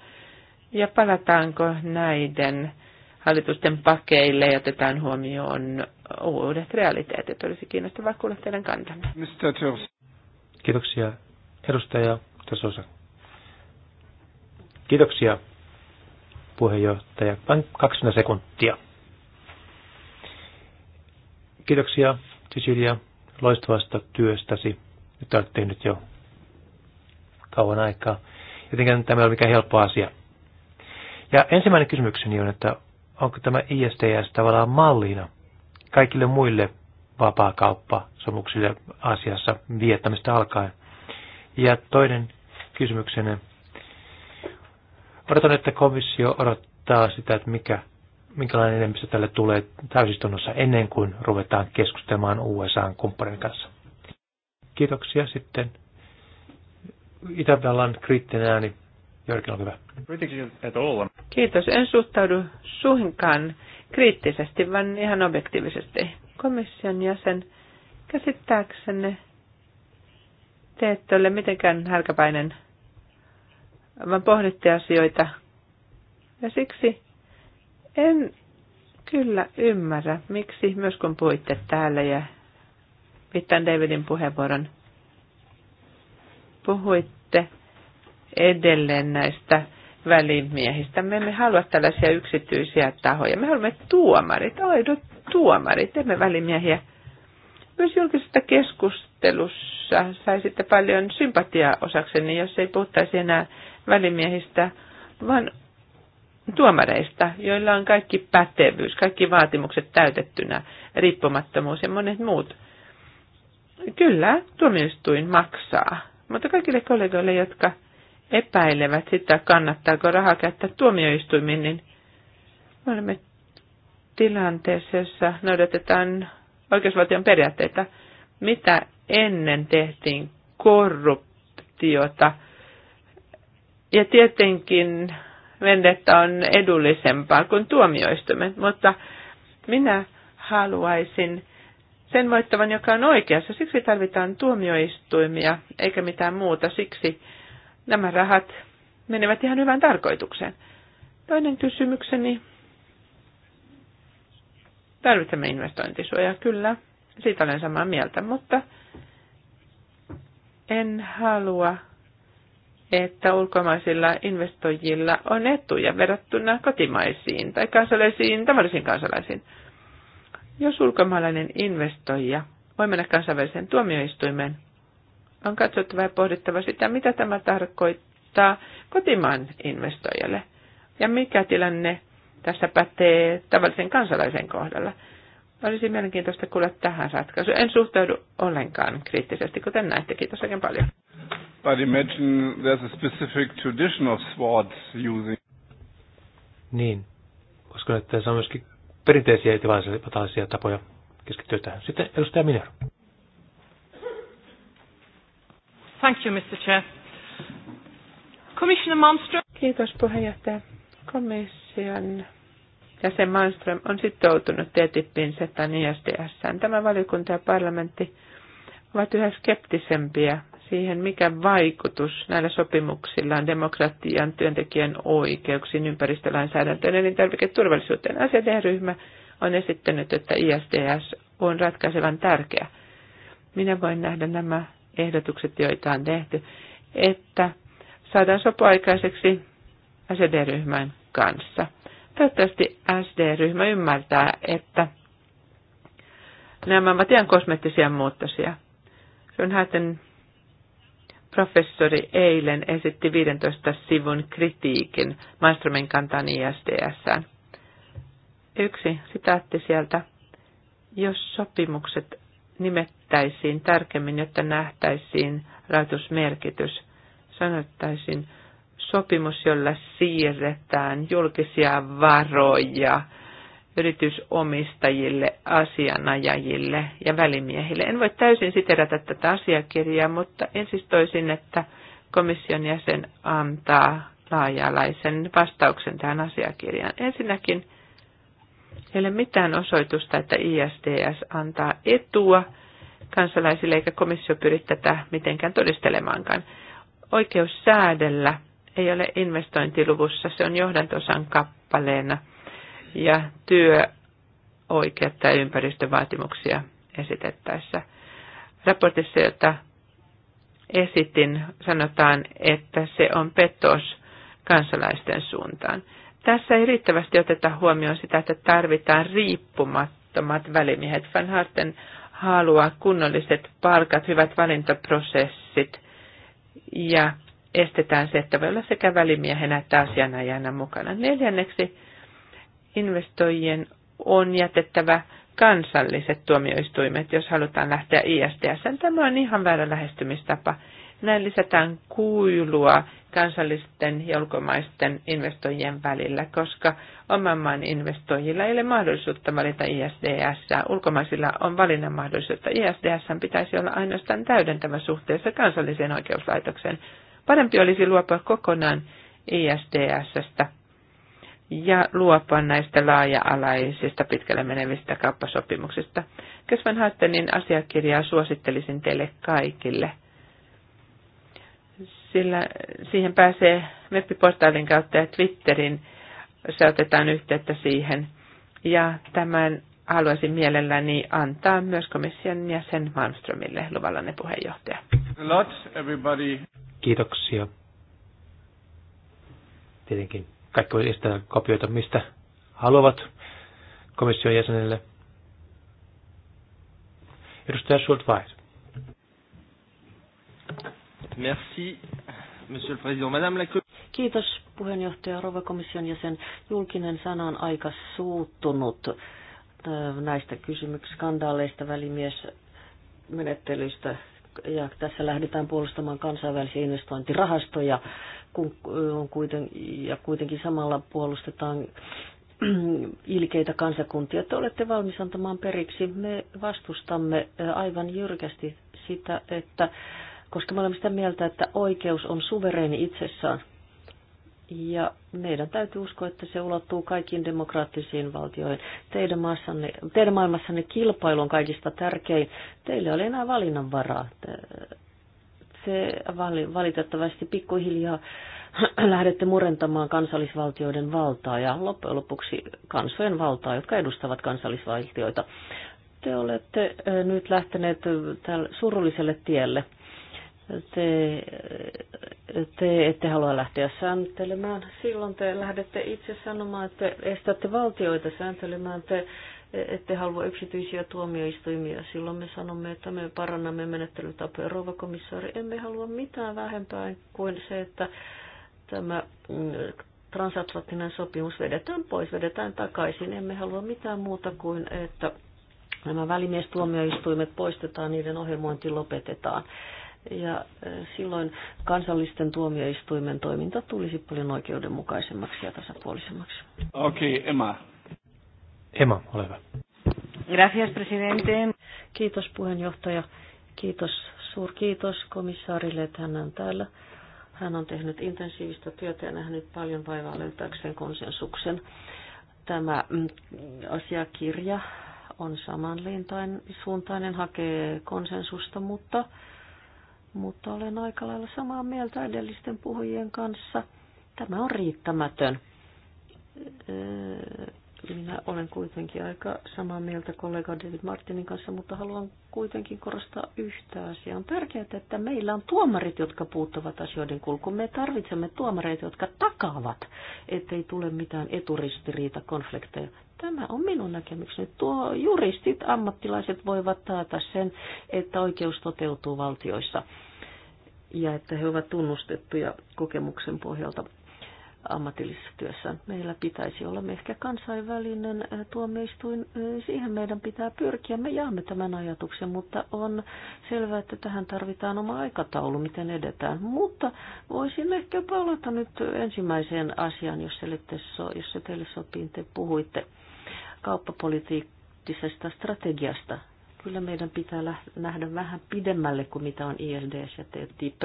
Ja palataanko näiden hallitusten pakeille ja otetaan huomioon uudet realiteetit? Olisi kiinnostavaa kuulla teidän kantanne. Kiitoksia. Edustaja Tasosa. Kiitoksia puheenjohtaja. Vain 20 sekuntia. Kiitoksia Cecilia loistavasta työstäsi, jota olet tehnyt jo kauan aikaa. Jotenkin tämä ei ole mikään helppo asia. Ja ensimmäinen kysymykseni on, että onko tämä ISTS tavallaan mallina kaikille muille vapaakauppasomuksille asiassa viettämistä alkaen? Ja toinen kysymyksenne. Odotan, että komissio odottaa sitä, että mikä minkälainen enemmistö tälle tulee täysistunnossa ennen kuin ruvetaan keskustelemaan USA-kumppanin kanssa. Kiitoksia sitten. Itävallan kriittinen ääni. Jörgen, ole hyvä. Kiitos. En suhtaudu suinkaan kriittisesti, vaan ihan objektiivisesti. Komission jäsen, käsittääksenne te ette ole mitenkään härkäpäinen, vaan pohditte asioita. Ja siksi en kyllä ymmärrä, miksi myös kun puhuitte täällä ja pitän Davidin puheenvuoron, puhuitte edelleen näistä välimiehistä. Me emme halua tällaisia yksityisiä tahoja. Me haluamme tuomarit, aidot tuomarit, emme välimiehiä. Myös julkisesta keskustelussa saisitte paljon sympatiaa osakseni, jos ei puhuttaisi enää välimiehistä, vaan tuomareista, joilla on kaikki pätevyys, kaikki vaatimukset täytettynä, riippumattomuus ja monet muut. Kyllä, tuomioistuin maksaa, mutta kaikille kollegoille, jotka epäilevät sitä, kannattaako rahaa käyttää tuomioistuimiin, niin me olemme tilanteessa, jossa noudatetaan oikeusvaltion periaatteita. Mitä ennen tehtiin korruptiota? Ja tietenkin vendetta on edullisempaa kuin tuomioistuimet, mutta minä haluaisin sen voittavan, joka on oikeassa. Siksi tarvitaan tuomioistuimia eikä mitään muuta. Siksi nämä rahat menevät ihan hyvään tarkoitukseen. Toinen kysymykseni. Tarvitsemme investointisuojaa, kyllä. Siitä olen samaa mieltä, mutta en halua että ulkomaisilla investoijilla on etuja verrattuna kotimaisiin tai kansalaisiin, tavallisiin kansalaisiin. Jos ulkomaalainen investoija voi mennä kansainväliseen tuomioistuimeen, on katsottava ja pohdittava sitä, mitä tämä tarkoittaa kotimaan investoijalle ja mikä tilanne tässä pätee tavallisen kansalaisen kohdalla. Olisi mielenkiintoista kuulla tähän ratkaisuun. En suhtaudu ollenkaan kriittisesti, kuten näette. Kiitos oikein paljon. But imagine there's a specific tradition of swords using. Niin. Uskon, että tässä on myöskin perinteisiä ja tapoja keskittyä tähän. Sitten edustaja Miner. Thank you, Mr. Chair. Commissioner Malmström. Kiitos puheenjohtaja. Komission jäsen Malmström on sitoutunut TTIPin SETAn ISDS. Tämä valiokunta ja parlamentti ovat yhä skeptisempiä siihen, mikä vaikutus näillä sopimuksilla on demokratian, työntekijän oikeuksiin, ympäristölainsäädäntöön ja elintarviketurvallisuuteen. ryhmä on esittänyt, että ISDS on ratkaisevan tärkeä. Minä voin nähdä nämä ehdotukset, joita on tehty, että saadaan sopuaikaiseksi asd ryhmän kanssa. Toivottavasti SD-ryhmä ymmärtää, että nämä ovat ihan kosmettisia muutoksia. Sun häten professori eilen esitti 15 sivun kritiikin Maastromin kantani ISDS. Yksi sitaatti sieltä. Jos sopimukset nimettäisiin tarkemmin, jotta nähtäisiin rajoitusmerkitys, sanottaisiin sopimus, jolla siirretään julkisia varoja – yritysomistajille, asianajajille ja välimiehille. En voi täysin siterata tätä asiakirjaa, mutta ensistoisin, että komission jäsen antaa laajalaisen vastauksen tähän asiakirjaan. Ensinnäkin ei ole mitään osoitusta, että ISDS antaa etua kansalaisille, eikä komissio pyri tätä mitenkään todistelemaankaan. Oikeus säädellä ei ole investointiluvussa, se on johdantosan kappaleena – ja työoikeutta ja ympäristövaatimuksia esitettäessä. Raportissa, jota esitin, sanotaan, että se on petos kansalaisten suuntaan. Tässä ei riittävästi oteta huomioon sitä, että tarvitaan riippumattomat välimiehet. Van Harten haluaa kunnolliset palkat, hyvät valintaprosessit ja estetään se, että voi olla sekä välimiehenä että asianajana mukana. Neljänneksi investoijien on jätettävä kansalliset tuomioistuimet, jos halutaan lähteä ISDS. Tämä on ihan väärä lähestymistapa. Näin lisätään kuilua kansallisten ja ulkomaisten investoijien välillä, koska oman maan investoijilla ei ole mahdollisuutta valita ISDS. Ulkomaisilla on valinnan mahdollisuutta. ISDS pitäisi olla ainoastaan täydentävä suhteessa kansalliseen oikeuslaitokseen. Parempi olisi luopua kokonaan ISDSstä ja luopua näistä laaja-alaisista pitkälle menevistä kauppasopimuksista. Kösvenhaattenin asiakirjaa suosittelisin teille kaikille, sillä siihen pääsee webbiportaalin kautta ja Twitterin se otetaan yhteyttä siihen. Ja tämän haluaisin mielelläni antaa myös komission jäsen Malmströmille, luvallanne puheenjohtaja. Lot, everybody. Kiitoksia. Tietenkin kaikki voi esittää kopioita mistä haluavat komission jäsenille. Edustaja Schultweiss. Merci, monsieur le président. Madame la Kiitos puheenjohtaja Rova komission jäsen. Julkinen sana on aika suuttunut äh, näistä kysymyksistä, skandaaleista, välimiesmenettelyistä ja tässä lähdetään puolustamaan kansainvälisiä investointirahastoja kun on kuiten, ja kuitenkin samalla puolustetaan [CLEARS THROAT] ilkeitä kansakuntia. että olette valmis antamaan periksi. Me vastustamme aivan jyrkästi sitä, että koska me olemme sitä mieltä, että oikeus on suvereeni itsessään. Ja meidän täytyy uskoa, että se ulottuu kaikkiin demokraattisiin valtioihin. Teidän, maassanne, teidän maailmassanne kilpailu on kaikista tärkein. Teillä ei ole enää valinnanvaraa se valitettavasti pikkuhiljaa [CLEARS THROAT] lähdette murentamaan kansallisvaltioiden valtaa ja loppujen lopuksi kansojen valtaa, jotka edustavat kansallisvaltioita. Te olette nyt lähteneet tälle surulliselle tielle. Te, te ette halua lähteä sääntelemään. Silloin te lähdette itse sanomaan, että estätte valtioita sääntelemään. Te ette halua yksityisiä tuomioistuimia. Silloin me sanomme, että me parannamme menettelytapoja. Rouva komissaari, emme halua mitään vähempää kuin se, että tämä mm, transatlanttinen sopimus vedetään pois, vedetään takaisin. Emme halua mitään muuta kuin, että nämä välimiestuomioistuimet poistetaan, niiden ohjelmointi lopetetaan. Ja e, silloin kansallisten tuomioistuimen toiminta tulisi paljon oikeudenmukaisemmaksi ja tasapuolisemmaksi. Okei, okay, Emma. Emma, ole hyvä. Gracias, presidente. Kiitos puheenjohtaja. Kiitos, kiitos komissaarille, että hän on täällä. Hän on tehnyt intensiivistä työtä ja nähnyt paljon vaivaa löytääkseen konsensuksen. Tämä mm, asiakirja on suuntainen hakee konsensusta, mutta, mutta olen aika lailla samaa mieltä edellisten puhujien kanssa. Tämä on riittämätön minä olen kuitenkin aika samaa mieltä kollega David Martinin kanssa, mutta haluan kuitenkin korostaa yhtä asiaa. On tärkeää, että meillä on tuomarit, jotka puuttuvat asioiden kulkuun. Me tarvitsemme tuomareita, jotka takaavat, ettei tule mitään eturistiriita konflikteja. Tämä on minun näkemykseni. Tuo juristit, ammattilaiset voivat taata sen, että oikeus toteutuu valtioissa ja että he ovat tunnustettuja kokemuksen pohjalta ammatillisessa työssä. Meillä pitäisi olla ehkä kansainvälinen tuomioistuin, siihen meidän pitää pyrkiä. Me jaamme tämän ajatuksen, mutta on selvää, että tähän tarvitaan oma aikataulu, miten edetään. Mutta voisin ehkä palata nyt ensimmäiseen asiaan, jos se, jos se teille sopii, te puhuitte kauppapolitiikkaa strategiasta, Kyllä meidän pitää nähdä vähän pidemmälle kuin mitä on ISDS ja TTIP.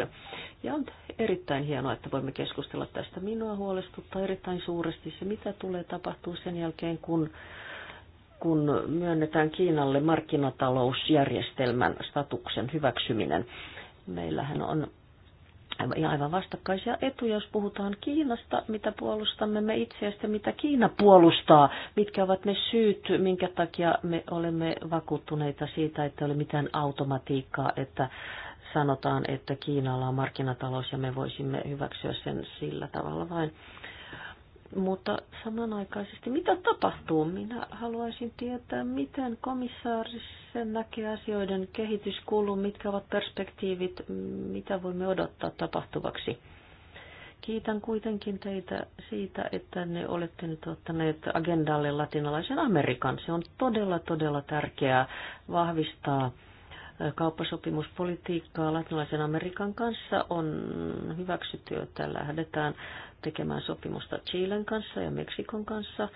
Ja on erittäin hienoa, että voimme keskustella tästä. Minua huolestuttaa erittäin suuresti se, mitä tulee tapahtuu sen jälkeen, kun kun myönnetään Kiinalle markkinatalousjärjestelmän statuksen hyväksyminen. Meillähän on ja aivan vastakkaisia etuja, jos puhutaan Kiinasta, mitä puolustamme me itse ja mitä Kiina puolustaa, mitkä ovat ne syyt, minkä takia me olemme vakuuttuneita siitä, että ei ole mitään automatiikkaa, että sanotaan, että Kiinalla on markkinatalous ja me voisimme hyväksyä sen sillä tavalla vain. Mutta samanaikaisesti, mitä tapahtuu? Minä haluaisin tietää, miten komissaarissa näkee asioiden kehityskulun, mitkä ovat perspektiivit, mitä voimme odottaa tapahtuvaksi. Kiitän kuitenkin teitä siitä, että ne olette nyt ottaneet agendalle latinalaisen Amerikan. Se on todella, todella tärkeää vahvistaa kauppasopimuspolitiikkaa latinalaisen Amerikan kanssa on hyväksytty, että lähdetään tekemään sopimusta Chilen kanssa ja Meksikon kanssa.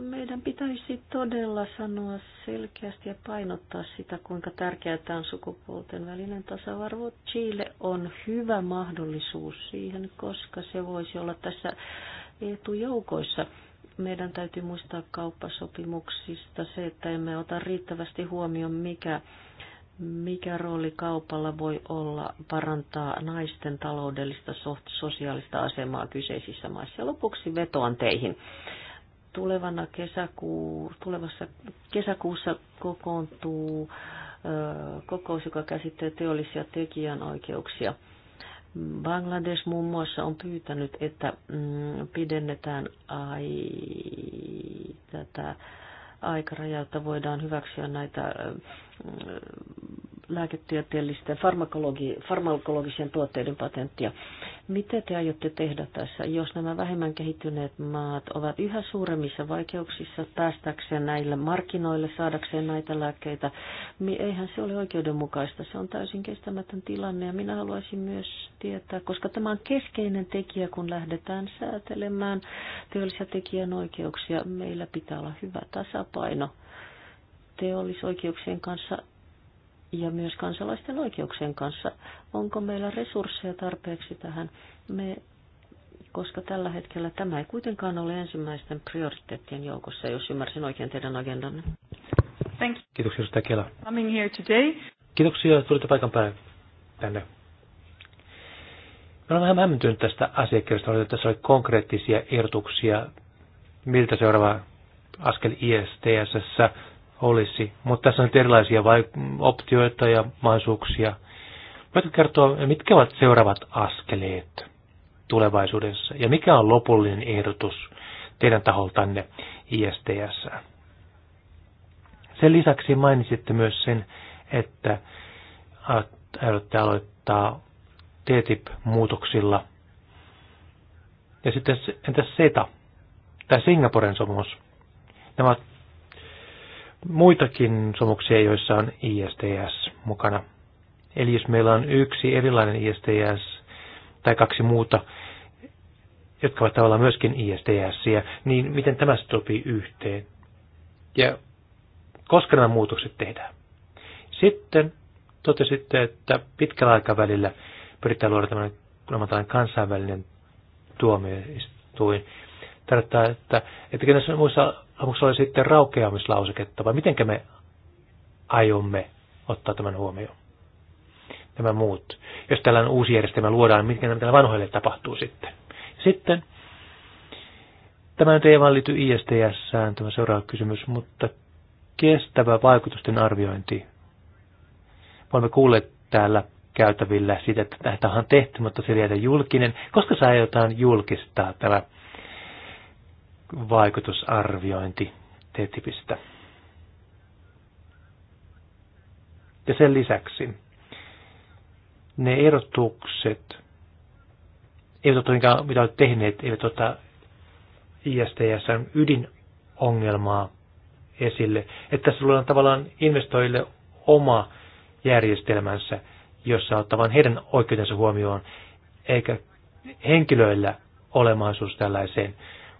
Meidän pitäisi todella sanoa selkeästi ja painottaa sitä, kuinka tärkeää tämä on sukupuolten välinen tasa-arvo. Chile on hyvä mahdollisuus siihen, koska se voisi olla tässä etujoukoissa meidän täytyy muistaa kauppasopimuksista se, että emme ota riittävästi huomioon, mikä mikä rooli kaupalla voi olla parantaa naisten taloudellista sosiaalista asemaa kyseisissä maissa? Lopuksi vetoan teihin. Tulevana kesäkuu, tulevassa kesäkuussa kokoontuu ö, kokous, joka käsittelee teollisia tekijänoikeuksia. Bangladesh muun muassa on pyytänyt, että mm, pidennetään ai, tätä aikaraja, jotta voidaan hyväksyä näitä lääketieteellisten farmakologi, farmakologisen tuotteiden patenttia. Mitä te aiotte tehdä tässä, jos nämä vähemmän kehittyneet maat ovat yhä suuremmissa vaikeuksissa päästäkseen näille markkinoille, saadakseen näitä lääkkeitä? Niin eihän se ole oikeudenmukaista. Se on täysin kestämätön tilanne ja minä haluaisin myös tietää, koska tämä on keskeinen tekijä, kun lähdetään säätelemään teollisia tekijänoikeuksia. Meillä pitää olla hyvä tasapaino teollisoikeuksien kanssa ja myös kansalaisten oikeuksien kanssa. Onko meillä resursseja tarpeeksi tähän? Me, koska tällä hetkellä tämä ei kuitenkaan ole ensimmäisten prioriteettien joukossa, jos ymmärsin oikein teidän agendanne. Thank you. Kiitoksia, edustaja Kela. Coming here today. Kiitoksia, tulitte paikan päälle tänne. Mä olen vähän hämmentynyt tästä asiakirjasta, että tässä oli konkreettisia ehdotuksia, miltä seuraava askel ISTSssä olisi. Mutta tässä on erilaisia optioita ja mahdollisuuksia. Voitko kertoa, mitkä ovat seuraavat askeleet tulevaisuudessa ja mikä on lopullinen ehdotus teidän taholtanne ISTS? Sen lisäksi mainitsitte myös sen, että aiotte aloittaa TTIP-muutoksilla. Ja sitten entäs SETA tai Singaporen sopimus? Nämä ovat muitakin sovuksia, joissa on ISTS mukana. Eli jos meillä on yksi erilainen ISTS tai kaksi muuta, jotka ovat tavallaan myöskin ISTS, niin miten tämä sopii yhteen? Ja koska nämä muutokset tehdään? Sitten totesitte, että pitkällä aikavälillä pyritään luoda tämmöinen kansainvälinen tuomioistuin, tarkoittaa, että, että kenessä muissa lopuksi oli sitten raukeamislauseketta, vai miten me aiomme ottaa tämän huomioon? Nämä muut. Jos tällainen uusi järjestelmä luodaan, mitkä nämä vanhoille tapahtuu sitten? Sitten, tämä nyt ei vaan liity ists tämä seuraava kysymys, mutta kestävä vaikutusten arviointi. Me olemme kuulleet täällä käytävillä sitä, että tähän on tehty, mutta se julkinen. Koska saa aiotaan julkistaa tämä vaikutusarviointi TTIPistä. Ja sen lisäksi ne erotukset, eivät ole mitä olet tehneet, eivät ota ISTSn ydinongelmaa esille. Että tässä luodaan tavallaan investoijille oma järjestelmänsä, jossa ottavan heidän oikeutensa huomioon, eikä henkilöillä ole mahdollisuus tällaiseen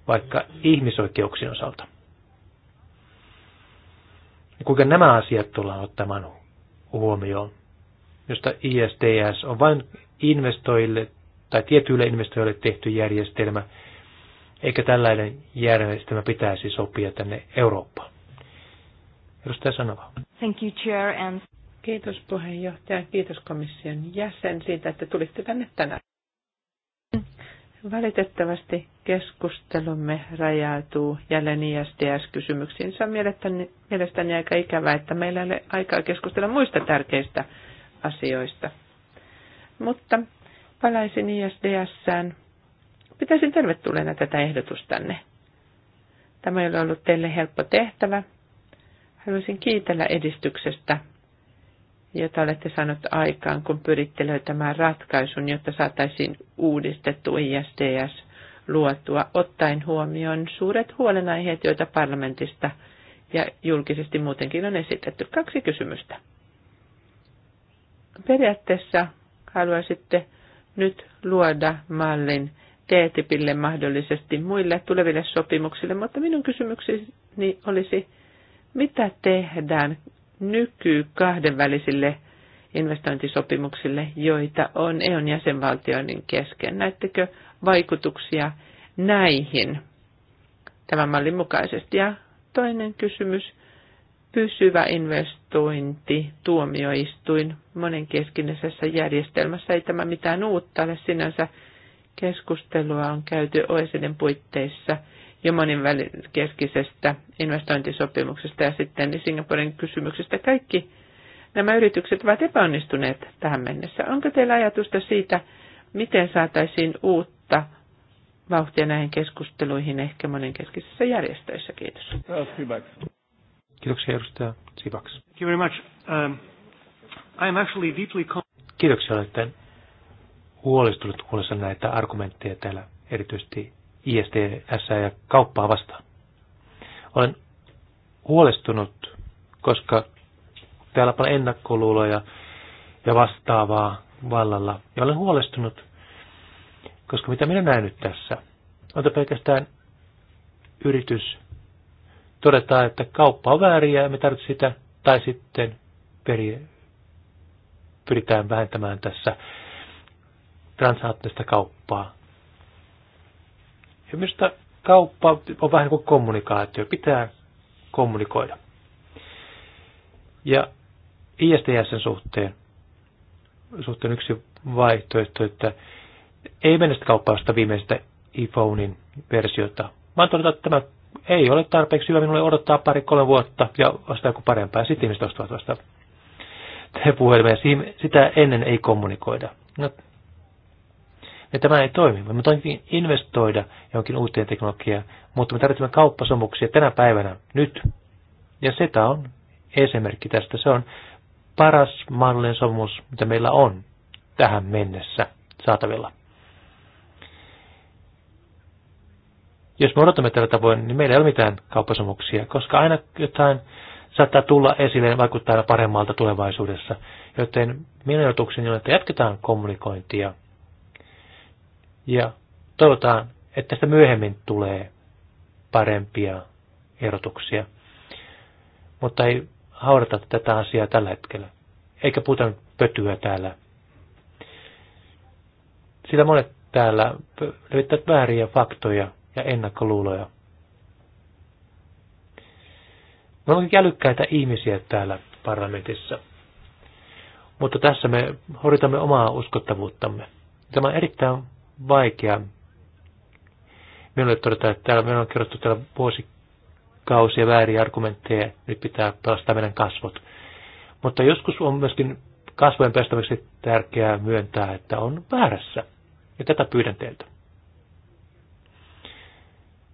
vaikka ihmisoikeuksien osalta. Ja kuinka nämä asiat tullaan ottamaan huomioon, josta ISDS on vain investoille tai tietyille investoille tehty järjestelmä, eikä tällainen järjestelmä pitäisi sopia tänne Eurooppaan. Edustaja Sanova. Thank you, Chair, and... Kiitos puheenjohtaja, kiitos komission jäsen siitä, että tulitte tänne tänään. Valitettavasti keskustelumme rajautuu jälleen ISDS-kysymyksiin. Se on mielestäni, mielestäni aika ikävää, että meillä ei ole aikaa keskustella muista tärkeistä asioista. Mutta palaisin ISDS-sään. Pitäisin tervetulleena tätä ehdotustanne. Tämä ei ole ollut teille helppo tehtävä. Haluaisin kiitellä edistyksestä, jota olette saanut aikaan, kun pyritte löytämään ratkaisun, jotta saataisiin uudistettu ISDS luotua, ottaen huomioon suuret huolenaiheet, joita parlamentista ja julkisesti muutenkin on esitetty. Kaksi kysymystä. Periaatteessa haluaisitte nyt luoda mallin TTIPille mahdollisesti muille tuleville sopimuksille, mutta minun kysymykseni olisi, mitä tehdään nyky kahdenvälisille investointisopimuksille, joita on EUn jäsenvaltioiden kesken. Näettekö vaikutuksia näihin tämän mallin mukaisesti? Ja toinen kysymys, pysyvä investointi tuomioistuin monenkeskisessä järjestelmässä. Ei tämä mitään uutta ole sinänsä. Keskustelua on käyty OECDn puitteissa ja keskisestä investointisopimuksesta ja sitten Singaporen kysymyksestä. Kaikki nämä yritykset ovat epäonnistuneet tähän mennessä. Onko teillä ajatusta siitä, miten saataisiin uutta vauhtia näihin keskusteluihin ehkä monenkeskisissä järjestöissä? Kiitos. Kiitoksia edustaja Sivaks. Thank you very much. Um, actually deeply... Kiitoksia, olette huolestunut kuulossa näitä argumentteja täällä erityisesti ISTS ja kauppaa vastaan. Olen huolestunut, koska täällä on paljon ennakkoluuloja ja vastaavaa vallalla. Ja olen huolestunut, koska mitä minä näen nyt tässä, on pelkästään yritys todeta, että kauppa on väärin ja me tarvitsemme sitä, tai sitten peri, pyritään vähentämään tässä transaattista kauppaa. Ja minusta kauppa on vähän niin kuin kommunikaatio, pitää kommunikoida. Ja ISTSn suhteen, suhteen yksi vaihtoehto, että ei mennä sitä kauppausta viimeistä iPhonein versiota, Mä todetaan, että tämä ei ole tarpeeksi hyvä, minulle odottaa pari-kolme vuotta ja ostaa joku parempaa, sitten ihmiset ostavat vasta puhelimeen. Sitä ennen ei kommunikoida. No, ja tämä ei toimi. Me toikin investoida johonkin uuteen teknologiaan, mutta me tarvitsemme kauppasomuksia tänä päivänä, nyt. Ja SETA on esimerkki tästä. Se on paras mahdollinen sopimus, mitä meillä on tähän mennessä saatavilla. Jos me odotamme tällä tavoin, niin meillä ei ole mitään kauppasomuksia, koska aina jotain saattaa tulla esille ja vaikuttaa aina paremmalta tulevaisuudessa. Joten minun ajatukseni on, että jatketaan kommunikointia ja toivotaan, että tästä myöhemmin tulee parempia erotuksia. Mutta ei haudata tätä asiaa tällä hetkellä. Eikä puhuta pötyä täällä. Sillä monet täällä levittävät vääriä faktoja ja ennakkoluuloja. Me olemme jälykkäitä ihmisiä täällä parlamentissa. Mutta tässä me horitamme omaa uskottavuuttamme. Tämä on erittäin vaikea. Meillä on todeta, että täällä meillä on kerrottu täällä vuosikausia vääriä argumentteja, nyt pitää pelastaa meidän kasvot. Mutta joskus on myöskin kasvojen pestämiseksi tärkeää myöntää, että on väärässä. Ja tätä pyydän teiltä.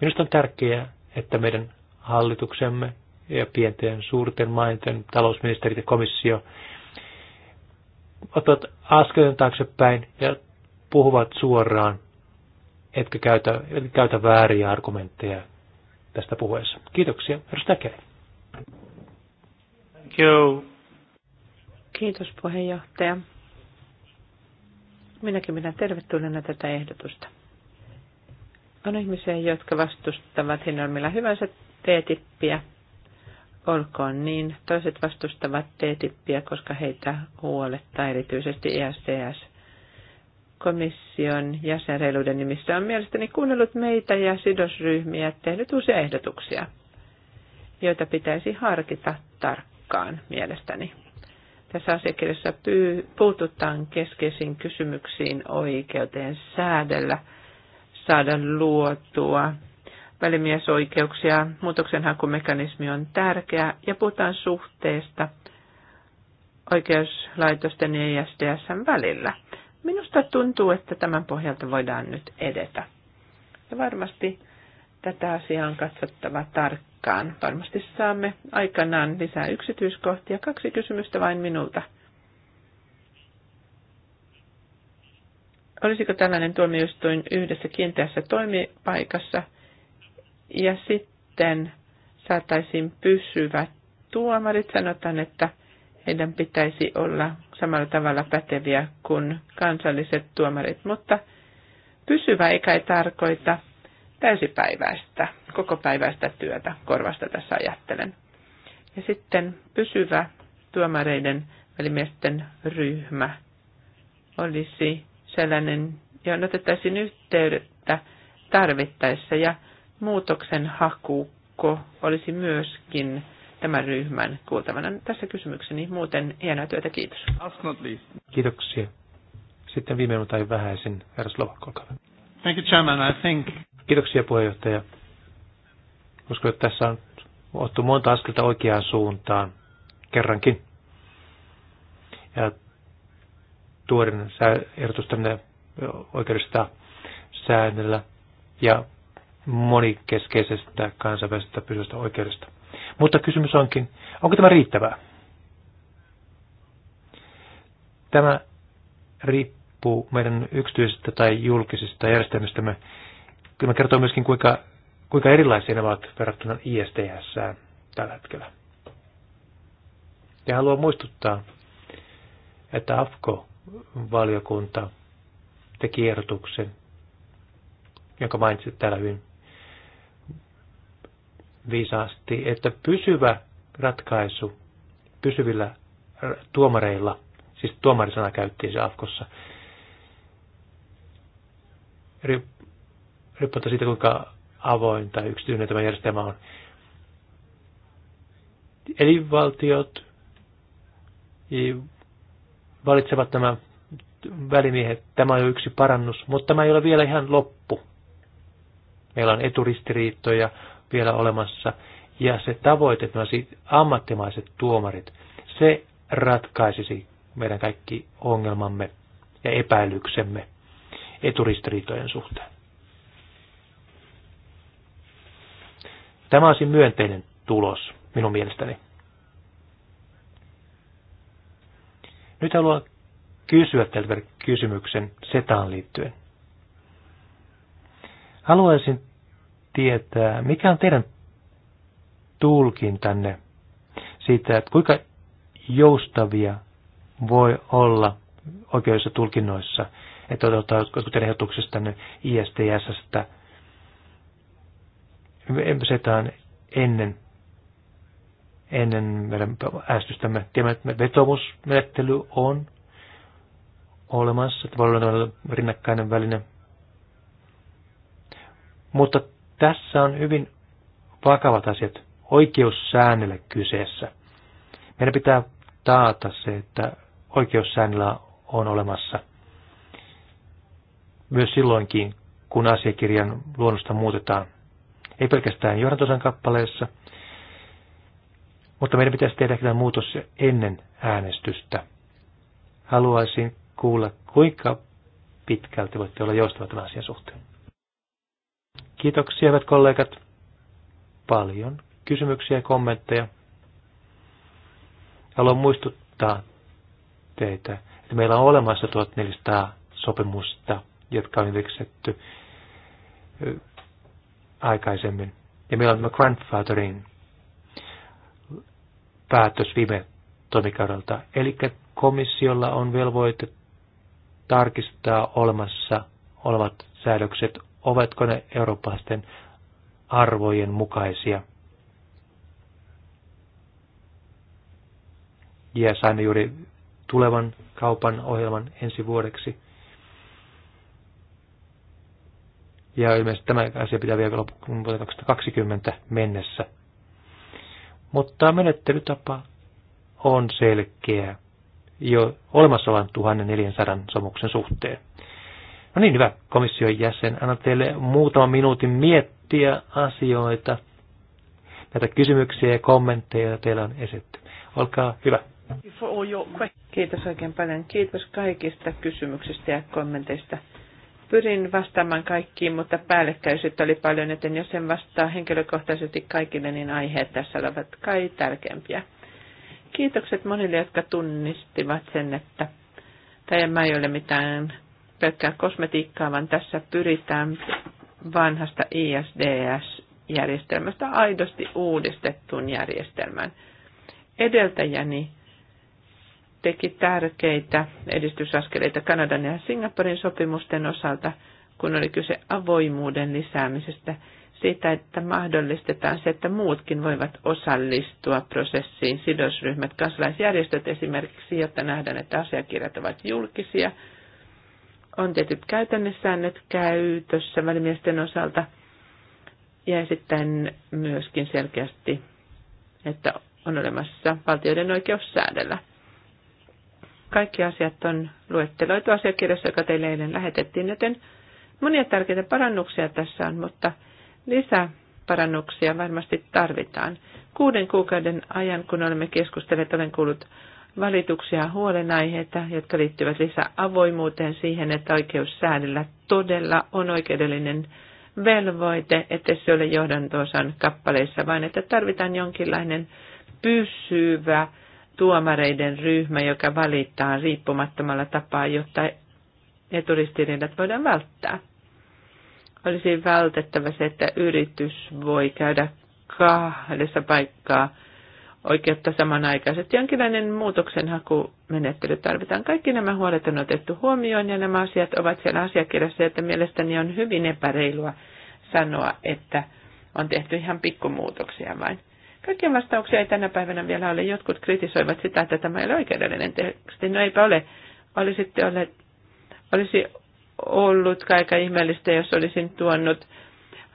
Minusta on tärkeää, että meidän hallituksemme ja pienten suurten maiden talousministerit ja komissio ottavat askeleen taaksepäin ja puhuvat suoraan, etkä käytä, etkä käytä vääriä argumentteja tästä puheessa. Kiitoksia. Edustaja Keli. Thank you. Kiitos puheenjohtaja. Minäkin minä tervetulleena tätä ehdotusta. On ihmisiä, jotka vastustavat hinnoimilla hyvänsä T-tippiä. Olkoon niin. Toiset vastustavat T-tippiä, koska heitä huolettaa erityisesti ISDS e komission jäsenreiluuden nimissä on mielestäni kuunnellut meitä ja sidosryhmiä tehnyt uusia ehdotuksia, joita pitäisi harkita tarkkaan mielestäni. Tässä asiakirjassa puututaan keskeisiin kysymyksiin oikeuteen säädellä, saada luotua välimiesoikeuksia. Muutoksenhakumekanismi on tärkeä ja puhutaan suhteesta oikeuslaitosten ja STSn välillä – Minusta tuntuu, että tämän pohjalta voidaan nyt edetä. Ja varmasti tätä asiaa on katsottava tarkkaan. Varmasti saamme aikanaan lisää yksityiskohtia. Kaksi kysymystä vain minulta. Olisiko tällainen tuomioistuin yhdessä kiinteässä toimipaikassa ja sitten saataisiin pysyvät tuomarit? Sanotaan, että heidän pitäisi olla samalla tavalla päteviä kuin kansalliset tuomarit, mutta pysyvä eikä ei tarkoita täysipäiväistä, päiväistä työtä, korvasta tässä ajattelen. Ja sitten pysyvä tuomareiden välimiesten ryhmä olisi sellainen, johon otettaisiin yhteyttä tarvittaessa ja muutoksen hakukko olisi myöskin tämän ryhmän kuultavana. Tässä kysymykseni. Muuten hienoa työtä, kiitos. Kiitoksia. Sitten viimeinen tai vähäisin, herra Slovakko, olkaa hyvä. Thank you, Chairman. I think... Kiitoksia puheenjohtaja. Uskon, että tässä on ottu monta askelta oikeaan suuntaan kerrankin. Ja tuoden ehdotus tämmöinen oikeudesta säännellä ja monikeskeisestä kansainvälisestä pysyvästä oikeudesta. Mutta kysymys onkin, onko tämä riittävää? Tämä riippuu meidän yksityisistä tai julkisista järjestelmistämme. mä kertoo myöskin, kuinka, kuinka erilaisia ne ovat verrattuna ISTS tällä hetkellä. Ja haluan muistuttaa, että AFKO-valiokunta teki ehdotuksen, jonka mainitsit täällä hyvin viisaasti, että pysyvä ratkaisu pysyvillä tuomareilla, siis tuomarisana käyttiin se Afkossa, riippuen siitä, kuinka avoin tai yksityinen tämä järjestelmä on. Eli valtiot valitsevat nämä välimiehet. Tämä on jo yksi parannus, mutta tämä ei ole vielä ihan loppu. Meillä on eturistiriitoja, vielä olemassa. Ja se tavoite, että ammattimaiset tuomarit, se ratkaisisi meidän kaikki ongelmamme ja epäilyksemme eturistiriitojen suhteen. Tämä olisi myönteinen tulos minun mielestäni. Nyt haluan kysyä teiltä kysymyksen setaan liittyen. Haluaisin tietää, mikä on teidän tulkintanne siitä, että kuinka joustavia voi olla oikeudessa tulkinnoissa, että otettaisiko teidän ehdotuksestanne se setaan ennen, ennen meidän äästystämme, Tiedämme, että vetomusmenettely on olemassa, että voi olla rinnakkainen väline. Mutta tässä on hyvin vakavat asiat oikeussäännölle kyseessä. Meidän pitää taata se, että oikeussäännöllä on olemassa myös silloinkin, kun asiakirjan luonnosta muutetaan. Ei pelkästään johdantosan kappaleessa, mutta meidän pitäisi tehdä tämä muutos ennen äänestystä. Haluaisin kuulla, kuinka pitkälti voitte olla joustava tämän asian suhteen. Kiitoksia, hyvät kollegat. Paljon kysymyksiä ja kommentteja. Haluan muistuttaa teitä, että meillä on olemassa 1400 sopimusta, jotka on yhdeksetty aikaisemmin. Ja meillä on tämä grandfathering päätös viime toimikaudelta. Eli komissiolla on velvoite tarkistaa olemassa olevat säädökset ovatko ne eurooppalaisten arvojen mukaisia. Ja saimme juuri tulevan kaupan ohjelman ensi vuodeksi. Ja ilmeisesti tämä asia pitää vielä loppuun vuoteen 2020 mennessä. Mutta menettelytapa on selkeä jo olemassa olevan 1400 somuksen suhteen. No niin, hyvä komission jäsen. Annan teille muutaman minuutin miettiä asioita, näitä kysymyksiä ja kommentteja, joita teillä on esitetty. Olkaa hyvä. Kiitos oikein paljon. Kiitos kaikista kysymyksistä ja kommenteista. Pyrin vastaamaan kaikkiin, mutta päällekkäisyyttä oli paljon, joten jos en vastaa henkilökohtaisesti kaikille, niin aiheet tässä ovat kai tärkeimpiä. Kiitokset monille, jotka tunnistivat sen, että tämä ei ole mitään pelkkää kosmetiikkaa, vaan tässä pyritään vanhasta ISDS-järjestelmästä aidosti uudistettuun järjestelmään. Edeltäjäni teki tärkeitä edistysaskeleita Kanadan ja Singaporen sopimusten osalta, kun oli kyse avoimuuden lisäämisestä, siitä, että mahdollistetaan se, että muutkin voivat osallistua prosessiin, sidosryhmät, kansalaisjärjestöt esimerkiksi, jotta nähdään, että asiakirjat ovat julkisia – on tietyt käytännössäännöt käytössä välimiesten osalta ja sitten myöskin selkeästi, että on olemassa valtioiden oikeus säädellä. Kaikki asiat on luetteloitu asiakirjassa, joka teille eilen lähetettiin, joten monia tärkeitä parannuksia tässä on, mutta lisää parannuksia varmasti tarvitaan. Kuuden kuukauden ajan, kun olemme keskustelleet, olen kuullut valituksia ja huolenaiheita, jotka liittyvät lisää avoimuuteen siihen, että säädellä todella on oikeudellinen velvoite, että se ole johdantoosan kappaleissa, vaan että tarvitaan jonkinlainen pysyvä tuomareiden ryhmä, joka valittaa riippumattomalla tapaa, jotta eturistiriidat voidaan välttää. Olisi vältettävä se, että yritys voi käydä kahdessa paikkaa oikeutta samanaikaiset. Jonkinlainen muutoksenhakumenettely tarvitaan. Kaikki nämä huolet on otettu huomioon ja nämä asiat ovat siellä asiakirjassa, että mielestäni on hyvin epäreilua sanoa, että on tehty ihan pikkumuutoksia vain. Kaikkia vastauksia ei tänä päivänä vielä ole. Jotkut kritisoivat sitä, että tämä ei ole oikeudellinen teksti. No eipä ole. Olisitte olleet, olisi ollut aika ihmeellistä, jos olisin tuonut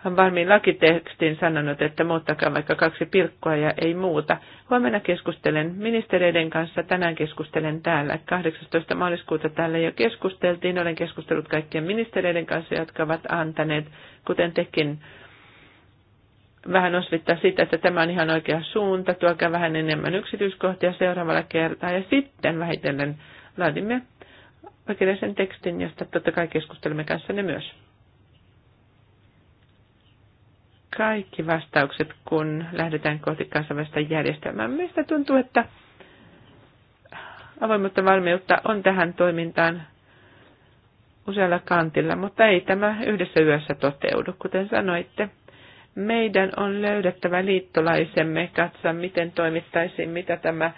hän varmiin lakitekstin sanonut, että muuttakaa vaikka kaksi pilkkoa ja ei muuta. Huomenna keskustelen ministereiden kanssa, tänään keskustelen täällä. 18. maaliskuuta täällä jo keskusteltiin, olen keskustellut kaikkien ministereiden kanssa, jotka ovat antaneet, kuten tekin, vähän osvittaa sitä, että tämä on ihan oikea suunta, tuokaa vähän enemmän yksityiskohtia seuraavalla kertaa ja sitten vähitellen laadimme oikeudellisen tekstin, josta totta kai keskustelemme kanssanne myös. kaikki vastaukset, kun lähdetään kohti kansainvälistä järjestelmää. Meistä tuntuu, että avoimuutta valmiutta on tähän toimintaan usealla kantilla, mutta ei tämä yhdessä yössä toteudu. Kuten sanoitte, meidän on löydettävä liittolaisemme, katsoa miten toimittaisiin, mitä tämä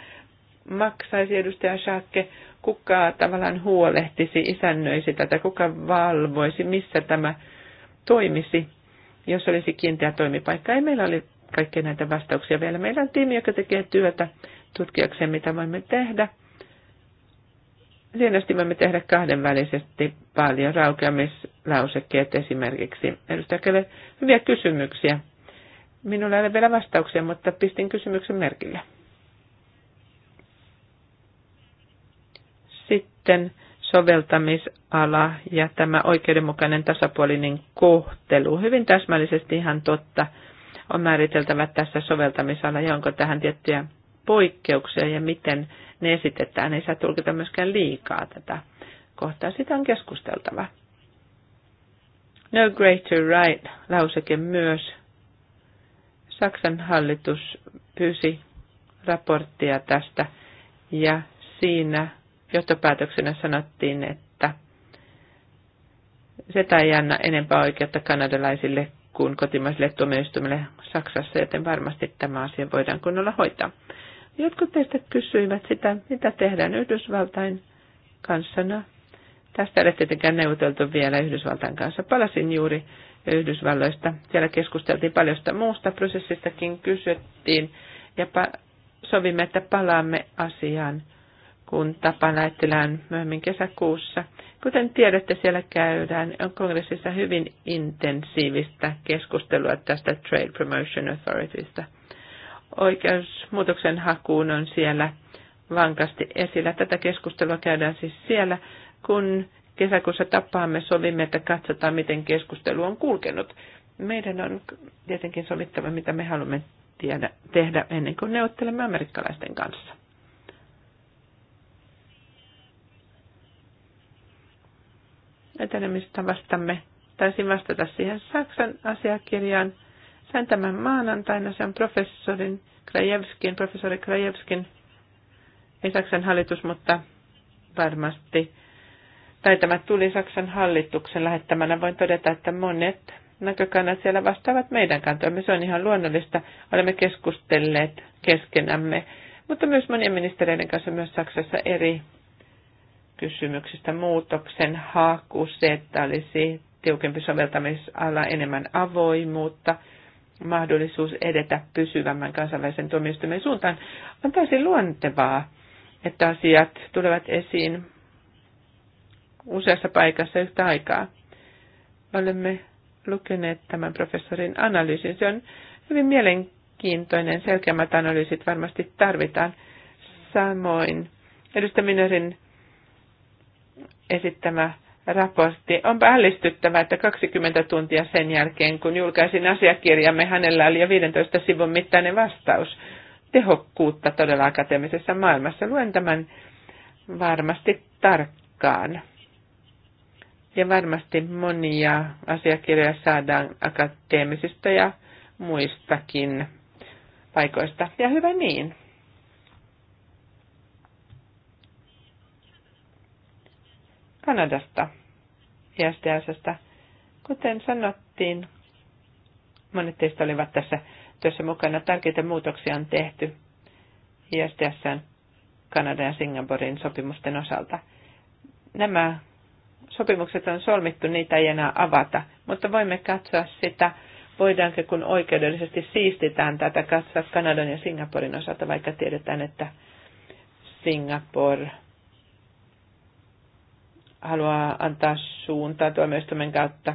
maksaisi edustaja Schaakke, kuka tavallaan huolehtisi, isännöisi tätä, kuka valvoisi, missä tämä toimisi jos olisi kiinteä toimipaikka. Ei meillä ole kaikkia näitä vastauksia vielä. Meillä on tiimi, joka tekee työtä tutkijakseen, mitä voimme tehdä. Lienosti voimme tehdä kahdenvälisesti paljon raukeamislausekkeet esimerkiksi. Edustaja Kelle, hyviä kysymyksiä. Minulla ei ole vielä vastauksia, mutta pistin kysymyksen merkille. Sitten soveltamisala ja tämä oikeudenmukainen tasapuolinen kohtelu. Hyvin täsmällisesti ihan totta on määriteltävä tässä soveltamisala ja onko tähän tiettyjä poikkeuksia ja miten ne esitetään. Ei saa tulkita myöskään liikaa tätä kohtaa. Sitä on keskusteltava. No greater right lauseke myös. Saksan hallitus pyysi raporttia tästä ja siinä johtopäätöksenä sanottiin, että se ei anna enempää oikeutta kanadalaisille kuin kotimaisille tuomioistuimille Saksassa, joten varmasti tämä asia voidaan kunnolla hoitaa. Jotkut teistä kysyivät sitä, mitä tehdään Yhdysvaltain kanssa. Tästä ei ole tietenkään neuvoteltu vielä Yhdysvaltain kanssa. Palasin juuri Yhdysvalloista. Siellä keskusteltiin sitä muusta. Prosessistakin kysyttiin ja sovimme, että palaamme asiaan kun tapa lähettilään myöhemmin kesäkuussa. Kuten tiedätte, siellä käydään kongressissa hyvin intensiivistä keskustelua tästä Trade Promotion Authoritystä. Oikeusmuutoksen muutoksen hakuun on siellä vankasti esillä. Tätä keskustelua käydään siis siellä, kun kesäkuussa tapaamme, sovimme, että katsotaan, miten keskustelu on kulkenut. Meidän on tietenkin sovittava, mitä me haluamme tehdä ennen kuin neuvottelemme amerikkalaisten kanssa. etenemistavastamme. Taisin vastata siihen Saksan asiakirjaan. Sain tämän maanantaina sen professorin Krajevskin, professori Krajevskin, ei Saksan hallitus, mutta varmasti, tai tämä tuli Saksan hallituksen lähettämänä, voin todeta, että monet näkökannat siellä vastaavat meidän kantoimme. Se on ihan luonnollista. Olemme keskustelleet keskenämme, mutta myös monien ministereiden kanssa myös Saksassa eri kysymyksistä muutoksen haku, se, että olisi tiukempi soveltamisala, enemmän avoimuutta, mahdollisuus edetä pysyvämmän kansainvälisen tuomioistuimen suuntaan, on täysin luontevaa, että asiat tulevat esiin useassa paikassa yhtä aikaa. Olemme lukeneet tämän professorin analyysin. Se on hyvin mielenkiintoinen. Selkeämmät analyysit varmasti tarvitaan. Samoin edustaminen esittämä raportti. on ällistyttävää, että 20 tuntia sen jälkeen, kun julkaisin asiakirjamme, hänellä oli jo 15 sivun mittainen vastaus. Tehokkuutta todella akateemisessa maailmassa. Luen tämän varmasti tarkkaan. Ja varmasti monia asiakirjoja saadaan akateemisista ja muistakin paikoista. Ja hyvä niin. Kanadasta ja Kuten sanottiin, monet teistä olivat tässä työssä mukana. Tärkeitä muutoksia on tehty ISTSn, Kanadan ja Singaporein sopimusten osalta. Nämä sopimukset on solmittu, niitä ei enää avata, mutta voimme katsoa sitä, voidaanko kun oikeudellisesti siistitään tätä katsoa Kanadan ja Singaporin osalta, vaikka tiedetään, että Singapore haluaa antaa suuntaa tuomioistuimen kautta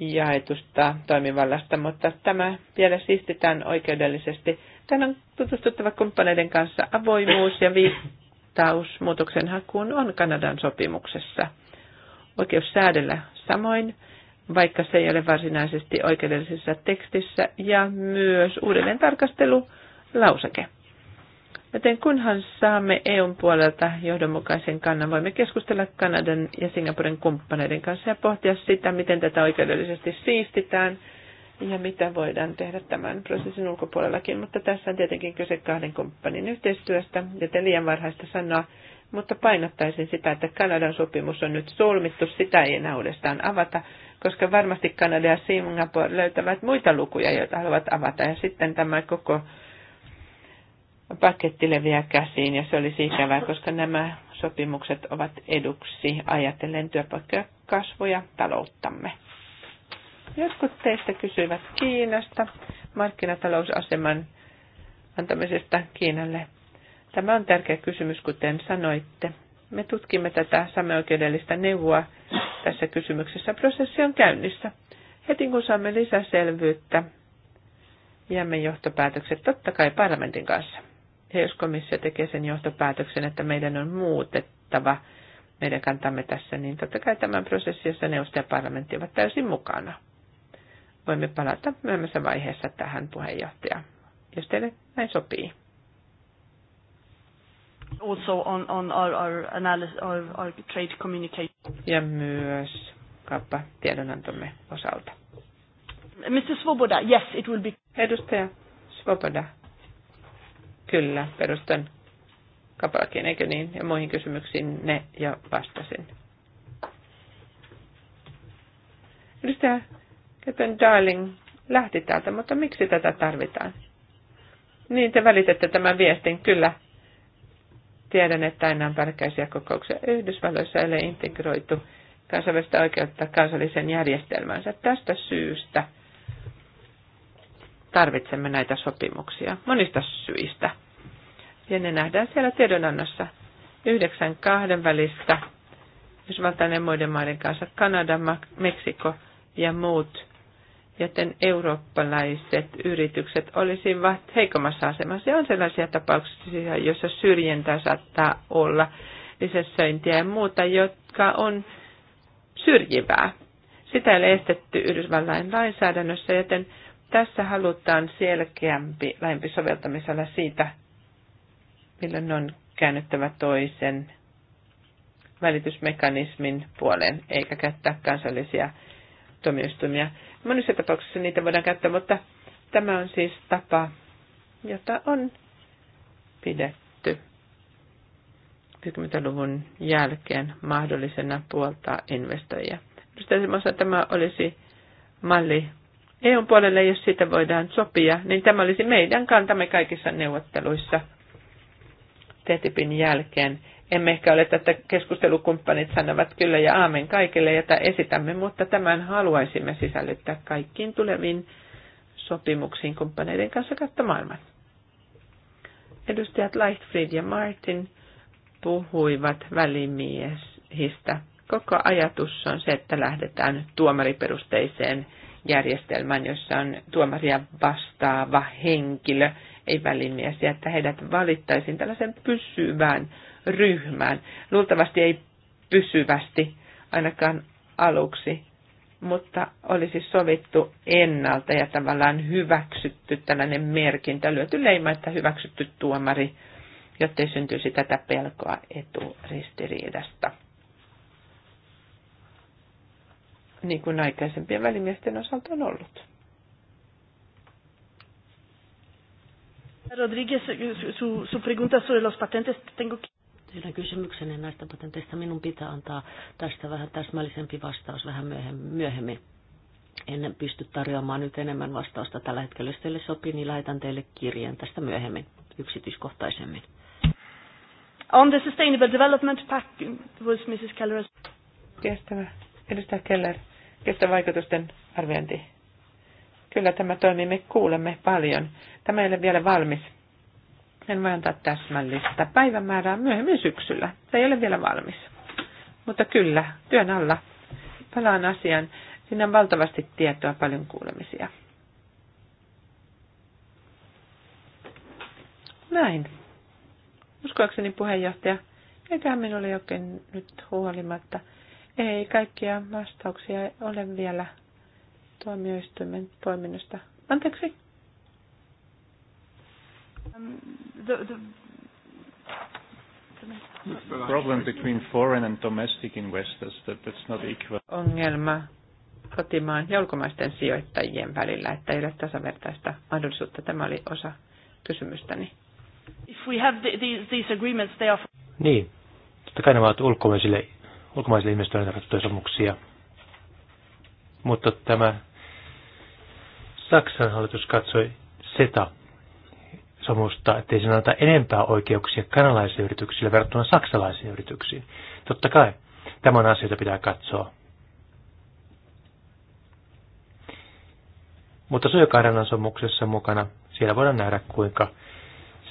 jaetusta toimivallasta, mutta tämä vielä siistitään oikeudellisesti. Tämän on tutustuttava kumppaneiden kanssa. Avoimuus ja viittaus muutoksen hakuun on Kanadan sopimuksessa. Oikeus säädellä samoin, vaikka se ei ole varsinaisesti oikeudellisessa tekstissä, ja myös uudelleen tarkastelu lauseke. Joten kunhan saamme EUn puolelta johdonmukaisen kannan, voimme keskustella Kanadan ja Singaporen kumppaneiden kanssa ja pohtia sitä, miten tätä oikeudellisesti siistitään ja mitä voidaan tehdä tämän prosessin ulkopuolellakin. Mutta tässä on tietenkin kyse kahden kumppanin yhteistyöstä, joten liian varhaista sanoa, mutta painottaisin sitä, että Kanadan sopimus on nyt solmittu, sitä ei enää uudestaan avata, koska varmasti Kanada ja Singapore löytävät muita lukuja, joita haluavat avata, ja sitten tämä koko paketti leviää käsiin ja se oli ikävää, koska nämä sopimukset ovat eduksi ajatellen työpaikkoja, kasvoja, talouttamme. Jotkut teistä kysyivät Kiinasta, markkinatalousaseman antamisesta Kiinalle. Tämä on tärkeä kysymys, kuten sanoitte. Me tutkimme tätä sameoikeudellista neuvoa tässä kysymyksessä. Prosessi on käynnissä. Heti kun saamme lisäselvyyttä, jäämme johtopäätökset totta kai parlamentin kanssa. Ja jos komissio tekee sen johtopäätöksen, että meidän on muutettava meidän kantamme tässä, niin totta kai tämän prosessissa neuvosto ja parlamentti ovat täysin mukana. Voimme palata myöhemmässä vaiheessa tähän puheenjohtaja, jos teille näin sopii. Also on, on our, our, analysis, our, our trade communication. Ja myös kappa tiedonantomme osalta. Mr. Svoboda, yes, it will be. Edustaja Svoboda, Kyllä, perustan kapalakin, eikö niin? Ja muihin kysymyksiin ne ja vastasin. Edustaja Keten Darling lähti täältä, mutta miksi tätä tarvitaan? Niin, te välitette tämän viestin, kyllä. Tiedän, että aina on pärkäisiä kokouksia. Yhdysvalloissa ei ole integroitu kansainvälistä oikeutta kansalliseen järjestelmäänsä. Tästä syystä – tarvitsemme näitä sopimuksia monista syistä. Ja ne nähdään siellä tiedonannossa. Yhdeksän kahden välistä Yhdysvaltainen muiden maiden kanssa Kanada, Meksiko ja muut, joten eurooppalaiset yritykset olisivat heikommassa asemassa. Ja on sellaisia tapauksia, joissa syrjintää saattaa olla, lisäsöintiä ja muuta, jotka on syrjivää. Sitä ei ole estetty Yhdysvaltain lainsäädännössä, joten tässä halutaan selkeämpi, lähempi soveltamisala siitä, milloin on käännyttävä toisen välitysmekanismin puoleen, eikä käyttää kansallisia tuomioistuimia. Monissa tapauksissa niitä voidaan käyttää, mutta tämä on siis tapa, jota on pidetty 50-luvun jälkeen mahdollisena puoltaa investoijia. Edustaja tämä olisi malli EUn puolelle, jos sitä voidaan sopia, niin tämä olisi meidän kantamme kaikissa neuvotteluissa TTIPin jälkeen. Emme ehkä ole tätä keskustelukumppanit sanovat kyllä ja aamen kaikille, jota esitämme, mutta tämän haluaisimme sisällyttää kaikkiin tuleviin sopimuksiin kumppaneiden kanssa kautta maailman. Edustajat Lightfried ja Martin puhuivat välimiehistä. Koko ajatus on se, että lähdetään tuomariperusteiseen järjestelmän, jossa on tuomaria vastaava henkilö, ei välimies, ja että heidät valittaisiin tällaisen pysyvään ryhmään. Luultavasti ei pysyvästi, ainakaan aluksi, mutta olisi sovittu ennalta ja tavallaan hyväksytty tällainen merkintä, lyöty leima, että hyväksytty tuomari, jottei syntyisi tätä pelkoa eturistiriidasta. niin kuin aikaisempien välimiesten osalta on ollut. Rodriguez, su, su pregunta sobre los patentes, tengo Teidän kysymyksenne näistä patenteista minun pitää antaa tästä vähän täsmällisempi vastaus vähän myöhemmin. En pysty tarjoamaan nyt enemmän vastausta tällä hetkellä. Jos teille sopii, niin lähetän teille kirjeen tästä myöhemmin, yksityiskohtaisemmin. On the Sustainable Development Pact was Mrs. Keller. Kestävä. Edustaja Keller vaikutusten arviointi. Kyllä tämä toimii, me kuulemme paljon. Tämä ei ole vielä valmis. En voi antaa täsmällistä päivämäärää myöhemmin syksyllä. Se ei ole vielä valmis. Mutta kyllä, työn alla. Palaan asiaan. Siinä on valtavasti tietoa, paljon kuulemisia. Näin. Uskoakseni puheenjohtaja, eiköhän minulle jokin nyt huolimatta – ei, kaikkia vastauksia ole vielä tuomioistuimen toiminnasta. Anteeksi. Um, the, the problem between foreign and domestic investors that that's not equal. Ongelma kotimaan ja ulkomaisten sijoittajien välillä, että ei ole tasavertaista mahdollisuutta. Tämä oli osa kysymystäni. If we have the, the, these agreements, they are... Niin, totta kai nämä ovat ulkomaisille ulkomaisille investoinnille tarkoitettuja sopimuksia. Mutta tämä Saksan hallitus katsoi SETA sopimusta, ettei sen anneta enempää oikeuksia kanalaisille yrityksille verrattuna saksalaisiin yrityksiin. Totta kai, tämä on asia, jota pitää katsoa. Mutta Suojakaidanan sopimuksessa mukana, siellä voidaan nähdä, kuinka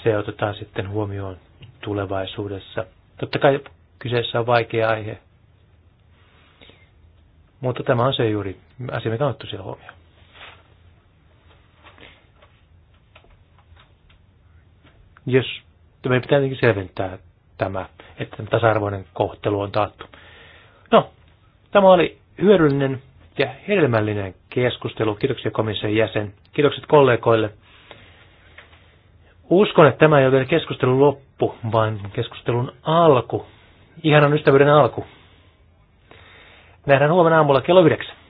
se otetaan sitten huomioon tulevaisuudessa. Totta kai kyseessä on vaikea aihe, mutta tämä on se juuri asia, mikä on otettu siellä huomioon. Jos meidän pitää tietenkin selventää tämä, että tämä tasa-arvoinen kohtelu on taattu. No, tämä oli hyödyllinen ja hedelmällinen keskustelu. Kiitoksia komission jäsen. Kiitokset kollegoille. Uskon, että tämä ei ole vielä keskustelun loppu, vaan keskustelun alku. Ihanan ystävyyden alku. Nähdään huomenna aamulla kello 9.